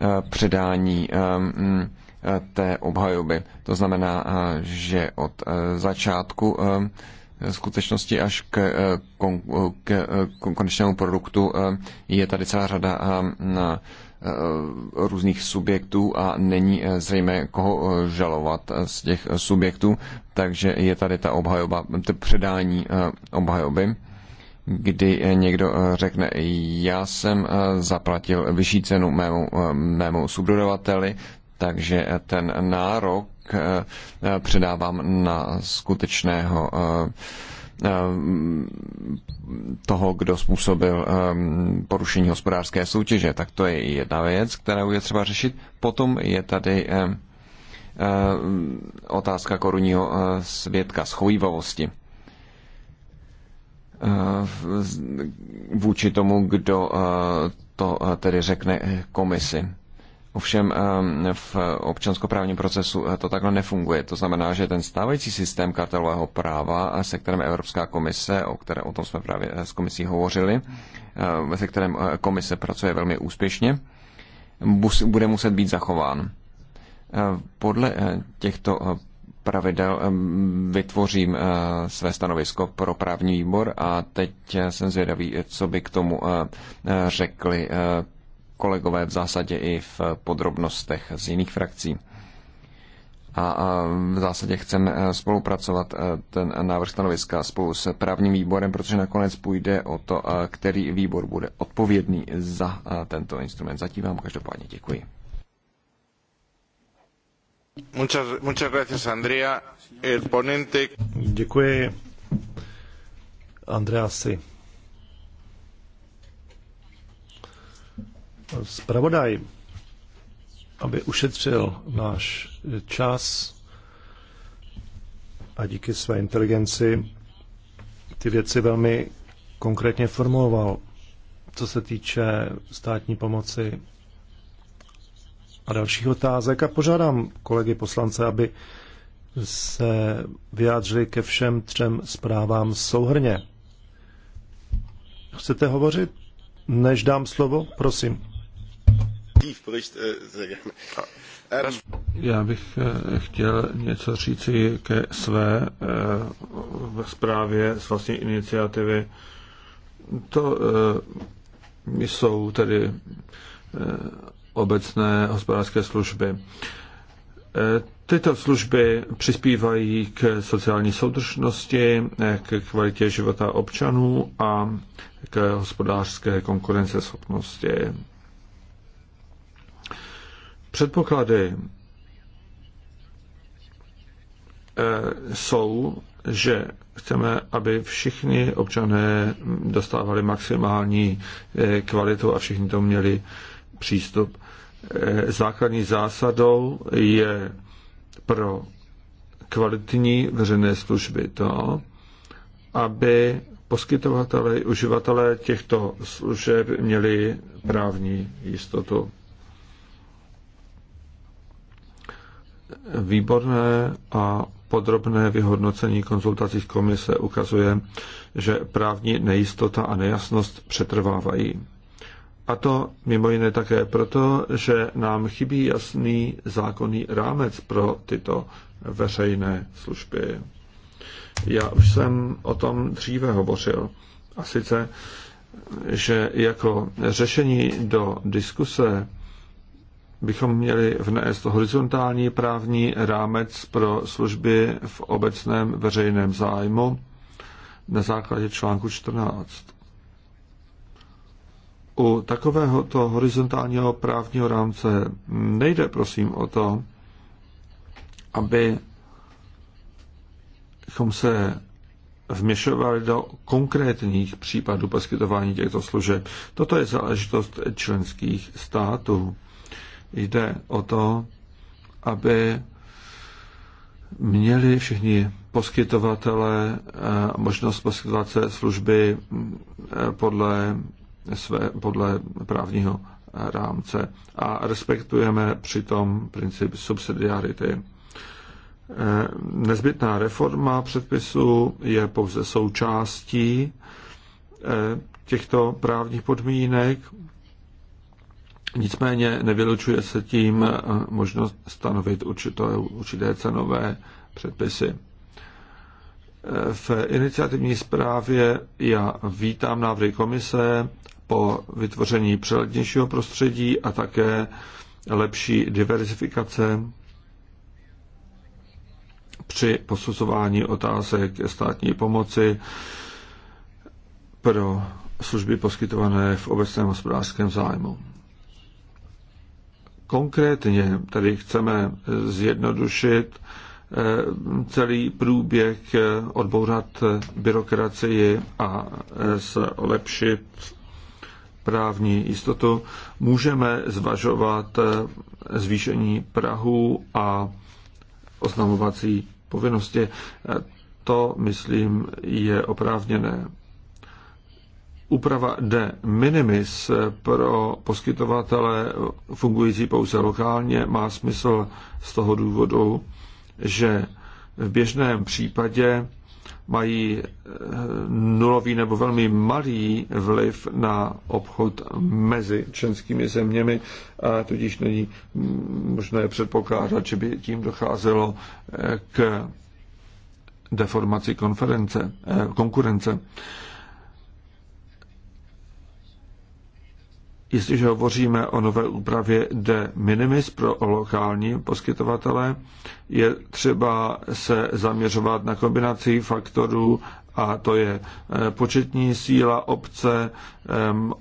Eh, předání eh, mm, eh, té obhajoby. To znamená, že od začátku skutečnosti až k, k, k konečnému produktu je tady celá řada na různých subjektů a není zřejmé, koho žalovat z těch subjektů, takže je tady ta obhajoba, to předání obhajoby kdy eh, někdo eh, řekne, já jsem eh, zaplatil vyšší cenu mému, mému subdodavateli, takže ten nárok předávám na skutečného toho, kdo způsobil porušení hospodářské soutěže. Tak to je jedna věc, kterou je třeba řešit. Potom je tady otázka korunního svědka schovývavosti vůči tomu, kdo eh, to eh, tedy řekne komisi. Ovšem eh, v občanskoprávním procesu to takhle nefunguje. To znamená, že ten stávající systém kartelového práva, se kterým Evropská komise, o, které, o tom jsme právě s komisí hovořili, se kterým komise pracuje velmi úspěšně, bude muset být zachován. Podle těchto pravidel vytvořím eh, své stanovisko pro právní výbor a teď eh, jsem zvědavý, co by k tomu eh, řekli kolegové v zásadě i v podrobnostech z jiných frakcí. A v zásadě chceme spolupracovat ten návrh stanoviska spolu s právním výborem, protože nakonec půjde o to, který výbor bude odpovědný za tento instrument. Zatím vám každopádně děkuji. Děkuji, Andreasi. Spravodaj, aby ušetřil náš čas a díky své inteligenci ty věci velmi konkrétně formuloval, co se týče státní pomoci a dalších otázek a požádám kolegy poslance, aby se vyjádřili ke všem třem zprávám souhrně. Chcete hovořit? Než dám slovo, prosím. Já bych eh, chtěl něco říci ke své eh, zprávě z vlastní iniciativy. To eh, jsou tedy obecné hospodářské služby. E, tyto služby přispívají k sociální soudržnosti, e, k kvalitě života občanů a k hospodářské konkurenceschopnosti. Předpoklady e, jsou, že chceme, aby všichni občané dostávali maximální kvalitu a všichni to měli přístup. Eh, základní zásadou je pro kvalitní veřejné služby to, aby poskytovatelé, uživatelé těchto služeb měli právní jistotu. Výborné a podrobné vyhodnocení konzultací komise ukazuje, že právní nejistota a nejasnost přetrvávají. A to mimo jiné také proto, že nám chybí jasný zákonný rámec pro tyto veřejné služby. Já už jsem o tom dříve hovořil. A sice, že jako řešení do diskuse bychom měli vnést horizontální právní rámec pro služby v obecném veřejném zájmu na základě článku 14. U takového to horizontálního právního rámce nejde prosím o to, aby chom se vměšovali do konkrétních případů poskytování těchto služeb. Toto je záležitost členských států. Jde o to, aby měli všichni poskytovatele eh, možnost poskytovat se služby eh, podle své, podle právního rámce a respektujeme přitom princip subsidiarity. E, nezbytná reforma předpisu je pouze součástí e, těchto právních podmínek, nicméně nevylučuje se tím možnost stanovit určité, určité cenové předpisy. E, v iniciativní zprávě já vítám návrhy komise po vytvoření přelednějšího prostředí a také lepší diversifikace při posuzování otázek státní pomoci pro služby poskytované v obecném hospodářském zájmu. Konkrétně tady chceme zjednodušit eh, celý průběh, eh, odbourat byrokracii a zlepšit eh, právní jistotu, můžeme zvažovat eh, zvýšení Prahu a oznamovací povinnosti. Eh, to, myslím, je oprávněné. Úprava de minimis pro poskytovatele fungující pouze lokálně má smysl z toho důvodu, že v běžném případě mají eh, nulový nebo velmi malý vliv na obchod mezi členskými zeměmi, a tudíž není možné předpokládat, že by tím docházelo eh, k deformaci konference, eh, konkurence. Jestliže hovoříme o nové úpravě de minimis pro lokální poskytovatele, je třeba se zaměřovat na kombinaci faktorů a to je eh, početní síla obce,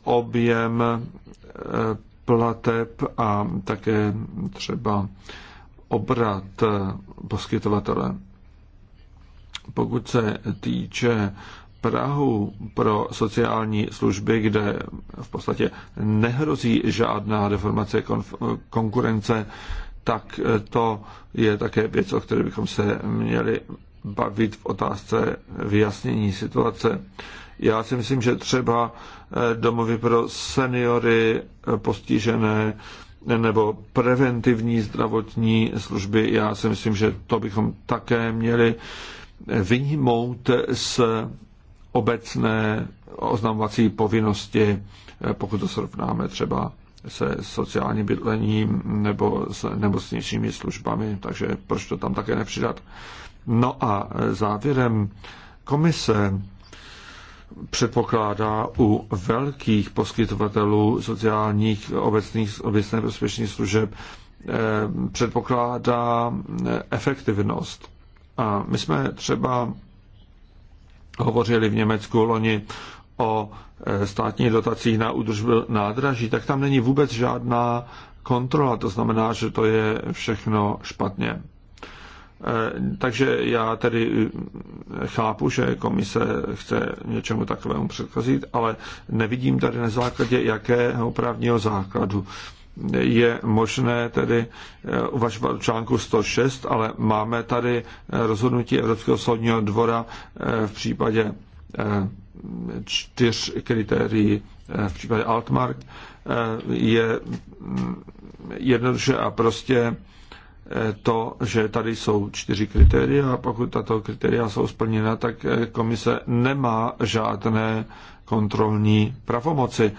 objem eh, plateb a také třeba obrat eh, poskytovatele. Pokud se týče Prahu pro sociální služby, kde v podstatě nehrozí žádná deformace konkurence, tak to je také věc, o které bychom se měli bavit v otázce vyjasnění situace. Já si myslím, že třeba eh, domovy pro seniory eh, postižené eh, nebo preventivní zdravotní služby, já si myslím, že to bychom také měli vyjmout z obecné oznamovací povinnosti, eh, pokud to srovnáme třeba se sociálním bydlením nebo s nemocničními službami, takže proč to tam také nepřidat. No a eh, závěrem komise předpokládá u velkých poskytovatelů sociálních obecných, obecné bezpečných služeb eh, předpokládá efektivnost. A my jsme třeba hovořili v Německu loni o e, státních dotacích na údržbu nádraží, tak tam není vůbec žádná kontrola. To znamená, že to je všechno špatně. E, takže já tedy e, chápu, že komise chce něčemu takovému předchozit, ale nevidím tady na základě jakého právního základu je možné tedy eh, uvažovat o článku 106, ale máme tady eh, rozhodnutí Evropského soudního dvora eh, v případě čtyř kritérií v případě Altmark je mm, jednoduše a prostě to, že tady jsou čtyři kritéria a pokud tato kritéria jsou splněna, tak komise nemá žádné kontrolní pravomoci.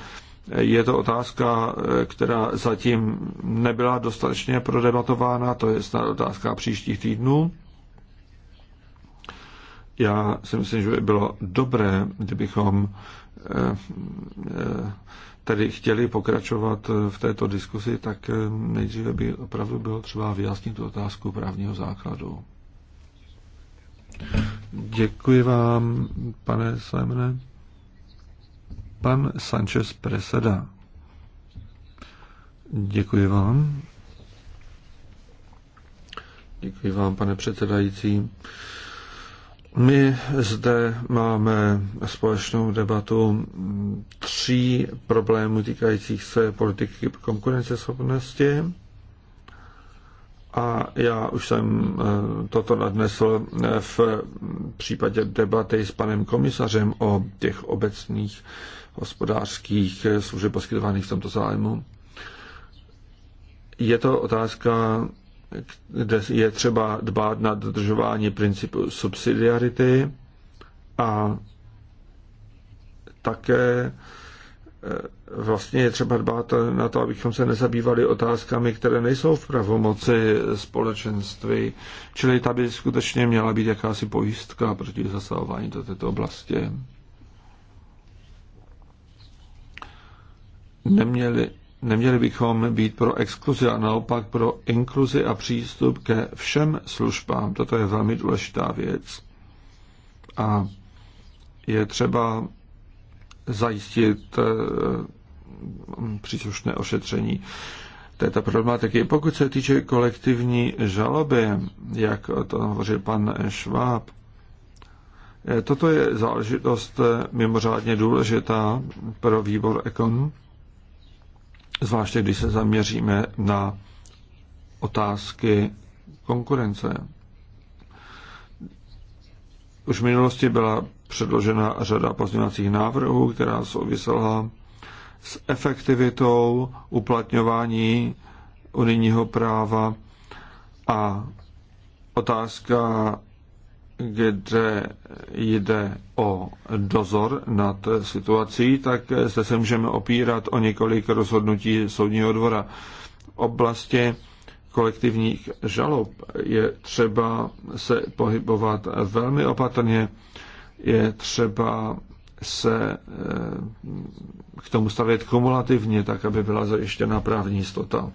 Je to otázka, která zatím nebyla dostatečně prodebatována, to je snad otázka příštích týdnů. Já si myslím, že by bylo dobré, kdybychom eh, tedy chtěli pokračovat v této diskusi, tak eh, nejdříve by opravdu bylo třeba vyjasnit tu otázku právního základu. Děkuji vám, pane Simone. Pan Sanchez Preseda. Děkuji vám. Děkuji vám, pane předsedající. My zde máme společnou debatu tří problémů týkajících se politiky konkurenceschopnosti. A já už jsem eh, toto nadnesl eh, v případě debaty s panem komisařem o těch obecných hospodářských eh, služeb poskytovaných v tomto zájmu. Je to otázka, kde je třeba dbát na dodržování principu subsidiarity a také eh, vlastně je třeba dbát na to, abychom se nezabývali otázkami, které nejsou v pravomoci společenství. Čili ta by skutečně měla být jakási pojistka proti zasahování do této oblasti. Neměli, neměli bychom být pro exkluzi a naopak pro inkluzi a přístup ke všem službám. Toto je velmi důležitá věc. A je třeba zajistit eh, příslušné ošetření této problematiky. Pokud se týče kolektivní žaloby, jak to hovořil pan Šváb, eh, toto je záležitost eh, mimořádně důležitá pro výbor Ekon zvláště když se zaměříme na otázky konkurence. Už v minulosti byla předložena řada pozměňovacích návrhů, která souvisela s efektivitou uplatňování unijního práva a otázka kde jde o dozor nad situací, tak zde se můžeme opírat o několik rozhodnutí soudního dvora. V oblasti kolektivních žalob je třeba se pohybovat velmi opatrně, je třeba se eh, k tomu stavět kumulativně, tak aby byla zajištěna právní jistota.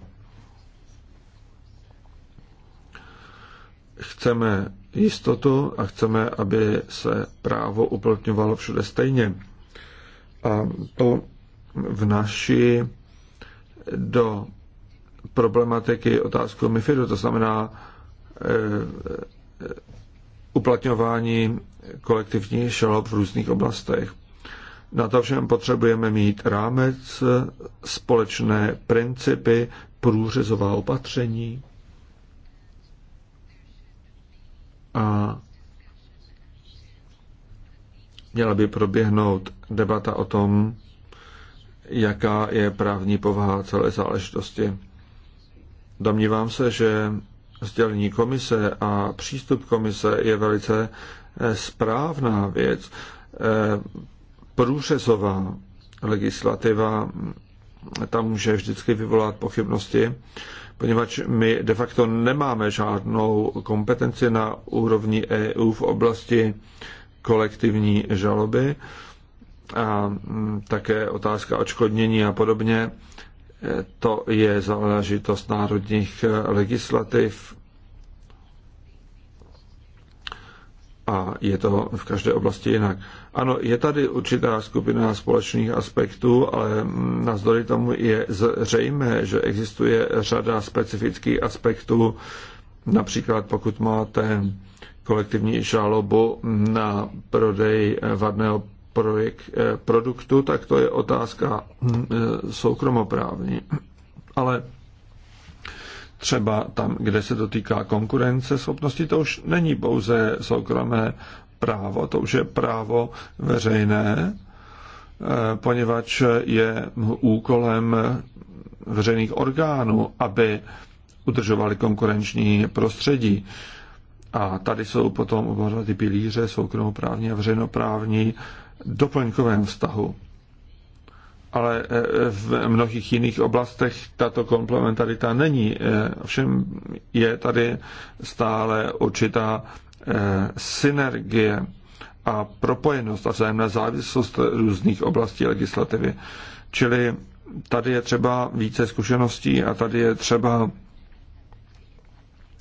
Chceme jistotu a chceme, aby se právo uplatňovalo všude stejně. A to v naší do problematiky otázku MIFIDu, to znamená e, e, uplatňování kolektivních šalob v různých oblastech. Na to všem potřebujeme mít rámec, společné principy, průřezová opatření. a měla by proběhnout debata o tom, jaká je právní povaha celé záležitosti. Domnívám se, že sdělení komise a přístup komise je velice eh, správná věc. Eh, průřezová legislativa mm, tam může vždycky vyvolat pochybnosti poněvadž my de facto nemáme žádnou kompetenci na úrovni EU v oblasti kolektivní žaloby a mm, také otázka očkodnění a podobně. E, to je záležitost národních e, legislativ a je to v každé oblasti jinak. Ano, je tady určitá skupina společných aspektů, ale na zdory tomu je zřejmé, že existuje řada specifických aspektů, například pokud máte kolektivní žalobu na prodej vadného projekt, produktu, tak to je otázka hm, eh, soukromoprávní. Ale třeba tam, kde se dotýká konkurence schopnosti, to už není pouze soukromé právo, to už je právo veřejné, eh, poněvadž je úkolem veřejných orgánů, aby udržovali konkurenční prostředí. A tady jsou potom oba ty pilíře, soukromoprávní a veřejnoprávní, doplňkovém vztahu. Ale eh, v mnohých jiných oblastech tato komplementarita není. Eh, ovšem je tady stále určitá Eh, synergie a propojenost a vzájemná závislost různých oblastí legislativy. Čili tady je třeba více zkušeností a tady je třeba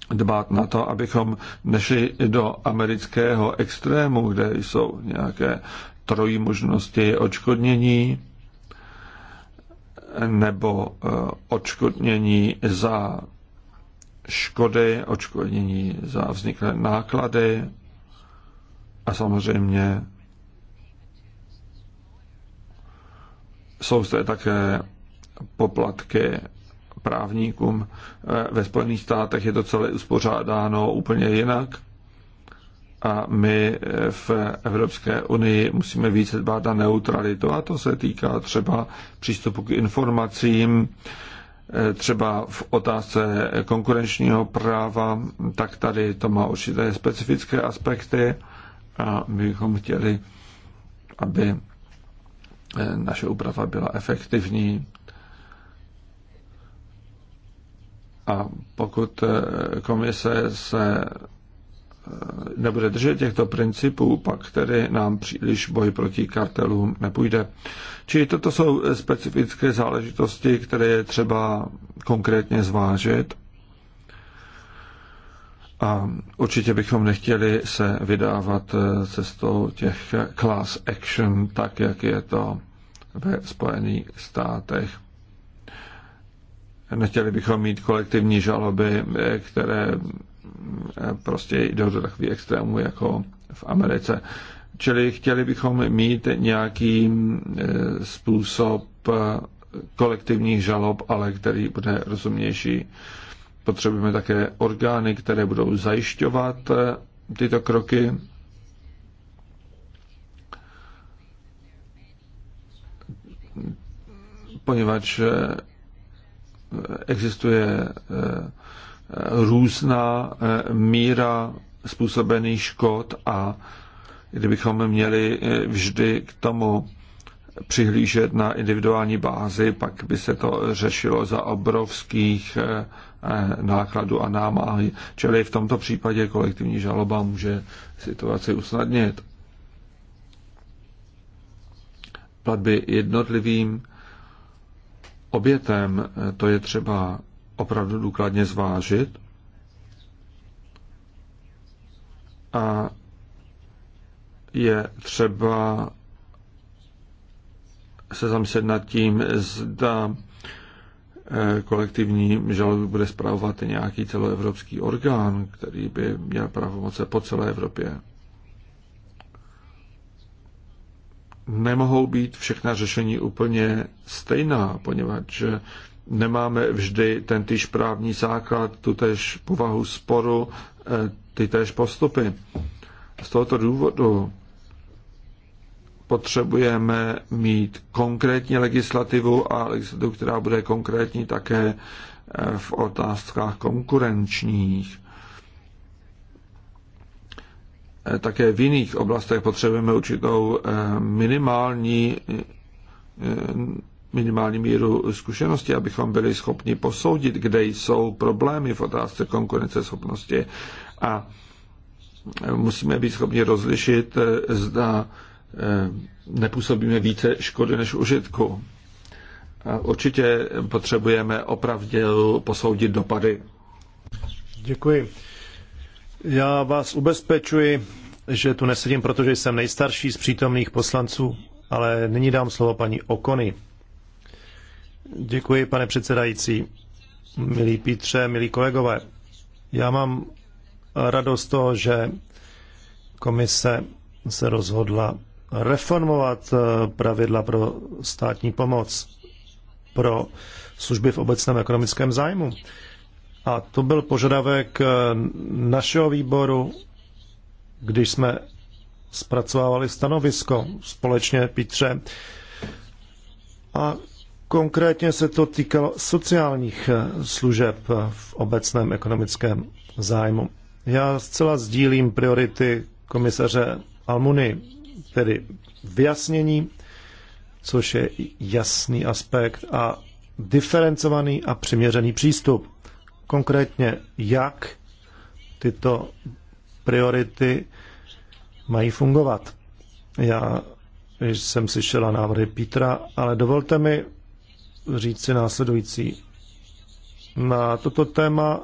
dbát na to, abychom nešli do amerického extrému, kde jsou nějaké trojí možnosti očkodnění nebo eh, očkodnění za škody, očkodnění za vzniklé náklady a samozřejmě jsou zde také poplatky právníkům. Ve Spojených státech je to celé uspořádáno úplně jinak a my v Evropské unii musíme více dbát na neutralitu a to se týká třeba přístupu k informacím, Eh, třeba v otázce konkurenčního práva, tak tady to má určité specifické aspekty a my bychom chtěli, aby eh, naše úprava byla efektivní. A pokud eh, komise se nebude držet těchto principů, pak tedy nám příliš boj proti kartelům nepůjde. Čili toto jsou specifické záležitosti, které je třeba konkrétně zvážit. A určitě bychom nechtěli se vydávat eh, cestou těch class action, tak jak je to ve Spojených státech. Nechtěli bychom mít kolektivní žaloby, eh, které prostě jde do takových extrémů jako v Americe. Čili chtěli bychom mít nějaký e, způsob e, kolektivních žalob, ale který bude rozumnější. Potřebujeme také orgány, které budou zajišťovat e, tyto kroky. Poněvadž existuje různá eh, míra způsobených škod a kdybychom měli eh, vždy k tomu přihlížet na individuální bázi, pak by se to řešilo za obrovských eh, nákladů a námahy. Čili v tomto případě kolektivní žaloba může situaci usnadnit. Platby jednotlivým obětem, to je třeba opravdu důkladně zvážit. A je třeba se zamyslet nad tím, zda eh, kolektivní žalobu bude zpravovat nějaký celoevropský orgán, který by měl pravomoce po celé Evropě. Nemohou být všechna řešení úplně stejná, poněvadž nemáme vždy ten týž právní základ, tutéž povahu sporu, eh, tytéž postupy. Z tohoto důvodu potřebujeme mít konkrétní legislativu a legislativu, která bude konkrétní také eh, v otázkách konkurenčních. Eh, také v jiných oblastech potřebujeme určitou minimální minimální míru zkušenosti, abychom byli schopni posoudit, kde jsou problémy v otázce konkurenceschopnosti. A musíme být schopni rozlišit, eh, zda eh, nepůsobíme více škody než užitku. A určitě potřebujeme opravdu posoudit dopady. Děkuji. Já vás ubezpečuji, že tu nesedím, protože jsem nejstarší z přítomných poslanců, ale nyní dám slovo paní Okony. Děkuji, pane předsedající. Milí Pítře, milí kolegové, já mám radost toho, že komise se rozhodla reformovat eh, pravidla pro státní pomoc pro služby v obecném ekonomickém zájmu. A to byl požadavek eh, našeho výboru, když jsme zpracovávali stanovisko společně Pítře. A Konkrétně se to týkalo sociálních eh, služeb eh, v obecném ekonomickém zájmu. Já zcela sdílím priority komisaře Almuny, tedy vyjasnění, což je jasný aspekt, a diferencovaný a přiměřený přístup. Konkrétně, jak tyto priority mají fungovat. Já jsem slyšela návrhy Petra, ale dovolte mi říci následující. Na toto téma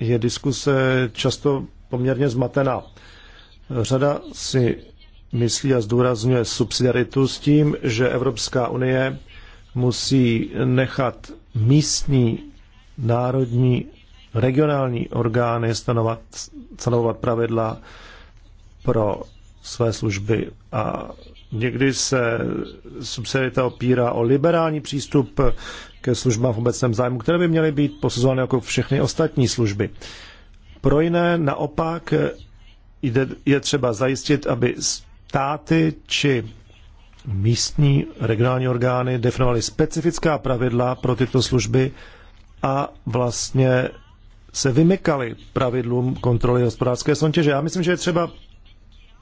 je diskuse často poměrně zmatená. Řada si myslí a zdůrazňuje subsidiaritu s tím, že Evropská unie musí nechat místní, národní, regionální orgány stanovat, stanovat pravidla pro své služby a Někdy se subsidiarita opírá o liberální přístup ke službám v obecném zájmu, které by měly být posuzovány jako všechny ostatní služby. Pro jiné naopak jde, je třeba zajistit, aby státy či místní regionální orgány definovaly specifická pravidla pro tyto služby a vlastně se vymykaly pravidlům kontroly hospodářské soutěže. Já myslím, že je třeba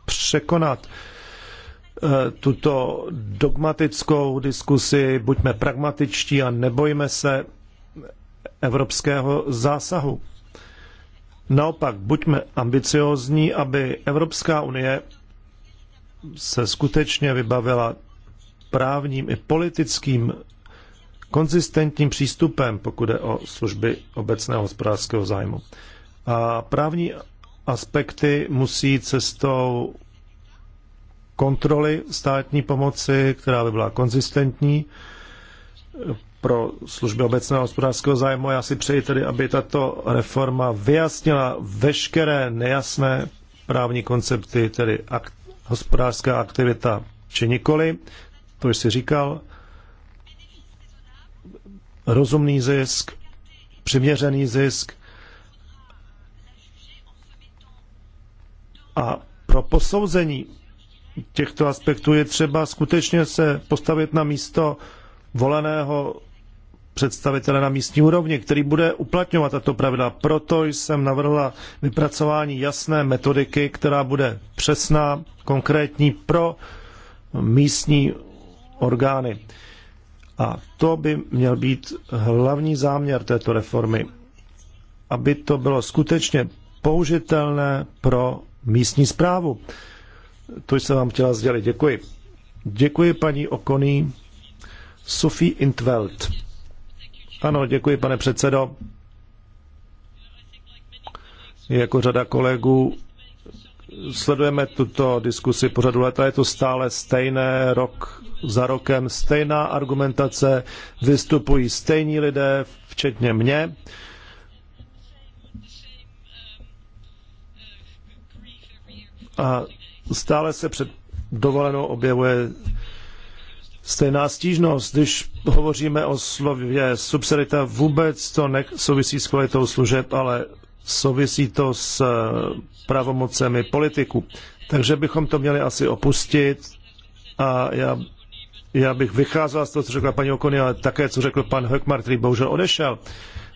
překonat uh, Eh, tuto dogmatickou diskusi, buďme pragmatičtí a nebojme se evropského zásahu. Naopak, buďme ambiciózní, aby Evropská unie se skutečně vybavila právním i politickým konzistentním přístupem, pokud je o služby obecného hospodářského zájmu. A právní aspekty musí cestou kontroly státní pomoci, která by byla konzistentní pro služby obecného hospodářského zájmu. Já si přeji tedy, aby tato reforma vyjasnila veškeré nejasné právní koncepty, tedy akt, hospodářská aktivita či nikoli, to jsi říkal, rozumný zisk, přiměřený zisk a pro posouzení těchto aspektů je třeba skutečně se postavit na místo voleného představitele na místní úrovni, který bude uplatňovat tato pravidla. Proto jsem navrhla vypracování jasné metodiky, která bude přesná, konkrétní pro místní orgány. A to by měl být hlavní záměr této reformy, aby to bylo skutečně použitelné pro místní správu. To jsem vám chtěla sdělit. Děkuji. Děkuji paní Okoný. Sophie Intveld. Ano, děkuji, pane předsedo. Jako řada kolegů sledujeme tuto diskusi po řadu let a je to stále stejné rok za rokem, stejná argumentace, vystupují stejní lidé, včetně mě. A stále se před dovolenou objevuje stejná stížnost. Když hovoříme o slově subsidiarita, vůbec to nesouvisí s kvalitou služeb, ale souvisí to s eh, pravomocemi politiků. Takže bychom to měli asi opustit a já, já bych vycházel z toho, co řekla paní Okony, ale také, co řekl pan Hökmar, který bohužel odešel.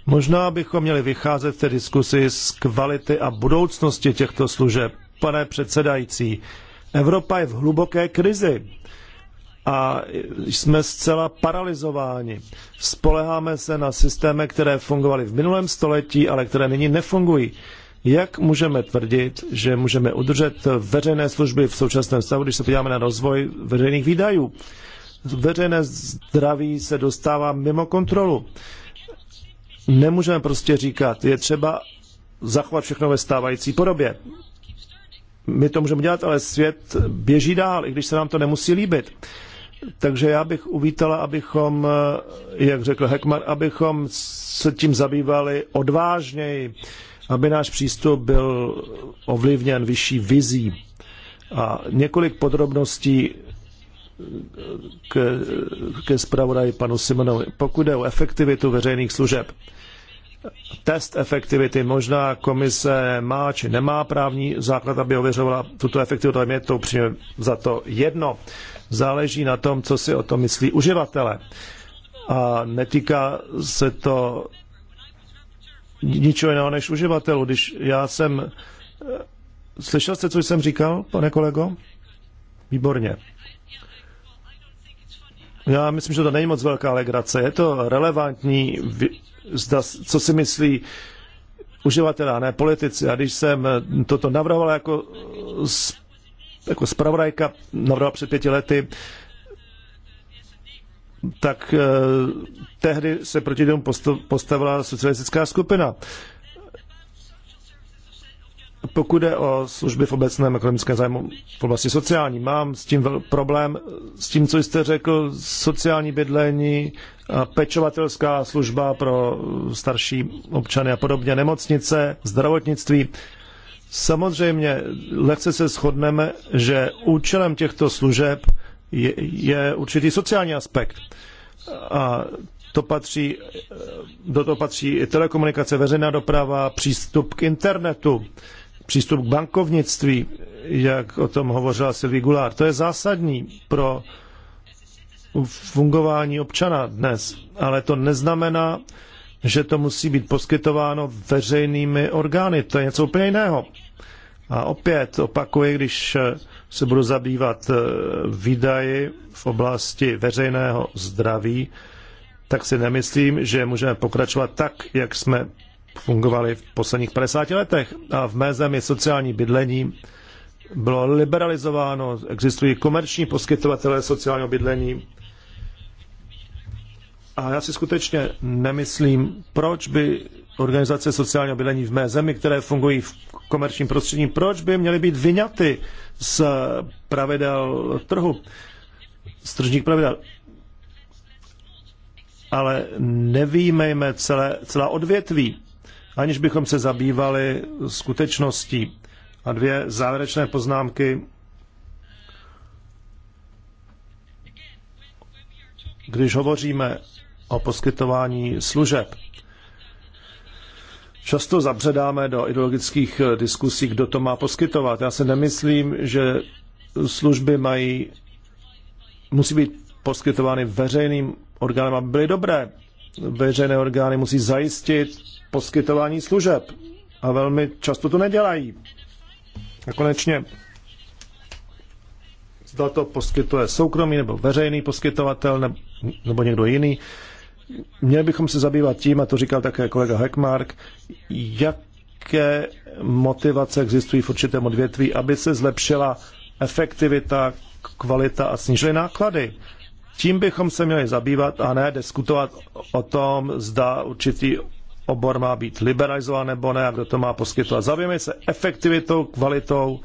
Možná bychom měli vycházet v té diskusi z kvality a budoucnosti těchto služeb pane předsedající. Evropa je v hluboké krizi a jsme zcela paralizováni. Spoleháme se na systémy, které fungovaly v minulém století, ale které nyní nefungují. Jak můžeme tvrdit, že můžeme udržet veřejné služby v současném stavu, když se podíváme na rozvoj veřejných výdajů? Veřejné zdraví se dostává mimo kontrolu. Nemůžeme prostě říkat, je třeba zachovat všechno ve stávající podobě my to můžeme dělat, ale svět běží dál, i když se nám to nemusí líbit. Takže já bych uvítala, abychom, jak řekl Hekmar, abychom se tím zabývali odvážněji, aby náš přístup byl ovlivněn vyšší vizí. A několik podrobností ke, ke zpravodaji panu Simonovi. Pokud jde o efektivitu veřejných služeb, test efektivity. Možná komise má či nemá právní základ, aby ověřovala tuto efektivitu, ale mě to upřímně za to jedno. Záleží na tom, co si o tom myslí uživatele. A netýká se to ničeho jiného než uživatelů. Když já jsem... Eh, slyšel jste, co jsem říkal, pane kolego? Výborně. Já myslím, že to není moc velká legrace. Je to relevantní, zda, co si myslí uživatelé, ne politici. A když jsem toto navrhoval jako, jako spravodajka, navrhoval před pěti lety, tak eh, tehdy se proti tomu postavila socialistická skupina. Eh, pokud je o služby v obecném ekonomickém zájmu v oblasti sociální, mám s tím problém, s tím, co jste řekl, sociální bydlení, pečovatelská služba pro starší občany a podobně, nemocnice, zdravotnictví. Samozřejmě lehce se shodneme, že účelem těchto služeb je, je určitý sociální aspekt. A to patří, do toho patří i telekomunikace, veřejná doprava, přístup k internetu, přístup k bankovnictví, jak o tom hovořila Sylvie Goulart. To je zásadní pro fungování občana dnes, ale to neznamená, že to musí být poskytováno veřejnými orgány. To je něco úplně jiného. A opět opakuji, když se budu zabývat eh, výdaji v oblasti veřejného zdraví, tak si nemyslím, že můžeme pokračovat tak, jak jsme fungovaly v posledních 50 letech. A v mé zemi sociální bydlení bylo liberalizováno, existují komerční poskytovatelé sociálního bydlení. A já si skutečně nemyslím, proč by organizace sociálního bydlení v mé zemi, které fungují v komerčním prostředí, proč by měly být vyňaty z pravidel trhu, z tržních pravidel. Ale nevýjmejme celé, celá odvětví aniž bychom se zabývali skutečností. A dvě závěrečné poznámky. Když hovoříme o poskytování služeb, často zabředáme do ideologických diskusí, kdo to má poskytovat. Já se nemyslím, že služby mají, musí být poskytovány veřejným orgánem, aby byly dobré. Veřejné orgány musí zajistit poskytování služeb. A velmi často to nedělají. A konečně, zda to poskytuje soukromý nebo veřejný poskytovatel nebo někdo jiný, měli bychom se zabývat tím, a to říkal také kolega Heckmark, jaké motivace existují v určitém odvětví, aby se zlepšila efektivita, kvalita a snížily náklady. Tím bychom se měli zabývat a ne diskutovat o tom, zda určitý obor má být liberalizován nebo ne a kdo to má poskytovat. Zabijeme se efektivitou, kvalitou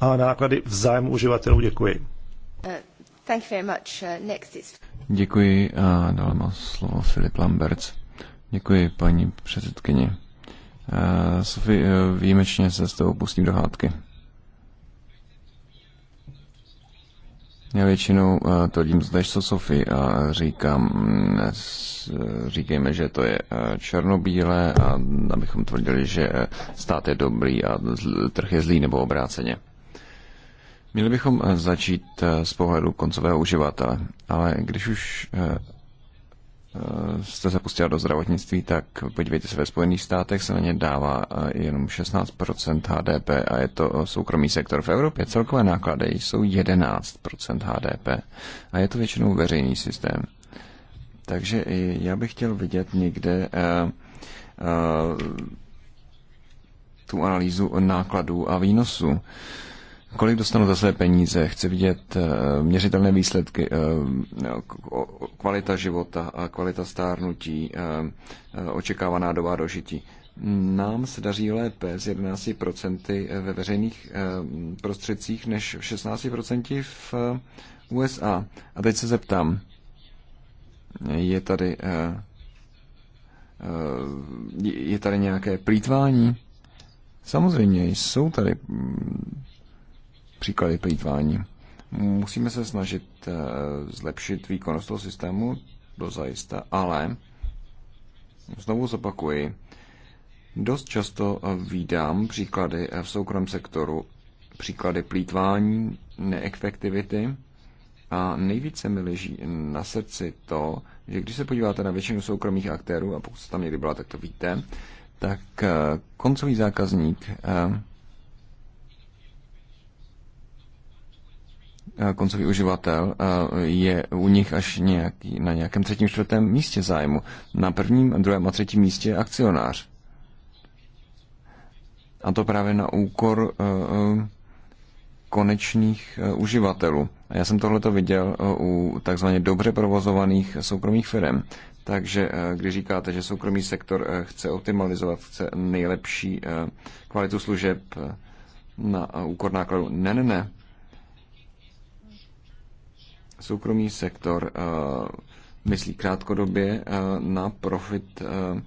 a náklady v zájmu uživatelů. Děkuji. Uh, uh, Děkuji a dal slovo Filip Lamberts. Děkuji, paní předsedkyně. Uh, Sofie, uh, výjimečně se s tebou pustím do hádky. Já většinou eh, to vidím zde, co Sofy a říkám, mm, říkejme, že to je eh, černobílé a abychom tvrdili, že eh, stát je dobrý a trh je zlý nebo obráceně. Měli bychom začít z pohledu koncového uživatele, ale když už Eh, jste se pustila do zdravotnictví, tak podívejte se, ve Spojených státech se na ně dává eh, jenom 16% HDP a je to eh, soukromý sektor v Evropě. Celkové náklady jsou 11% HDP a je to většinou veřejný systém. Takže já bych chtěl vidět někde tu analýzu nákladů a výnosů kolik dostanu za své peníze, chci vidět eh, měřitelné výsledky, eh, kvalita života, kvalita stárnutí, eh, očekávaná doba dožití. Nám se daří lépe s 11% ve veřejných prostředcích než 16% v USA. A teď se zeptám, je tady, je tady nějaké plítvání? Samozřejmě jsou tady mm, příklady plýtvání. Musíme se snažit eh, zlepšit výkonnost toho systému, zajista, ale znovu zopakuji, dost často vídám příklady eh, v soukromém sektoru, příklady plýtvání, neefektivity, a nejvíce mi leží na srdci to, že když se podíváte na většinu soukromých aktérů, a pokud jste tam někdy byla, tak to víte, tak eh, koncový zákazník Eh, koncový uživatel eh, je u nich až nějaký, na nějakém třetím, čtvrtém místě zájmu. Na prvním, druhém a třetím místě je akcionář. A to právě na úkor eh, konečných uživatelů. A já jsem tohle to viděl u takzvaně dobře provozovaných soukromých firm. Takže když říkáte, že soukromý sektor chce optimalizovat, chce nejlepší kvalitu služeb na úkor nákladu, ne, ne, ne soukromý sektor eh, myslí krátkodobě eh, na profit eh,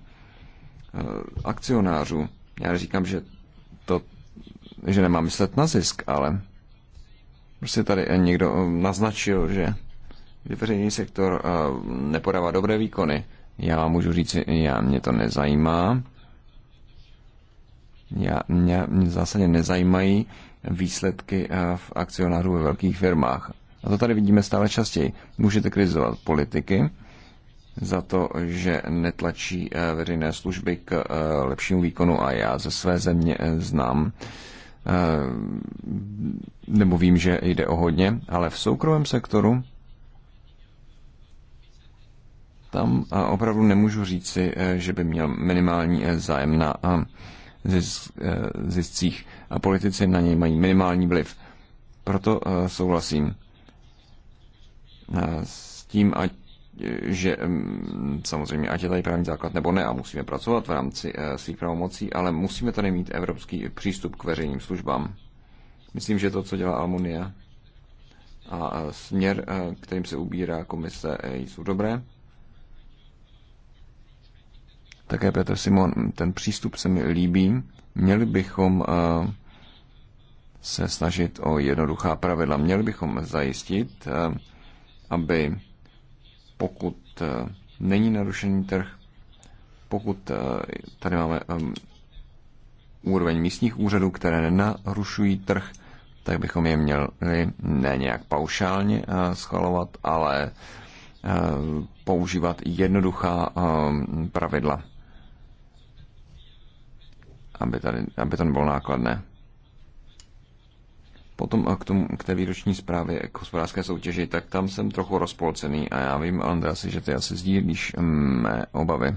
akcionářů. Já říkám, že to, že nemá myslet na zisk, ale prostě tady někdo naznačil, že veřejný sektor nepodává dobré výkony. Já můžu říct, já mě to nezajímá. Já, mě, mě v zásadě nezajímají výsledky v akcionářů ve velkých firmách a to tady vidíme stále častěji, můžete kritizovat politiky za to, že netlačí eh, veřejné služby k eh, lepšímu výkonu a já ze své země eh, znám nebo vím, že jde o hodně, ale v soukromém sektoru tam opravdu nemůžu říci, že by měl minimální zájem na ziscích a politici na něj mají minimální vliv. Proto souhlasím s tím, ať že samozřejmě, ať je tady právní základ nebo ne, a musíme pracovat v rámci eh, svých pravomocí, ale musíme tady mít evropský přístup k veřejným službám. Myslím, že to, co dělá Almunia a směr, eh, kterým se ubírá komise, eh, jsou dobré. Také Petr Simon, ten přístup se mi líbí. Měli bychom se snažit o jednoduchá pravidla. Měli bychom zajistit, aby pokud eh, není narušený trh, pokud eh, tady máme úroveň místních úřadů, které nenarušují trh, tak bychom je měli ne nějak paušálně eh, schvalovat, ale používat jednoduchá pravidla, aby, tady, aby to nebylo nákladné potom k, tomu, k té výroční zprávě k hospodářské soutěži, tak tam jsem trochu rozpolcený a já vím, Andrasi, že ty asi sdílíš mm, mé obavy.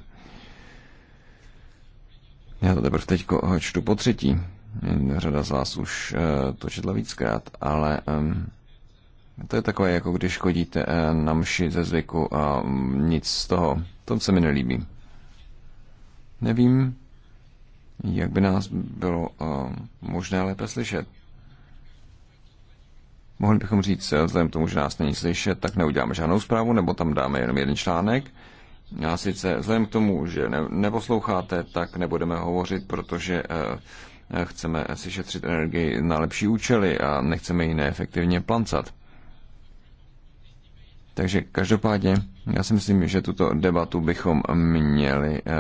Já to teprve teď čtu po třetí. Řada z vás už eh, to četla víckrát, ale mm, to je takové, jako když chodíte eh, na mši ze zvyku a mm, nic z toho. To se mi nelíbí. Nevím, jak by nás bylo eh, možné lépe slyšet. Mohli bychom říct, eh, vzhledem k tomu, že nás není slyšet, tak neuděláme žádnou zprávu, nebo tam dáme jenom jeden článek. A sice vzhledem k tomu, že ne, neposloucháte, tak nebudeme hovořit, protože eh, eh chceme si šetřit energii na lepší účely a nechceme ji neefektivně plancat. Takže každopádně, já si myslím, že tuto debatu bychom měli eh,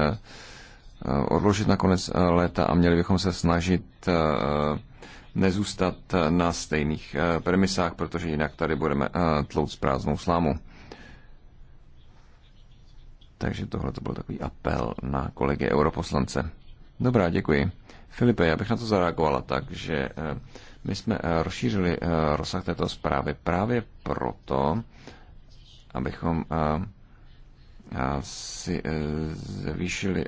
eh odložit na konec léta a měli bychom se snažit eh, nezůstat na stejných eh, premisách, protože jinak tady budeme eh, tlout s prázdnou slámu. Takže tohle to byl takový apel na kolegy europoslance. Dobrá, děkuji. Filipe, já bych na to zareagovala tak, že eh, my jsme rozšířili rozsah této zprávy právě proto, abychom si zvýšili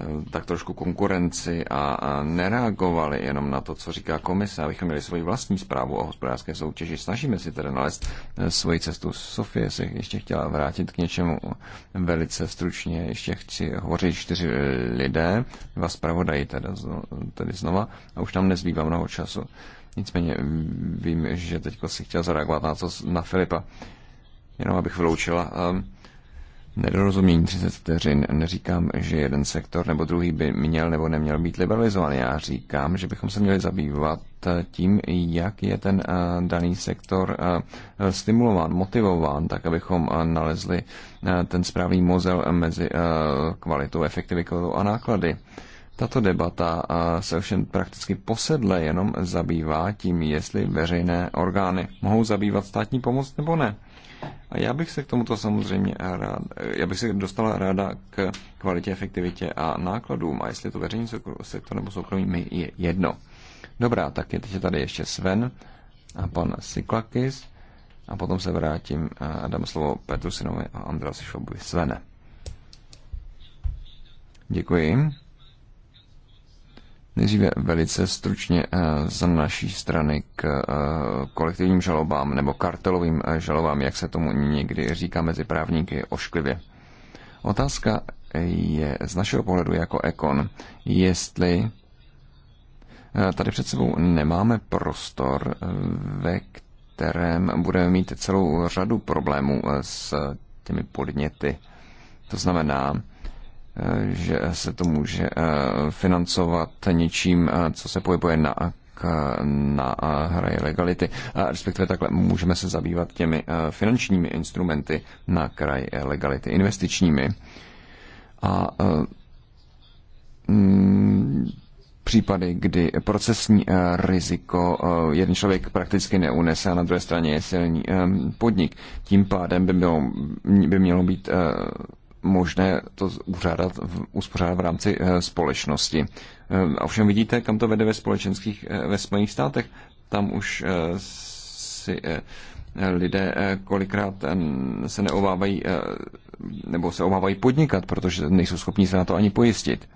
Eh, tak trošku konkurenci a nereagovali jenom na to, co říká komise, abychom měli svoji vlastní zprávu o hospodářské soutěži. Snažíme si tedy nalézt eh, svoji cestu. Sofie se ještě chtěla vrátit k něčemu velice stručně. Ještě chci hovořit čtyři eh, lidé, dva zpravodají tedy, tedy znova a už tam nezbývá mnoho času. Nicméně vím, že teď si chtěla zareagovat na, co, na Filipa, jenom abych vyloučila. Um, nedorozumění 30 vteřin. Neříkám, že jeden sektor nebo druhý by měl nebo neměl být liberalizován. Já říkám, že bychom se měli zabývat eh, tím, jak je ten eh, daný sektor eh, stimulován, motivován, tak abychom nalezli ten správný mozel mezi kvalitou, efektivitou a náklady. Tato debata se ovšem prakticky posedle jenom zabývá tím, jestli veřejné orgány mohou zabývat státní pomoc nebo ne. A já bych se k tomuto samozřejmě rád, já bych se dostala ráda k kvalitě, efektivitě a nákladům. A jestli je to veřejný sektor nebo soukromý, mi je jedno. Dobrá, tak je teď tady ještě Sven a pan Siklakis a potom se vrátím a dám slovo Petru Sinovi a Andrasi Šobu Svene. Děkuji. Nejdříve velice stručně eh, z naší strany k eh, kolektivním žalobám nebo kartelovým eh, žalobám, jak se tomu někdy říká mezi právníky ošklivě. Otázka je z našeho pohledu jako ekon, jestli tady před sebou nemáme prostor, ve kterém budeme mít celou řadu problémů s těmi podněty. To znamená, že se to může eh, financovat něčím, eh, co se pohybuje na na eh, hraje legality. Respektive takhle můžeme se zabývat těmi finančními instrumenty na kraj legality, investičními. A mm, případy, kdy procesní riziko jeden člověk prakticky neunese a na druhé straně je silný podnik. Tím pádem by, bylo, by mělo být možné to uřádat, uspořádat v rámci eh, společnosti. Eh, ovšem vidíte, kam to vede ve společenských, eh, ve Spojených státech. Tam už si lidé kolikrát se neobávají nebo se obávají podnikat, protože nejsou schopni se na to ani pojistit.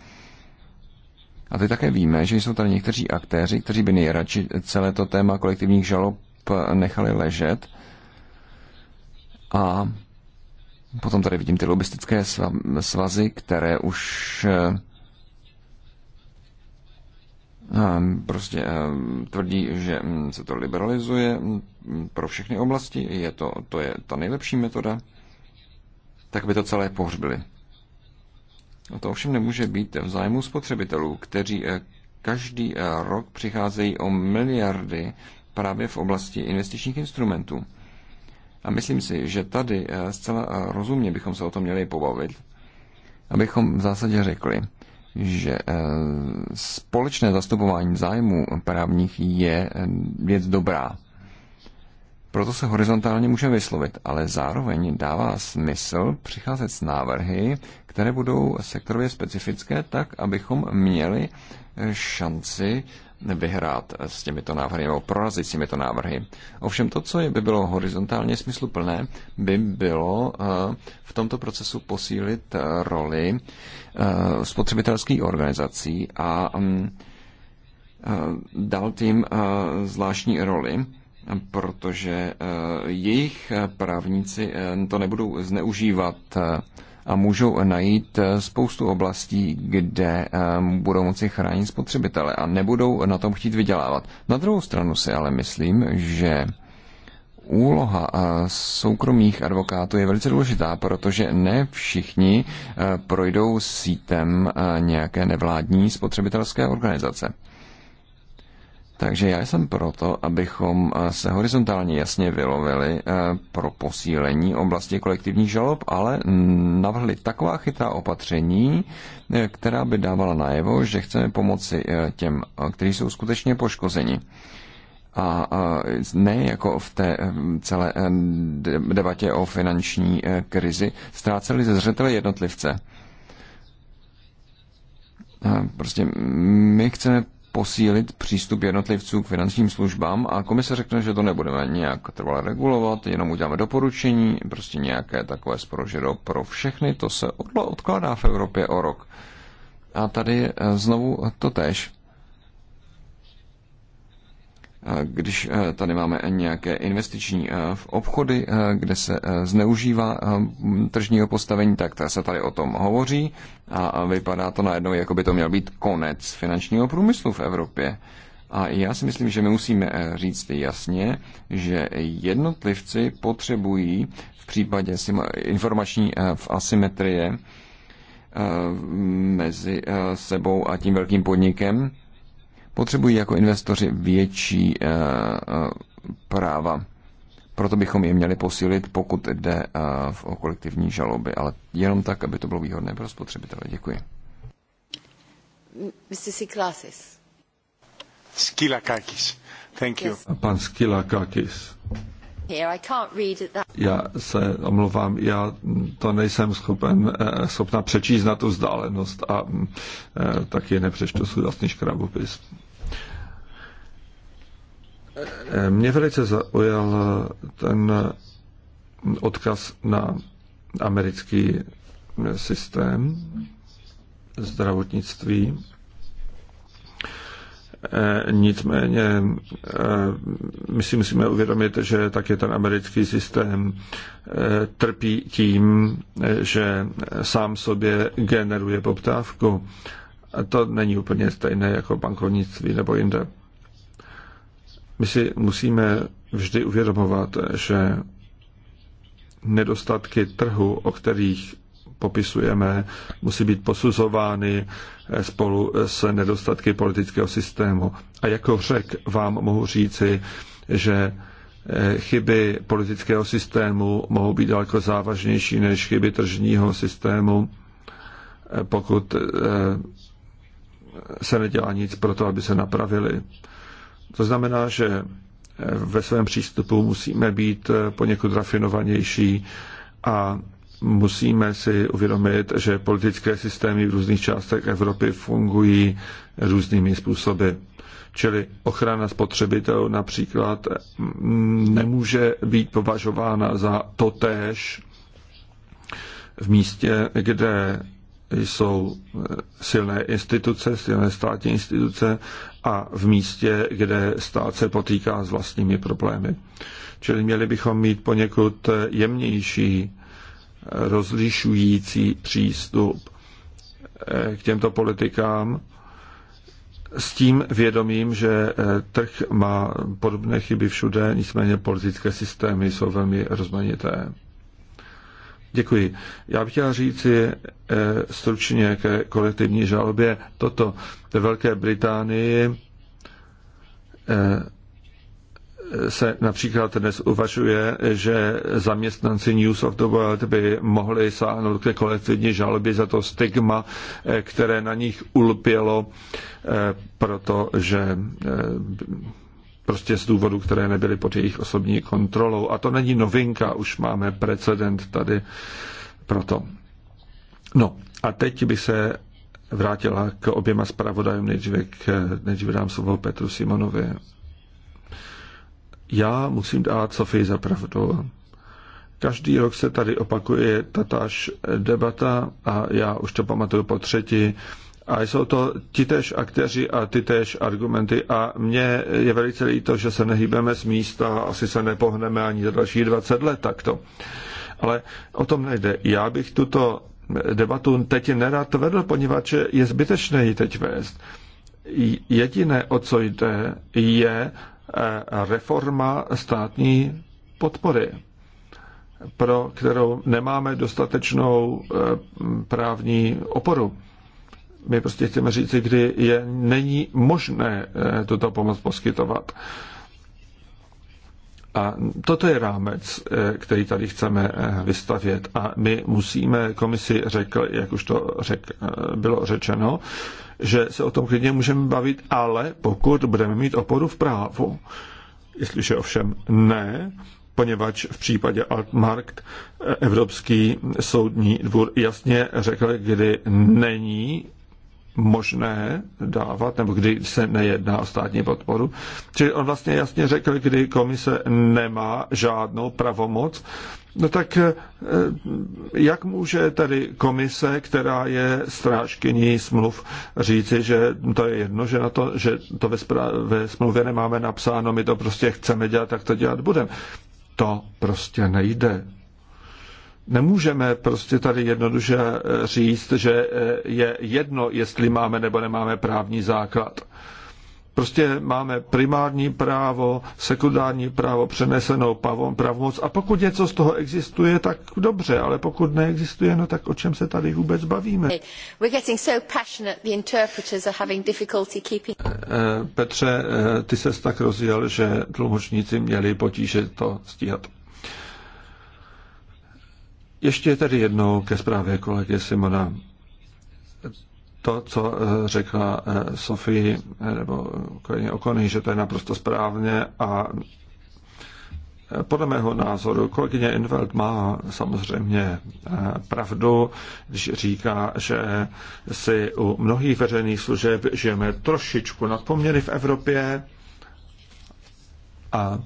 A teď také víme, že jsou tady někteří aktéři, kteří by nejradši celé to téma kolektivních žalob nechali ležet a Potom tady vidím ty lobistické svazy, které už eh, eh, prostě eh, tvrdí, že hm, se to liberalizuje hm, pro všechny oblasti, je to, to je ta nejlepší metoda, tak by to celé pohřbili. To ovšem nemůže být v zájmu spotřebitelů, kteří každý rok přicházejí o miliardy právě v oblasti investičních instrumentů. A myslím si, že tady eh, zcela eh, rozumně bychom se o tom měli pobavit, abychom v zásadě řekli, že eh, společné zastupování zájmů právních je věc dobrá. Proto se horizontálně může vyslovit, ale zároveň dává smysl přicházet s návrhy, které budou sektorově specifické, tak abychom měli šanci vyhrát s těmito návrhy nebo prorazit s těmito návrhy. Ovšem to, co by bylo horizontálně smysluplné, by bylo eh, v tomto procesu posílit eh, roli eh, spotřebitelských organizací a mm, dal tím zvláštní roli protože jejich právníci to nebudou zneužívat a můžou najít eh, spoustu oblastí, kde eh, budou moci chránit spotřebitele a nebudou na tom chtít vydělávat. Na druhou stranu si ale myslím, že úloha eh, soukromých advokátů je velice důležitá, protože ne všichni projdou sítem nějaké nevládní spotřebitelské organizace. Takže já jsem proto, abychom eh, se horizontálně jasně vylovili eh, pro posílení oblasti kolektivních žalob, ale navrhli taková chytrá opatření, eh, která by dávala najevo, že chceme pomoci těm, kteří jsou skutečně poškozeni a ne jako v té celé debatě o finanční krizi ztráceli ze zřetele jednotlivce. Prostě my chceme posílit přístup jednotlivců k finančním službám a komise řekne, že to nebudeme nějak trvale regulovat, jenom uděláme doporučení, prostě nějaké takové sporožero pro všechny, to se odkládá v Evropě o rok. A tady eh, znovu to tež když eh, tady máme nějaké investiční eh, obchody, eh, kde se zneužívá tržního postavení, tak se tady o tom hovoří a vypadá to najednou, jako by to měl být konec finančního průmyslu v Evropě. A já si myslím, že my musíme říct jasně, že jednotlivci potřebují v případě informační asymetrie mezi sebou a tím velkým podnikem potřebují jako investoři větší eh, eh, práva. Proto bychom je měli posílit, pokud jde eh, o kolektivní žaloby, ale jenom tak, aby to bylo výhodné pro spotřebitele. Děkuji. Mr. Siklasis. Skilakakis. Thank you. Pan Skilakakis. Já se omlouvám, já to nejsem schopen, schopna přečíst na tu vzdálenost a taky nepřečtu vlastní škrabopis. Eh, mě velice zaujal eh, ten odkaz na americký eh, systém zdravotnictví. Nicméně my si musíme uvědomit, že také ten americký systém trpí tím, že sám sobě generuje poptávku. A to není úplně stejné jako bankovnictví nebo jinde. My si musíme vždy uvědomovat, že nedostatky trhu, o kterých popisujeme, musí být posuzovány spolu s nedostatky politického systému. A jako řek vám mohu říci, že eh, chyby politického systému mohou být daleko závažnější než chyby tržního systému, eh, pokud eh, se nedělá nic pro to, aby se napravili. To znamená, že eh, ve svém přístupu musíme být eh, poněkud rafinovanější a musíme si uvědomit, že politické systémy v různých částech Evropy fungují různými způsoby. Čili ochrana spotřebitelů například mm, nemůže být považována za totéž v místě, kde jsou eh, silné instituce, silné státní instituce a v místě, kde stát se potýká s vlastními problémy. Čili měli bychom mít poněkud jemnější, rozlišující přístup eh, k těmto politikám s tím vědomím, že eh, trh má podobné chyby všude, nicméně politické systémy jsou velmi rozmanité. Děkuji. Já bych chtěl říct eh, stručně ke kolektivní žalobě toto. Ve Velké Británii eh, se například dnes uvažuje, že zaměstnanci News of the World by mohli sáhnout ke kolektivní žalobě za to stigma, eh, které na nich ulpělo, protože prostě z důvodu, které nebyly pod jejich osobní kontrolou. A to není novinka, už máme precedent tady proto. No a teď by se vrátila k oběma zpravodajům, nejdříve, k, nejdříve dám slovo Petru Simonovi. Já musím dát Sofii za pravdu. Každý rok se tady opakuje tatáž debata a já už to pamatuju po třetí a jsou to titež akteři a titež argumenty a mně je velice líto, že se nehýbeme z místa, asi se nepohneme ani za další 20 let takto. Ale o tom nejde. Já bych tuto debatu teď nerad vedl, poněvadž je zbytečné ji teď vést. Jediné, o co jde, je eh, reforma státní podpory, pro kterou nemáme dostatečnou eh, právní oporu my prostě chceme říct, kdy je, není možné eh, tuto pomoc poskytovat. A toto je rámec, eh, který tady chceme eh, vystavět. A my musíme, komisi řekl, jak už to řek, bylo řečeno, že se o tom klidně můžeme bavit, ale pokud budeme mít oporu v právu. Jestliže ovšem ne, poněvadž v případě Altmarkt Evropský soudní dvůr jasně řekl, kdy není možné dávat, nebo kdy se nejedná o státní podporu. Čili on vlastně jasně řekl, kdy komise nemá žádnou pravomoc, No tak eh, jak může tady komise, která je strážkyní smluv, říci, že to je jedno, že, na to, že to ve, ve smluvě nemáme napsáno, my to prostě chceme dělat, tak to dělat budeme. To prostě nejde. Nemůžeme prostě tady jednoduše eh, říct, že eh, je jedno, jestli máme nebo nemáme právní základ. Prostě máme primární právo, sekundární právo, přenesenou pravomoc a pokud něco z toho existuje, tak dobře, ale pokud neexistuje, no tak o čem se tady vůbec bavíme? Petře, ty ses tak rozjel, že tlumočníci měli potíže to stíhat. Ještě tedy jednou ke zprávě kolegy Simona. To, co eh, řekla eh, Sofie eh, nebo kolegyně Okony, že to je naprosto správně a podle mého názoru kolegyně Inveld má samozřejmě pravdu, když říká, že si u mnohých veřejných služeb žijeme trošičku nad poměry v Evropě a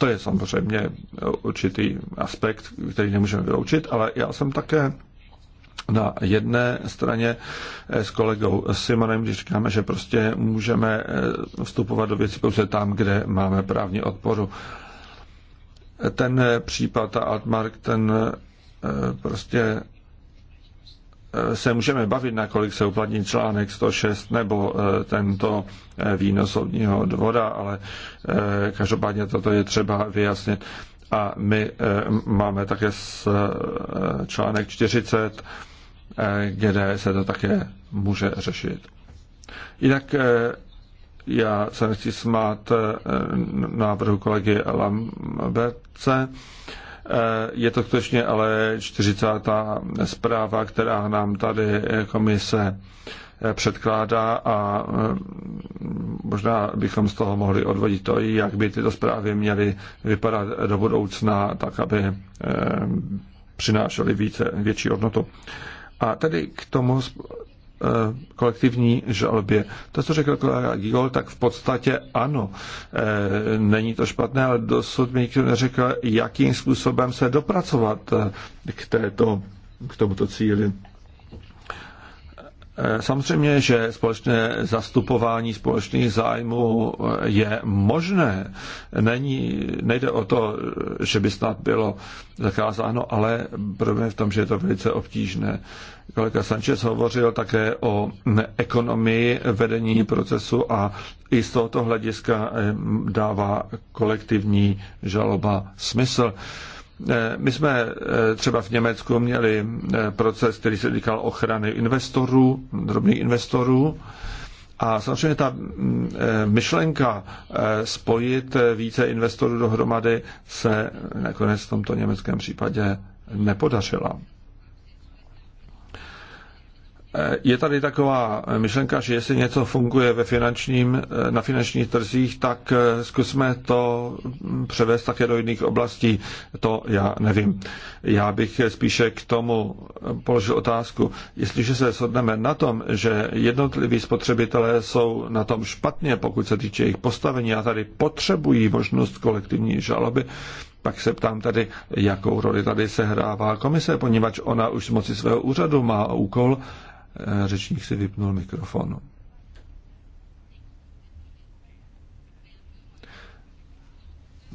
to je samozřejmě určitý aspekt, který nemůžeme vyloučit, ale já jsem také na jedné straně eh, s kolegou Simonem, když říkáme, že prostě můžeme eh, vstupovat do věcí pouze tam, kde máme právní odporu. Ten případ, ta Altmark, ten eh, prostě se můžeme bavit, nakolik se uplatní článek 106 nebo eh, tento eh, výnos soudního dvora, ale eh, každopádně toto je třeba vyjasnit. A my máme také článek 40, kde se to také může řešit. Jinak já se nechci smát návrhu kolegy Lamberce, Eh, je to skutečně ale 40. zpráva, která nám tady komise eh, předkládá a eh, možná bychom z toho mohli odvodit to, jak by tyto zprávy měly vypadat do budoucna, tak aby přinášely více, větší hodnotu. A tedy k tomu Eh, kolektivní žalbě. To, co řekl kolega Gigol, tak v podstatě ano, eh, není to špatné, ale dosud mi nikdo neřekl, jakým způsobem se dopracovat eh, k, této, k tomuto cíli. Eh, samozřejmě, že společné zastupování společných zájmů eh, je možné. Není, nejde o to, že by snad bylo zakázáno, ale problém je v tom, že je to velice obtížné. Kolega Sanchez hovořil také o ekonomii vedení procesu a i z tohoto hlediska eh, dává kolektivní žaloba smysl. Eh, my jsme eh, třeba v Německu měli eh, proces, který se týkal ochrany investorů, drobných investorů. A samozřejmě ta mm, myšlenka spojit více investorů dohromady se nakonec v tomto německém případě nepodařila. Eh, je tady taková myšlenka, že jestli něco funguje ve finančním, eh, na finančních trzích, tak eh, zkusme to převést také do jiných oblastí. To já nevím. Já bych spíše k tomu položil otázku. Jestliže se shodneme na tom, že jednotliví spotřebitelé jsou na tom špatně, pokud se týče jejich postavení a tady potřebují možnost kolektivní žaloby, pak se ptám tady, jakou roli tady sehrává komise, poněvadž ona už z moci svého úřadu má úkol Eh, řečník si vypnul mikrofon.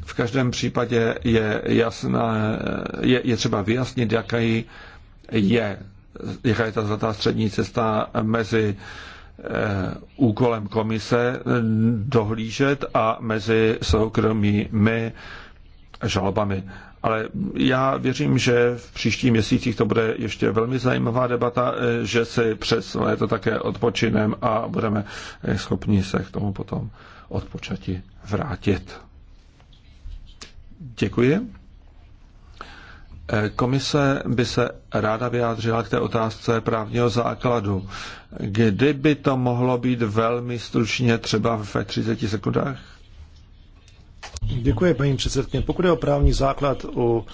V každém případě je, jasné, eh, je, je třeba vyjasnit, jaká je, jaká je ta zlatá střední cesta mezi eh, úkolem komise dohlížet a mezi soukromými žalobami. Ale já věřím, že v příštích měsících to bude ještě velmi zajímavá debata, eh, že si přes léto také odpočinem a budeme eh, schopni se k tomu potom odpočati vrátit. Děkuji. Eh, komise by se ráda vyjádřila k té otázce právního základu. Kdyby to mohlo být velmi stručně, třeba ve 30 sekundách? Děkuji, paní předsedkyně. Pokud je o právní základ u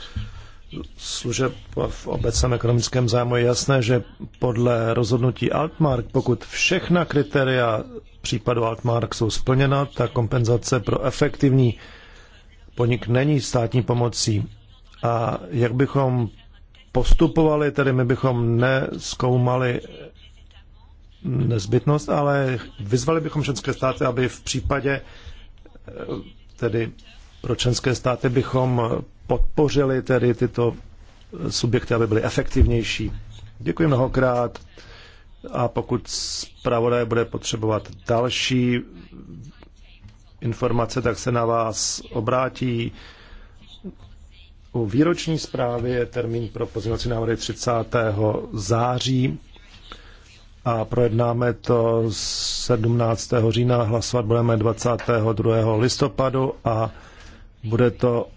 služeb v obecném ekonomickém zájmu, je jasné, že podle rozhodnutí Altmark, pokud všechna kritéria případu Altmark jsou splněna, tak kompenzace pro efektivní podnik není státní pomocí. A jak bychom postupovali, tedy my bychom neskoumali nezbytnost, ale vyzvali bychom členské státy, aby v případě tedy pro členské státy bychom podpořili tedy tyto subjekty, aby byly efektivnější. Děkuji mnohokrát a pokud zpravodaj bude potřebovat další informace, tak se na vás obrátí. U výroční zprávy je termín pro pozměňovací návrhy 30. září a projednáme to 17. října, hlasovat budeme 22. listopadu a bude to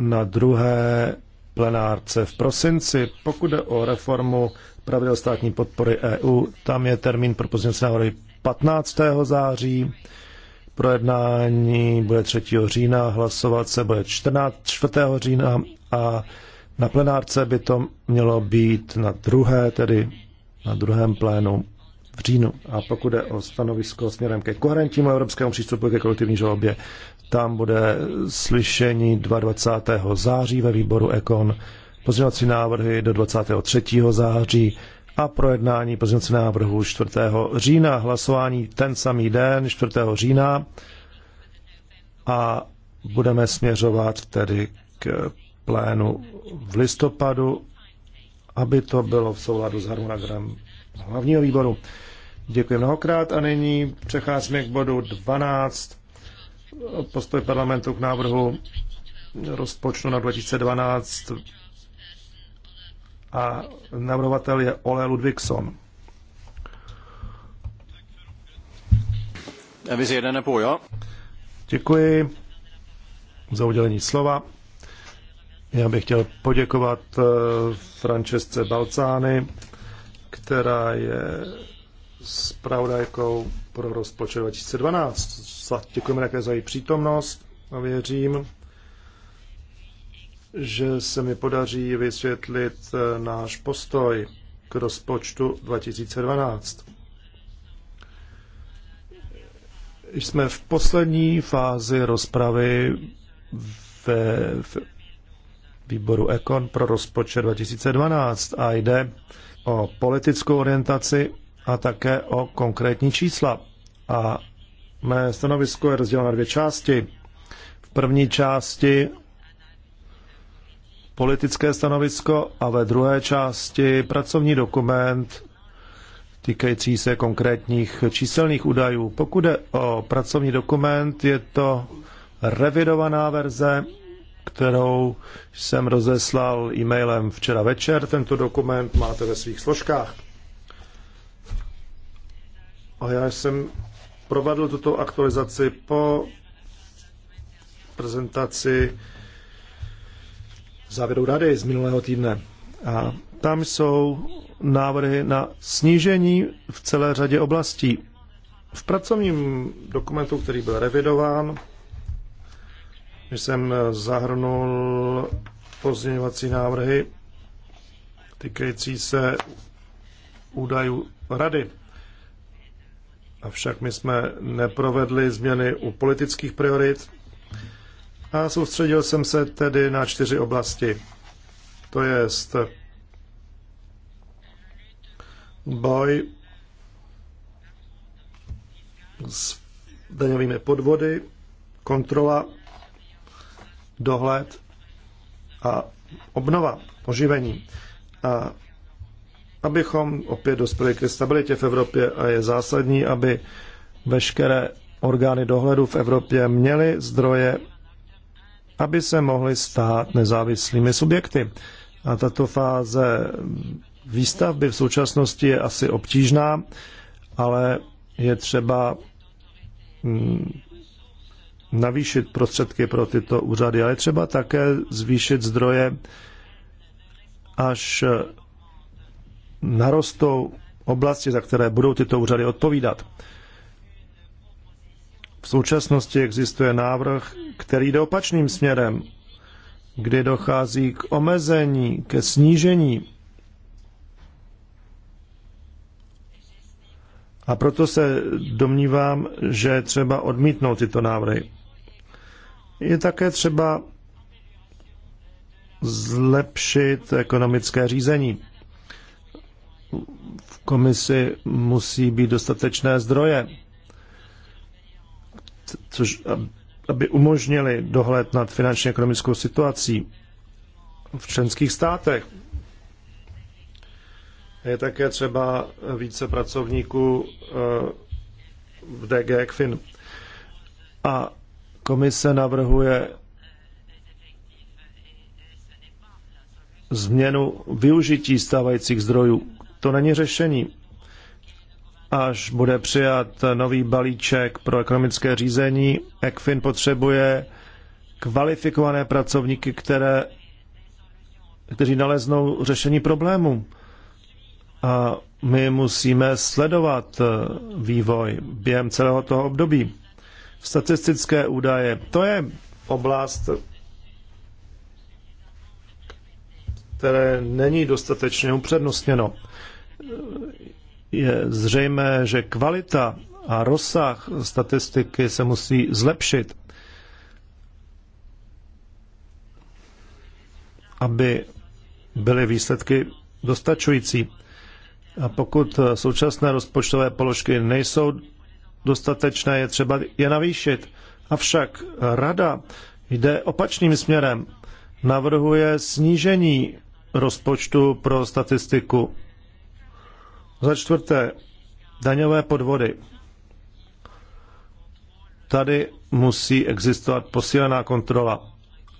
na druhé plenárce v prosinci. Pokud jde o reformu pravidel státní podpory EU, tam je termín pro pozměnce návrhy 15. září. Projednání bude 3. října, hlasovat se bude 14. 4. října a na plenárce by to mělo být na druhé, tedy na druhém plénu v říjnu. A pokud jde o stanovisko směrem ke koherentnímu evropskému přístupu ke kolektivní žalobě, tam bude slyšení 22. září ve výboru EKON, pozměňovací návrhy do 23. září a projednání pozměňovací návrhu 4. října, hlasování ten samý den 4. října a budeme směřovat tedy k plénu v listopadu aby to bylo v souladu s harmonogramem hlavního výboru. Děkuji mnohokrát a nyní přecházíme k bodu 12. Postoj parlamentu k návrhu rozpočtu na 2012 a navrhovatel je Ole Ludvíkson. Vy jeden po, jo? Děkuji za udělení slova. Já bych chtěl poděkovat eh, Francesce Balcány, která je zpravodajkou pro rozpočet 2012. Děkujeme také za její přítomnost a věřím, že se mi podaří vysvětlit eh, náš postoj k rozpočtu 2012. Jsme v poslední fázi rozpravy ve výboru Ekon pro rozpočet 2012 a jde o politickou orientaci a také o konkrétní čísla. A mé stanovisko je rozděleno na dvě části. V první části politické stanovisko a ve druhé části pracovní dokument týkající se konkrétních číselných údajů. Pokud je o pracovní dokument, je to revidovaná verze kterou jsem rozeslal e-mailem včera večer. Tento dokument máte ve svých složkách. A já jsem provedl tuto aktualizaci po prezentaci závěru rady z minulého týdne. A tam jsou návrhy na snížení v celé řadě oblastí. V pracovním dokumentu, který byl revidován, jsem eh, zahrnul pozměňovací návrhy týkající se údajů rady. Avšak my jsme neprovedli změny u politických priorit a soustředil jsem se tedy na čtyři oblasti. To je boj s daňovými podvody, kontrola dohled a obnova, oživení. A abychom opět dospěli ke stabilitě v Evropě a je zásadní, aby veškeré orgány dohledu v Evropě měly zdroje, aby se mohly stát nezávislými subjekty. A tato fáze výstavby v současnosti je asi obtížná, ale je třeba mm, navýšit prostředky pro tyto úřady, ale třeba také zvýšit zdroje, až narostou oblasti, za které budou tyto úřady odpovídat. V současnosti existuje návrh, který jde opačným směrem, kdy dochází k omezení, ke snížení. A proto se domnívám, že třeba odmítnout tyto návrhy. Je také třeba zlepšit ekonomické řízení. V komisi musí být dostatečné zdroje, což aby umožnili dohled nad finančně ekonomickou situací v členských státech. Je také třeba více pracovníků eh, v DG Ekfin. A Komise navrhuje změnu využití stávajících zdrojů. To není řešení. Až bude přijat nový balíček pro ekonomické řízení, ECFIN potřebuje kvalifikované pracovníky, které, kteří naleznou řešení problému. A my musíme sledovat eh, vývoj během celého toho období statistické údaje. To je oblast, které není dostatečně upřednostněno. Je zřejmé, že kvalita a rozsah statistiky se musí zlepšit, aby byly výsledky dostačující. A pokud současné rozpočtové položky nejsou dostatečné, je třeba je navýšit. Avšak rada jde opačným směrem. Navrhuje snížení rozpočtu pro statistiku. Za čtvrté, daňové podvody. Tady musí existovat posílená kontrola.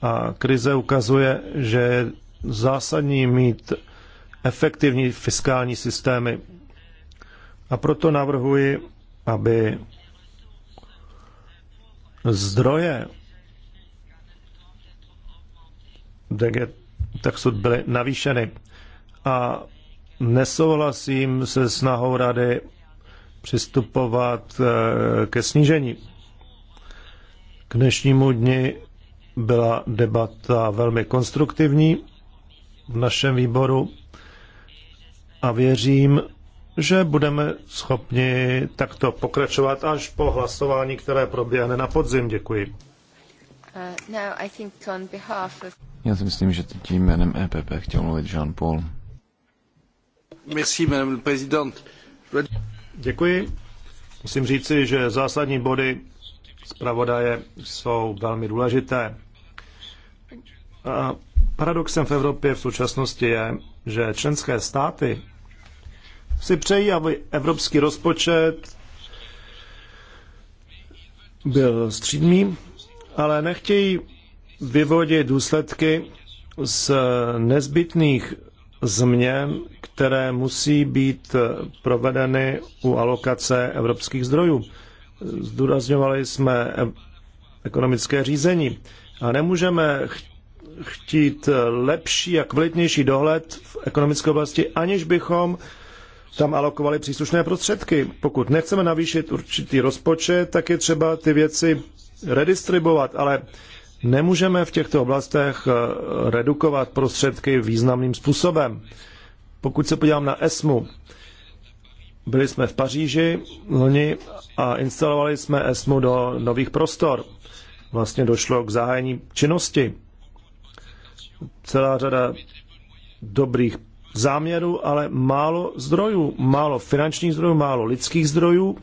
A krize ukazuje, že je zásadní mít efektivní fiskální systémy. A proto navrhuji aby zdroje DG Taxud byly navýšeny. A nesouhlasím se snahou rady přistupovat eh, ke snížení. K dnešnímu dni byla debata velmi konstruktivní v našem výboru a věřím, že budeme schopni takto pokračovat až po hlasování, které proběhne na podzim. Děkuji. Uh, no, Já si myslím, že tím jménem EPP chtěl mluvit Jean-Paul. Děkuji. Musím říci, že zásadní body zpravodaje jsou velmi důležité. A paradoxem v Evropě v současnosti je, že členské státy si přeji, aby evropský rozpočet byl střídmý, ale nechtějí vyvodit důsledky z nezbytných změn, které musí být provedeny u alokace evropských zdrojů. Zdůrazňovali jsme ekonomické řízení a nemůžeme chtít lepší a kvalitnější dohled v ekonomické oblasti, aniž bychom tam alokovali příslušné prostředky. Pokud nechceme navýšit určitý rozpočet, tak je třeba ty věci redistribovat, ale nemůžeme v těchto oblastech eh, redukovat prostředky významným způsobem. Pokud se podívám na ESMU, byli jsme v Paříži loni a instalovali jsme ESMU do nových prostor. Vlastně došlo k zahájení činnosti. Celá řada dobrých záměru, ale málo zdrojů, málo finančních zdrojů, málo lidských zdrojů.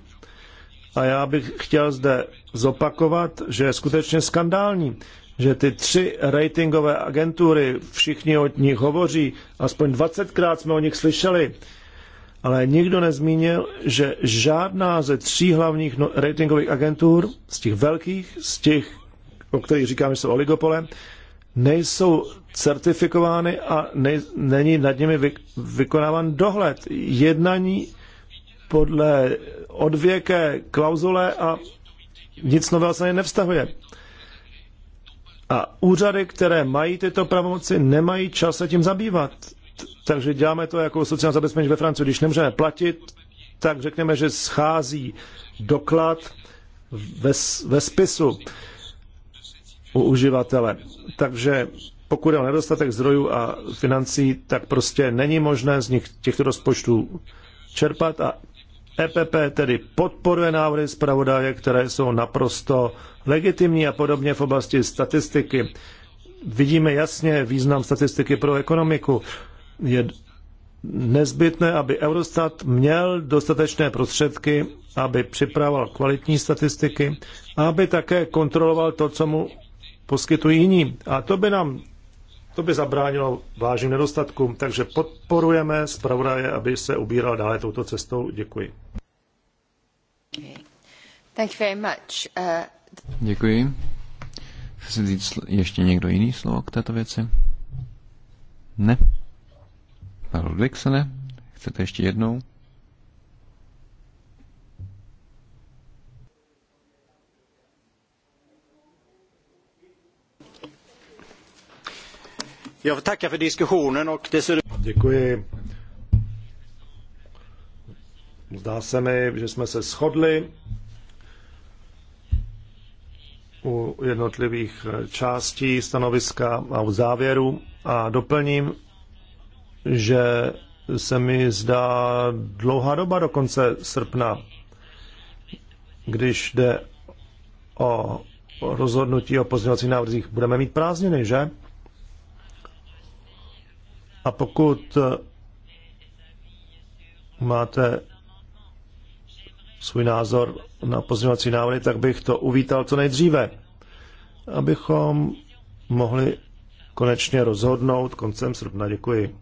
A já bych chtěl zde zopakovat, že je skutečně skandální, že ty tři ratingové agentury, všichni od nich hovoří, aspoň 20krát jsme o nich slyšeli, ale nikdo nezmínil, že žádná ze tří hlavních no- ratingových agentur, z těch velkých, z těch, o kterých říkáme, že jsou oligopole, nejsou certifikovány a ne, není nad nimi vy, vykonáván dohled. Jednání podle odvěké klauzule a nic nového se nevztahuje. A úřady, které mají tyto pravomoci, nemají čas se tím zabývat. Takže děláme to jako sociální zabezpečení ve Francii. Když nemůžeme platit, tak řekneme, že schází doklad ve, ve spisu u uživatele. Takže pokud je o nedostatek zdrojů a financí, tak prostě není možné z nich těchto rozpočtů čerpat a EPP tedy podporuje návrhy zpravodaje, které jsou naprosto legitimní a podobně v oblasti statistiky. Vidíme jasně význam statistiky pro ekonomiku. Je nezbytné, aby Eurostat měl dostatečné prostředky, aby připravoval kvalitní statistiky a aby také kontroloval to, co mu poskytují jiní. A to by nám to by zabránilo vážným nedostatkům, takže podporujeme zpravodaje, aby se ubíral dále touto cestou. Děkuji. Thank you very much. Uh... Děkuji. Chce si říct ještě někdo jiný slovo k této věci? Ne. Pan Ludvík se ne? Chcete ještě jednou? Jag får tacka för diskussionen och ser Děkuji. Zdá se mi, že jsme se shodli u jednotlivých eh, částí stanoviska a u závěru a doplním, že se mi zdá dlouhá doba do konce srpna, když jde o rozhodnutí o pozměňovacích návrzích. Budeme mít prázdniny, že? A pokud máte svůj názor na pozměňovací návrhy, tak bych to uvítal co nejdříve, abychom mohli konečně rozhodnout koncem srpna. Děkuji.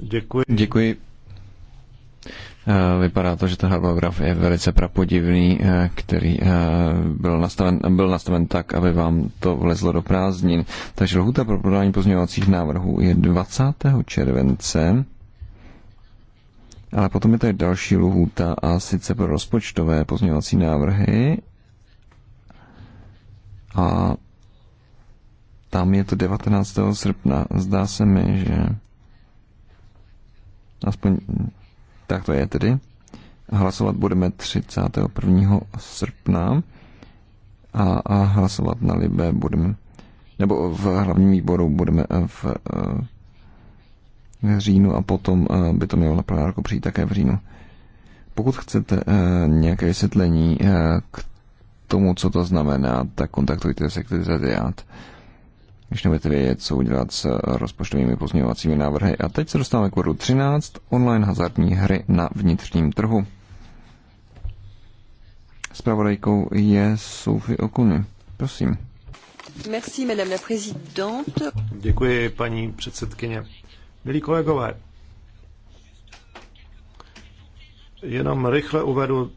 Děkuji. Děkuji. Eh, vypadá to, že ten harmonograf je velice prapodivný, eh, který eh, byl nastaven, byl nastaven tak, aby vám to vlezlo do prázdnin. Takže lhuta pro podání pozměňovacích návrhů je 20. července. Ale potom je tady další lhůta a sice pro rozpočtové pozměňovací návrhy. A tam je to 19. srpna. Zdá se mi, že aspoň tak to je tedy. Hlasovat budeme 31. srpna a, a hlasovat na Libe budeme, nebo v hlavním výboru budeme v, eh, v říjnu a potom eh, by to mělo na plenárku přijít také v říjnu. Pokud chcete eh, nějaké vysvětlení k tomu, co to znamená, tak kontaktujte sekretariát když nebudete vědět, co udělat s rozpočtovými pozměňovacími návrhy. A teď se dostáváme k bodu 13, online hazardní hry na vnitřním trhu. Spravodajkou je Sophie Okuny. Prosím. Merci, madame la présidente. Děkuji, paní předsedkyně. Milí kolegové, jenom rychle uvedu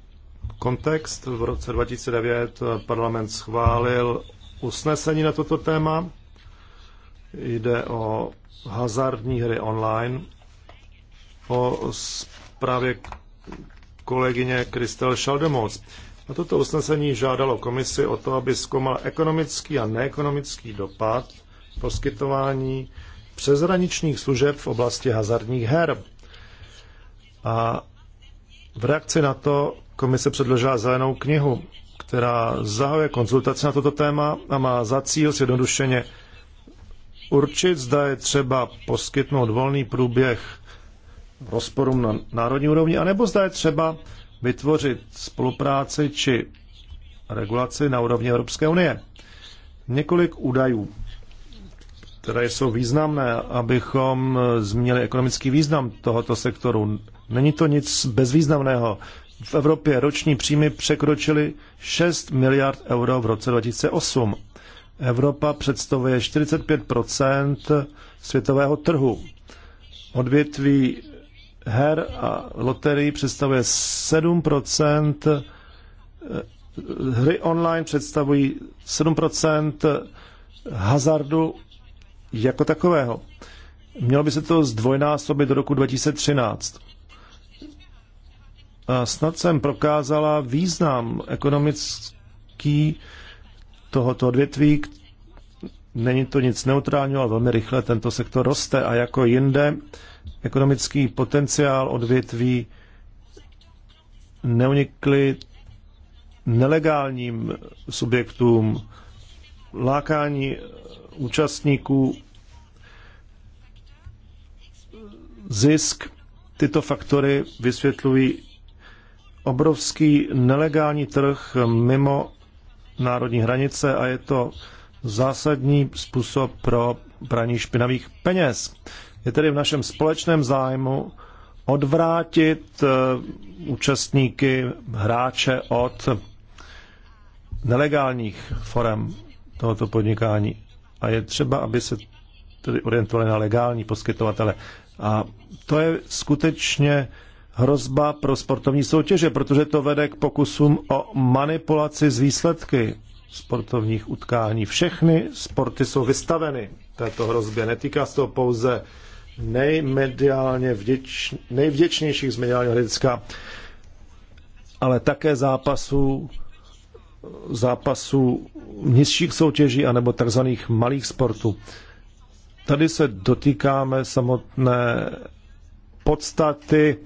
kontext. V roce 2009 parlament schválil usnesení na toto téma Jde o hazardní hry online, o zprávě kolegyně Kristel Šaldemoc. A toto usnesení žádalo komisi o to, aby zkoumala ekonomický a neekonomický dopad poskytování přezraničních služeb v oblasti hazardních her. A v reakci na to komise předložila zelenou knihu, která zahajuje konzultaci na toto téma a má za cíl zjednodušeně určit, zda je třeba poskytnout volný průběh rozporům na národní úrovni, anebo zda je třeba vytvořit spolupráci či regulaci na úrovni Evropské unie. Několik údajů, které jsou významné, abychom změnili ekonomický význam tohoto sektoru. Není to nic bezvýznamného. V Evropě roční příjmy překročily 6 miliard euro v roce 2008 Evropa představuje 45 světového trhu. Odvětví her a loterii představuje 7 eh, hry online představují 7 hazardu jako takového. Mělo by se to zdvojnásobit do roku 2013. A snad jsem prokázala význam ekonomický tohoto odvětví. Není to nic neutrálního, ale velmi rychle tento sektor roste a jako jinde ekonomický potenciál odvětví neunikly nelegálním subjektům, lákání účastníků, zisk. Tyto faktory vysvětlují obrovský nelegální trh mimo národní hranice a je to zásadní způsob pro praní špinavých peněz. Je tedy v našem společném zájmu odvrátit eh, účastníky, hráče od nelegálních forem tohoto podnikání. A je třeba, aby se tedy orientovali na legální poskytovatele. A to je skutečně hrozba pro sportovní soutěže, protože to vede k pokusům o manipulaci z výsledky sportovních utkání. Všechny sporty jsou vystaveny této hrozbě. Netýká se to pouze nejmediálně vděč, nejvděčnějších z mediálního hlediska, ale také zápasů, zápasů nižších soutěží anebo tzv. malých sportů. Tady se dotýkáme samotné podstaty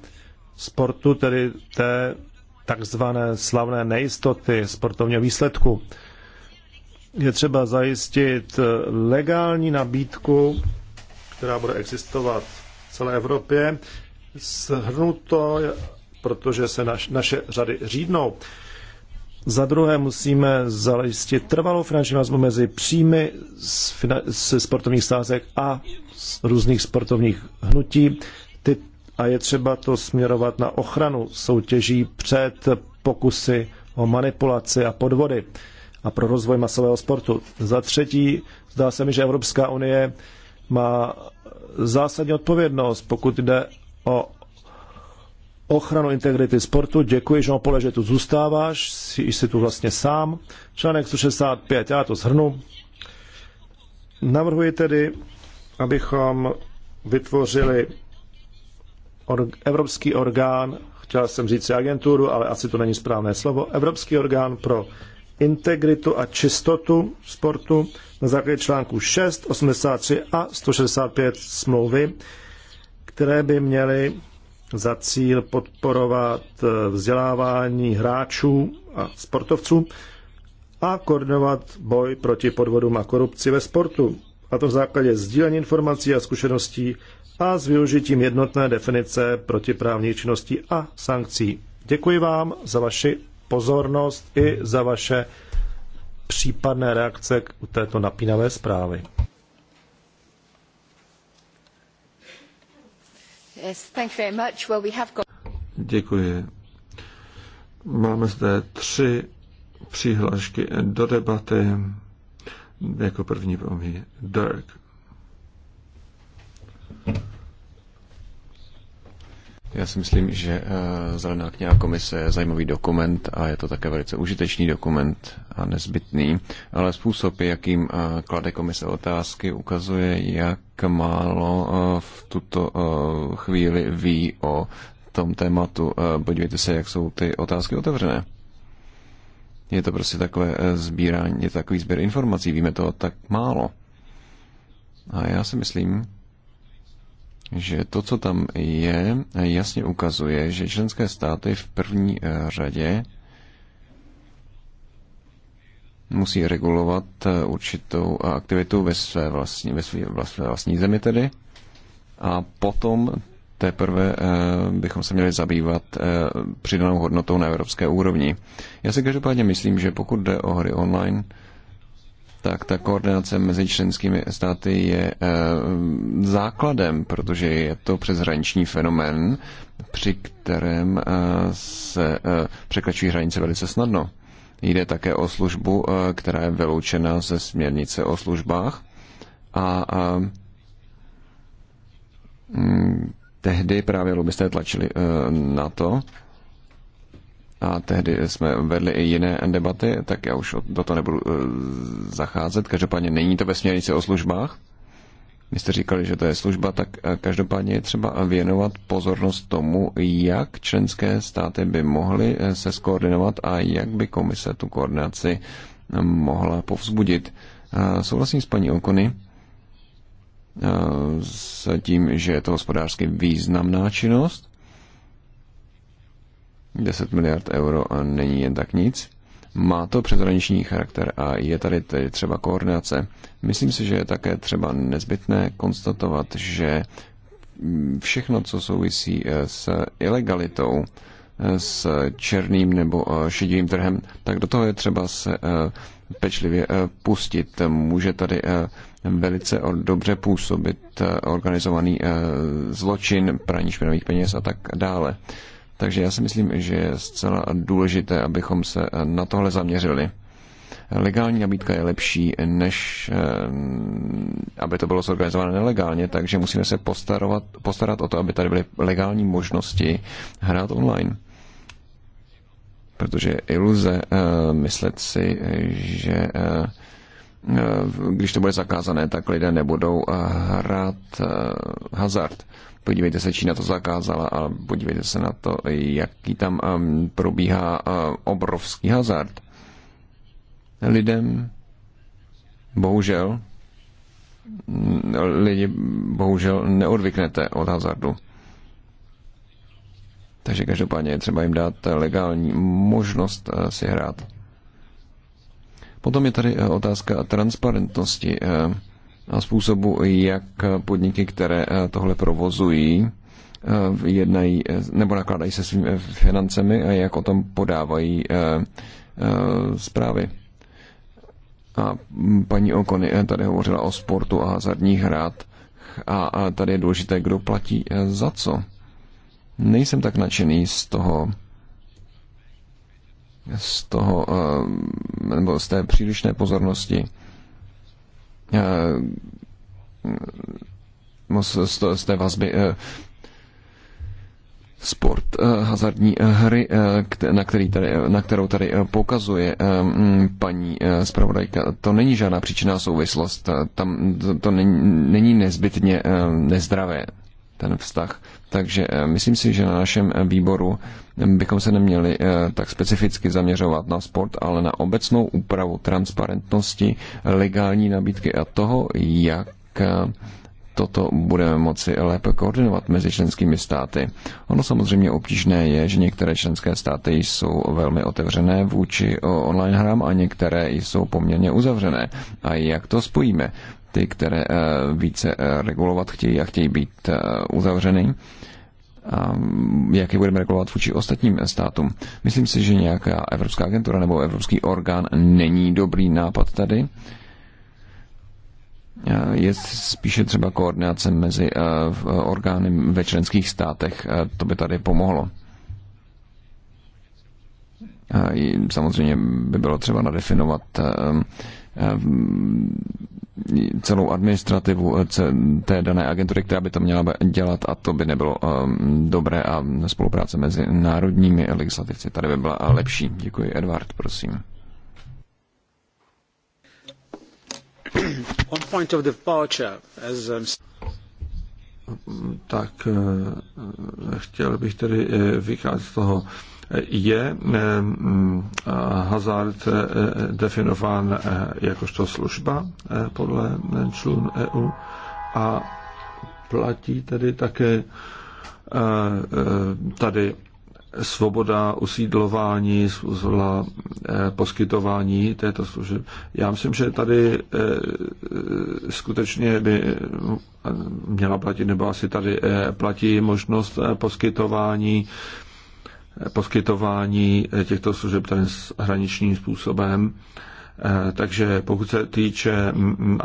sportu, tedy té takzvané slavné nejistoty sportovního výsledku. Je třeba zajistit legální nabídku, která bude existovat v celé Evropě. Shrnuto, protože se naš, naše řady řídnou. Za druhé musíme zajistit trvalou finanční vazbu mezi příjmy z, z sportovních sázek a z různých sportovních hnutí a je třeba to směrovat na ochranu soutěží před pokusy o manipulaci a podvody a pro rozvoj masového sportu. Za třetí, zdá se mi, že Evropská unie má zásadní odpovědnost, pokud jde o ochranu integrity sportu. Děkuji, že Pole, že tu zůstáváš, jsi, jsi tu vlastně sám. Článek 165, já to zhrnu. Navrhuji tedy, abychom vytvořili evropský orgán, chtěl jsem říct agenturu, ale asi to není správné slovo, Evropský orgán pro integritu a čistotu sportu na základě článku 6, 83 a 165 smlouvy, které by měly za cíl podporovat eh, vzdělávání hráčů a sportovců a koordinovat boj proti podvodům a korupci ve sportu. A to v základě sdílení informací a zkušeností a s využitím jednotné definice protiprávních činností a sankcí. Děkuji vám za vaši pozornost i za vaše případné reakce k této napínavé zprávy. Děkuji. Máme zde tři přihlášky do debaty. Jako první pomí Dirk. Já si myslím, že eh, Zelená kniha komise je zajímavý dokument a je to také velice užitečný dokument a nezbytný, ale způsob, jakým eh, klade komise otázky, ukazuje, jak málo eh, v tuto chvíli ví o tom tématu. Podívejte se, jak jsou ty otázky otevřené. Je to prostě takové sbírání, je to takový sběr informací, víme toho tak málo. A já si myslím, že to, co tam je, jasně ukazuje, že členské státy v první eh, řadě musí regulovat eh, určitou aktivitu ve své vlastní, ve své vlastní, vlastní zemi tedy a potom teprve eh, bychom se měli zabývat přidanou hodnotou na evropské úrovni. Já si každopádně myslím, že pokud jde o hry online, tak ta koordinace mezi členskými státy je eh, základem, protože je to přeshraniční fenomén, při kterém eh, se eh, překračují hranice velice snadno. Jde také o službu, která je vyloučena ze směrnice o službách a mm, tehdy právě lobbysté tlačili na to, a tehdy jsme vedli i jiné debaty, tak já už do toho nebudu eh, zacházet. Každopádně není to ve směrnici o službách. Vy jste říkali, že to je služba, tak eh, každopádně je třeba věnovat pozornost tomu, jak členské státy by mohly eh, se skoordinovat a jak by komise tu koordinaci mohla povzbudit. Souhlasím s paní Okony s tím, že je to hospodářsky významná činnost, 10 miliard euro není jen tak nic. Má to přeshraniční charakter a je tady tedy třeba koordinace. Myslím si, že je také třeba nezbytné konstatovat, že všechno, co souvisí eh, s ilegalitou, eh, s černým nebo eh, šedivým trhem, tak do toho je třeba se pečlivě pustit. Může tady velice dobře působit organizovaný zločin, praní špinavých peněz a tak dále. Takže já si myslím, že je zcela důležité, abychom se na tohle zaměřili. Legální nabídka je lepší, než eh, aby to bylo zorganizované nelegálně, takže musíme se postarovat, postarat o to, aby tady byly legální možnosti hrát online protože iluze eh, myslet si, že eh, když to bude zakázané, tak lidé nebudou hrát hazard. Podívejte se, Čína to zakázala, ale podívejte se na to, jaký tam um, probíhá uh, obrovský hazard. Lidem, bohužel, mm, lidi bohužel neodvyknete od hazardu. Takže každopádně je třeba jim dát legální možnost uh, si hrát. Potom je tady uh, otázka transparentnosti a způsobu, jak podniky, které eh, tohle provozují, eh, jednají eh, nebo nakládají se svými financemi a jak o tom podávají zprávy. A mm, paní Okony tady hovořila o sportu a hazardních hrad a tady je důležité, kdo platí za co. Nejsem tak nadšený z toho, z toho, nebo z té přílišné pozornosti, Eh, z té vazby eh, sport eh, hazardní hry, na, který tady, na kterou tady poukazuje mm, paní zpravodajka. To není žádná příčinná souvislost, tam to není, není nezbytně nezdravé ten vztah. Takže eh, myslím si, že na našem eh, výboru eh, bychom se neměli tak specificky zaměřovat na sport, ale na obecnou úpravu transparentnosti, legální nabídky a toho, jak toto budeme moci lépe koordinovat mezi členskými státy. Ono samozřejmě obtížné je, že některé členské státy jsou velmi otevřené vůči online hrám a některé jsou poměrně uzavřené. A jak to spojíme? Ty, které více regulovat chtějí a chtějí být uzavřeny, a um, jak je budeme regulovat vůči ostatním státům. Myslím si, že nějaká evropská agentura nebo evropský orgán není dobrý nápad tady. Uh, je spíše třeba koordinace mezi uh, uh, orgány ve členských státech, to by tady pomohlo. Samozřejmě by bylo třeba nadefinovat um, celou administrativu eh, té dané agentury, která by to měla dělat a to by nebylo ehm, dobré a spolupráce mezi národními legislativci tady by byla eh, lepší. Děkuji, Edward, prosím. On point of departure, as, I'm... Um, tak eh, chtěl bych tedy vycházet z toho, je eh, eh, hazard eh, definován jakožto služba podle člun EU a platí tedy také tady svoboda usídlování, svoboda poskytování této služeb. Já myslím, že tady skutečně by měla platit, nebo asi tady platí možnost poskytování poskytování těchto služeb hraničním způsobem. Eh, takže pokud se týče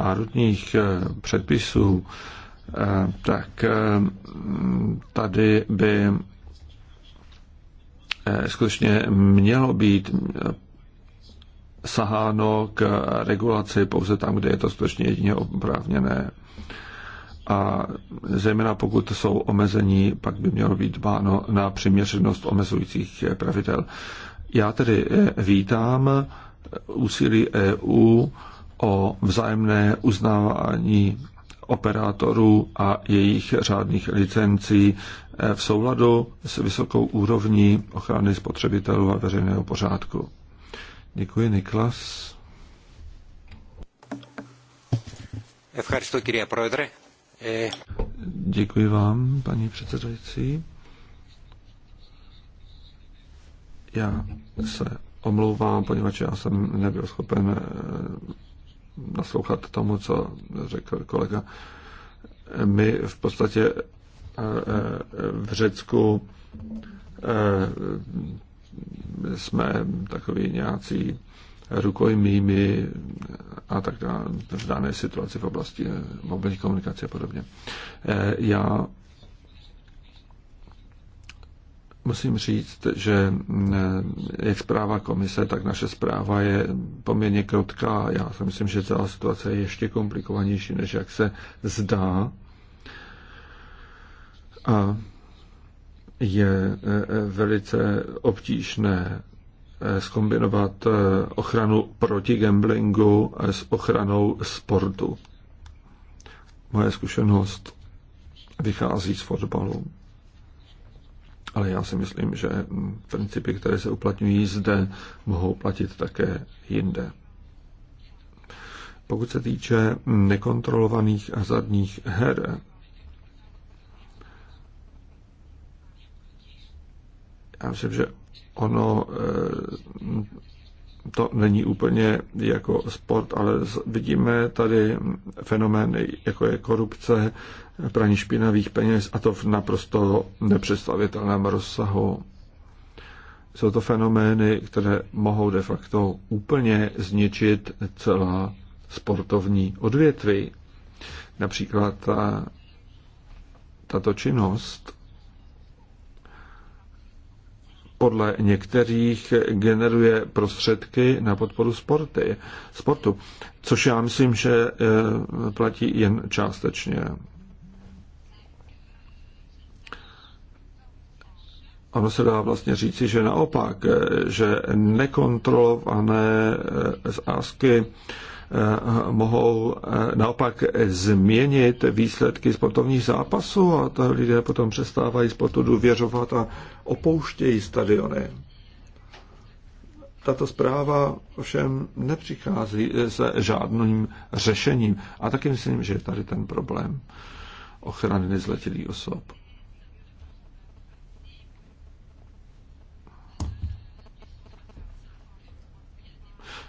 národních eh, předpisů, eh, tak tady by skutečně mělo být saháno k regulaci pouze tam, kde je to skutečně jedině oprávněné a zejména pokud jsou omezení, pak by mělo být dbáno na přiměřenost omezujících pravidel. Já tedy eh, vítám eh, úsilí EU o vzájemné uznávání operátorů a jejich řádných licencí eh, v souladu s vysokou úrovní ochrany spotřebitelů a veřejného pořádku. Děkuji, Niklas. Eh. Děkuji vám, paní předsedající. Já se omlouvám, poněvadž já jsem nebyl schopen eh, naslouchat tomu, co řekl kolega. My v podstatě eh, v Řecku jsme takový nějací rukojmými a tak dále v dané situaci v oblasti mobilní komunikace a podobně. Eh, já musím říct, že eh, jak zpráva komise, tak naše zpráva je poměrně krotká. Já si myslím, že celá situace je ještě komplikovanější, než jak se zdá. A je eh, velice obtížné Eh, skombinovat eh, ochranu proti gamblingu eh, s ochranou sportu. Moje zkušenost vychází z fotbalu. Ale já si myslím, že hm, principy, které se uplatňují zde, mohou platit také jinde. Pokud se týče nekontrolovaných hazardních her, já myslím, že ono eh, to není úplně jako sport, ale vidíme tady fenomény, jako je korupce, praní špinavých peněz a to v naprosto nepředstavitelném rozsahu. Jsou to fenomény, které mohou de facto úplně zničit celá sportovní odvětví. Například ta, tato činnost podle některých generuje prostředky na podporu sporty, sportu, což já myslím, že eh, platí jen částečně. Ono se dá vlastně říci, že naopak, eh, že nekontrolované zásky eh, Eh, mohou eh, naopak změnit výsledky sportovních zápasů a to lidé potom přestávají sportu důvěřovat a opouštějí stadiony. Tato zpráva ovšem nepřichází se žádným řešením a taky myslím, že je tady ten problém ochrany nezletilých osob.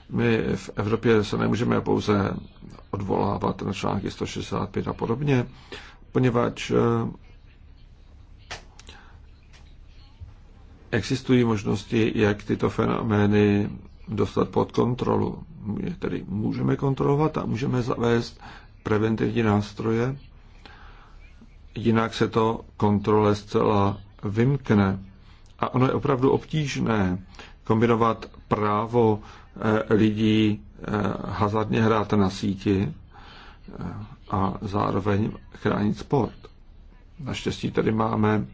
My v Evropě se nemůžeme pouze odvolávat na články 165 a podobně, poněvadž eh, existují možnosti, jak tyto fenomény dostat pod kontrolu. My tedy můžeme kontrolovat a můžeme zavést preventivní nástroje, jinak se to kontrole zcela vymkne. A ono je opravdu obtížné kombinovat právo Eh, lidí eh, hazardně hrát na síti eh, a zároveň chránit sport. Naštěstí tady máme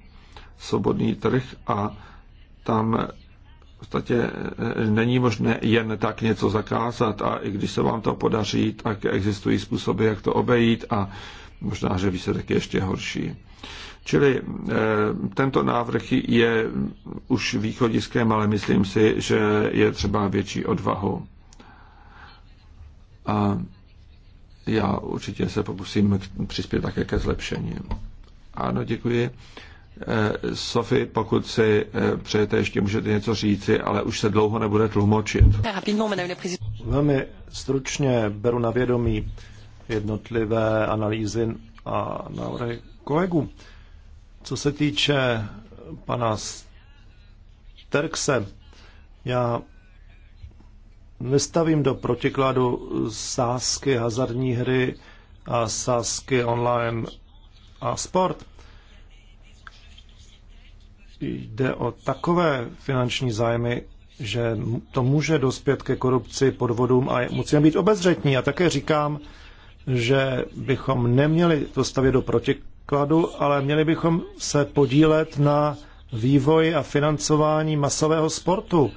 svobodný trh a tam v podstatě není možné jen tak něco zakázat a i když se vám to podaří, tak existují způsoby, jak to obejít a možná, že výsledek je ještě horší. Čili eh, tento návrh je už východiskem, ale myslím si, že je třeba větší odvahu. A já určitě se pokusím přispět také ke zlepšení. Ano, děkuji. Eh, Sofie, pokud si eh, přejete, ještě můžete něco říci, ale už se dlouho nebude tlumočit. Velmi stručně beru na vědomí jednotlivé analýzy a návrhy kolegů. Co se týče pana Sterkse, já nestavím do protikladu sázky, hazardní hry a sázky online a sport. Jde o takové finanční zájmy, že to může dospět ke korupci, podvodům a musíme být obezřetní. A také říkám, že bychom neměli to stavět do protikladu kladu, ale měli bychom se podílet na vývoji a financování masového sportu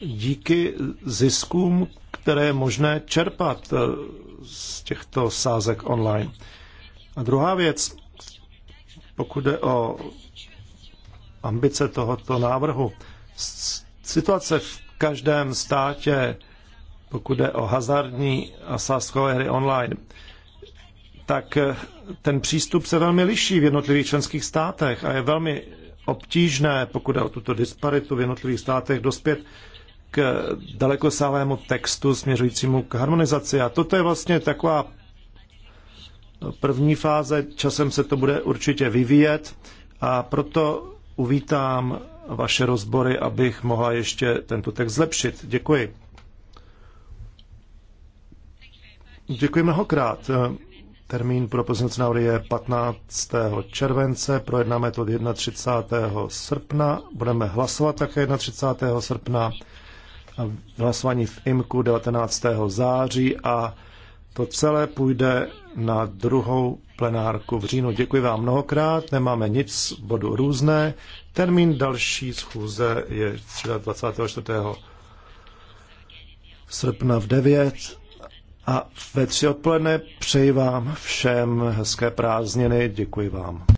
díky ziskům, které je možné čerpat eh, z těchto sázek online. A druhá věc, pokud jde o ambice tohoto návrhu, situace v každém státě, pokud jde o hazardní a sázkové hry online, tak eh, ten přístup se velmi liší v jednotlivých členských státech a je velmi obtížné, pokud je o tuto disparitu v jednotlivých státech, dospět k dalekosálému textu směřujícímu k harmonizaci. A toto je vlastně taková první fáze, časem se to bude určitě vyvíjet a proto uvítám vaše rozbory, abych mohla ještě tento text zlepšit. Děkuji. Děkuji mnohokrát. Termín pro pozměňovací návrhy je 15. července, projednáme to 31. srpna, budeme hlasovat také 31. srpna, a hlasování v IMKU 19. září a to celé půjde na druhou plenárku v říjnu. Děkuji vám mnohokrát, nemáme nic bodu různé. Termín další schůze je 24. srpna v 9 a ve tři odpoledne přeji vám všem hezké prázdniny. Děkuji vám.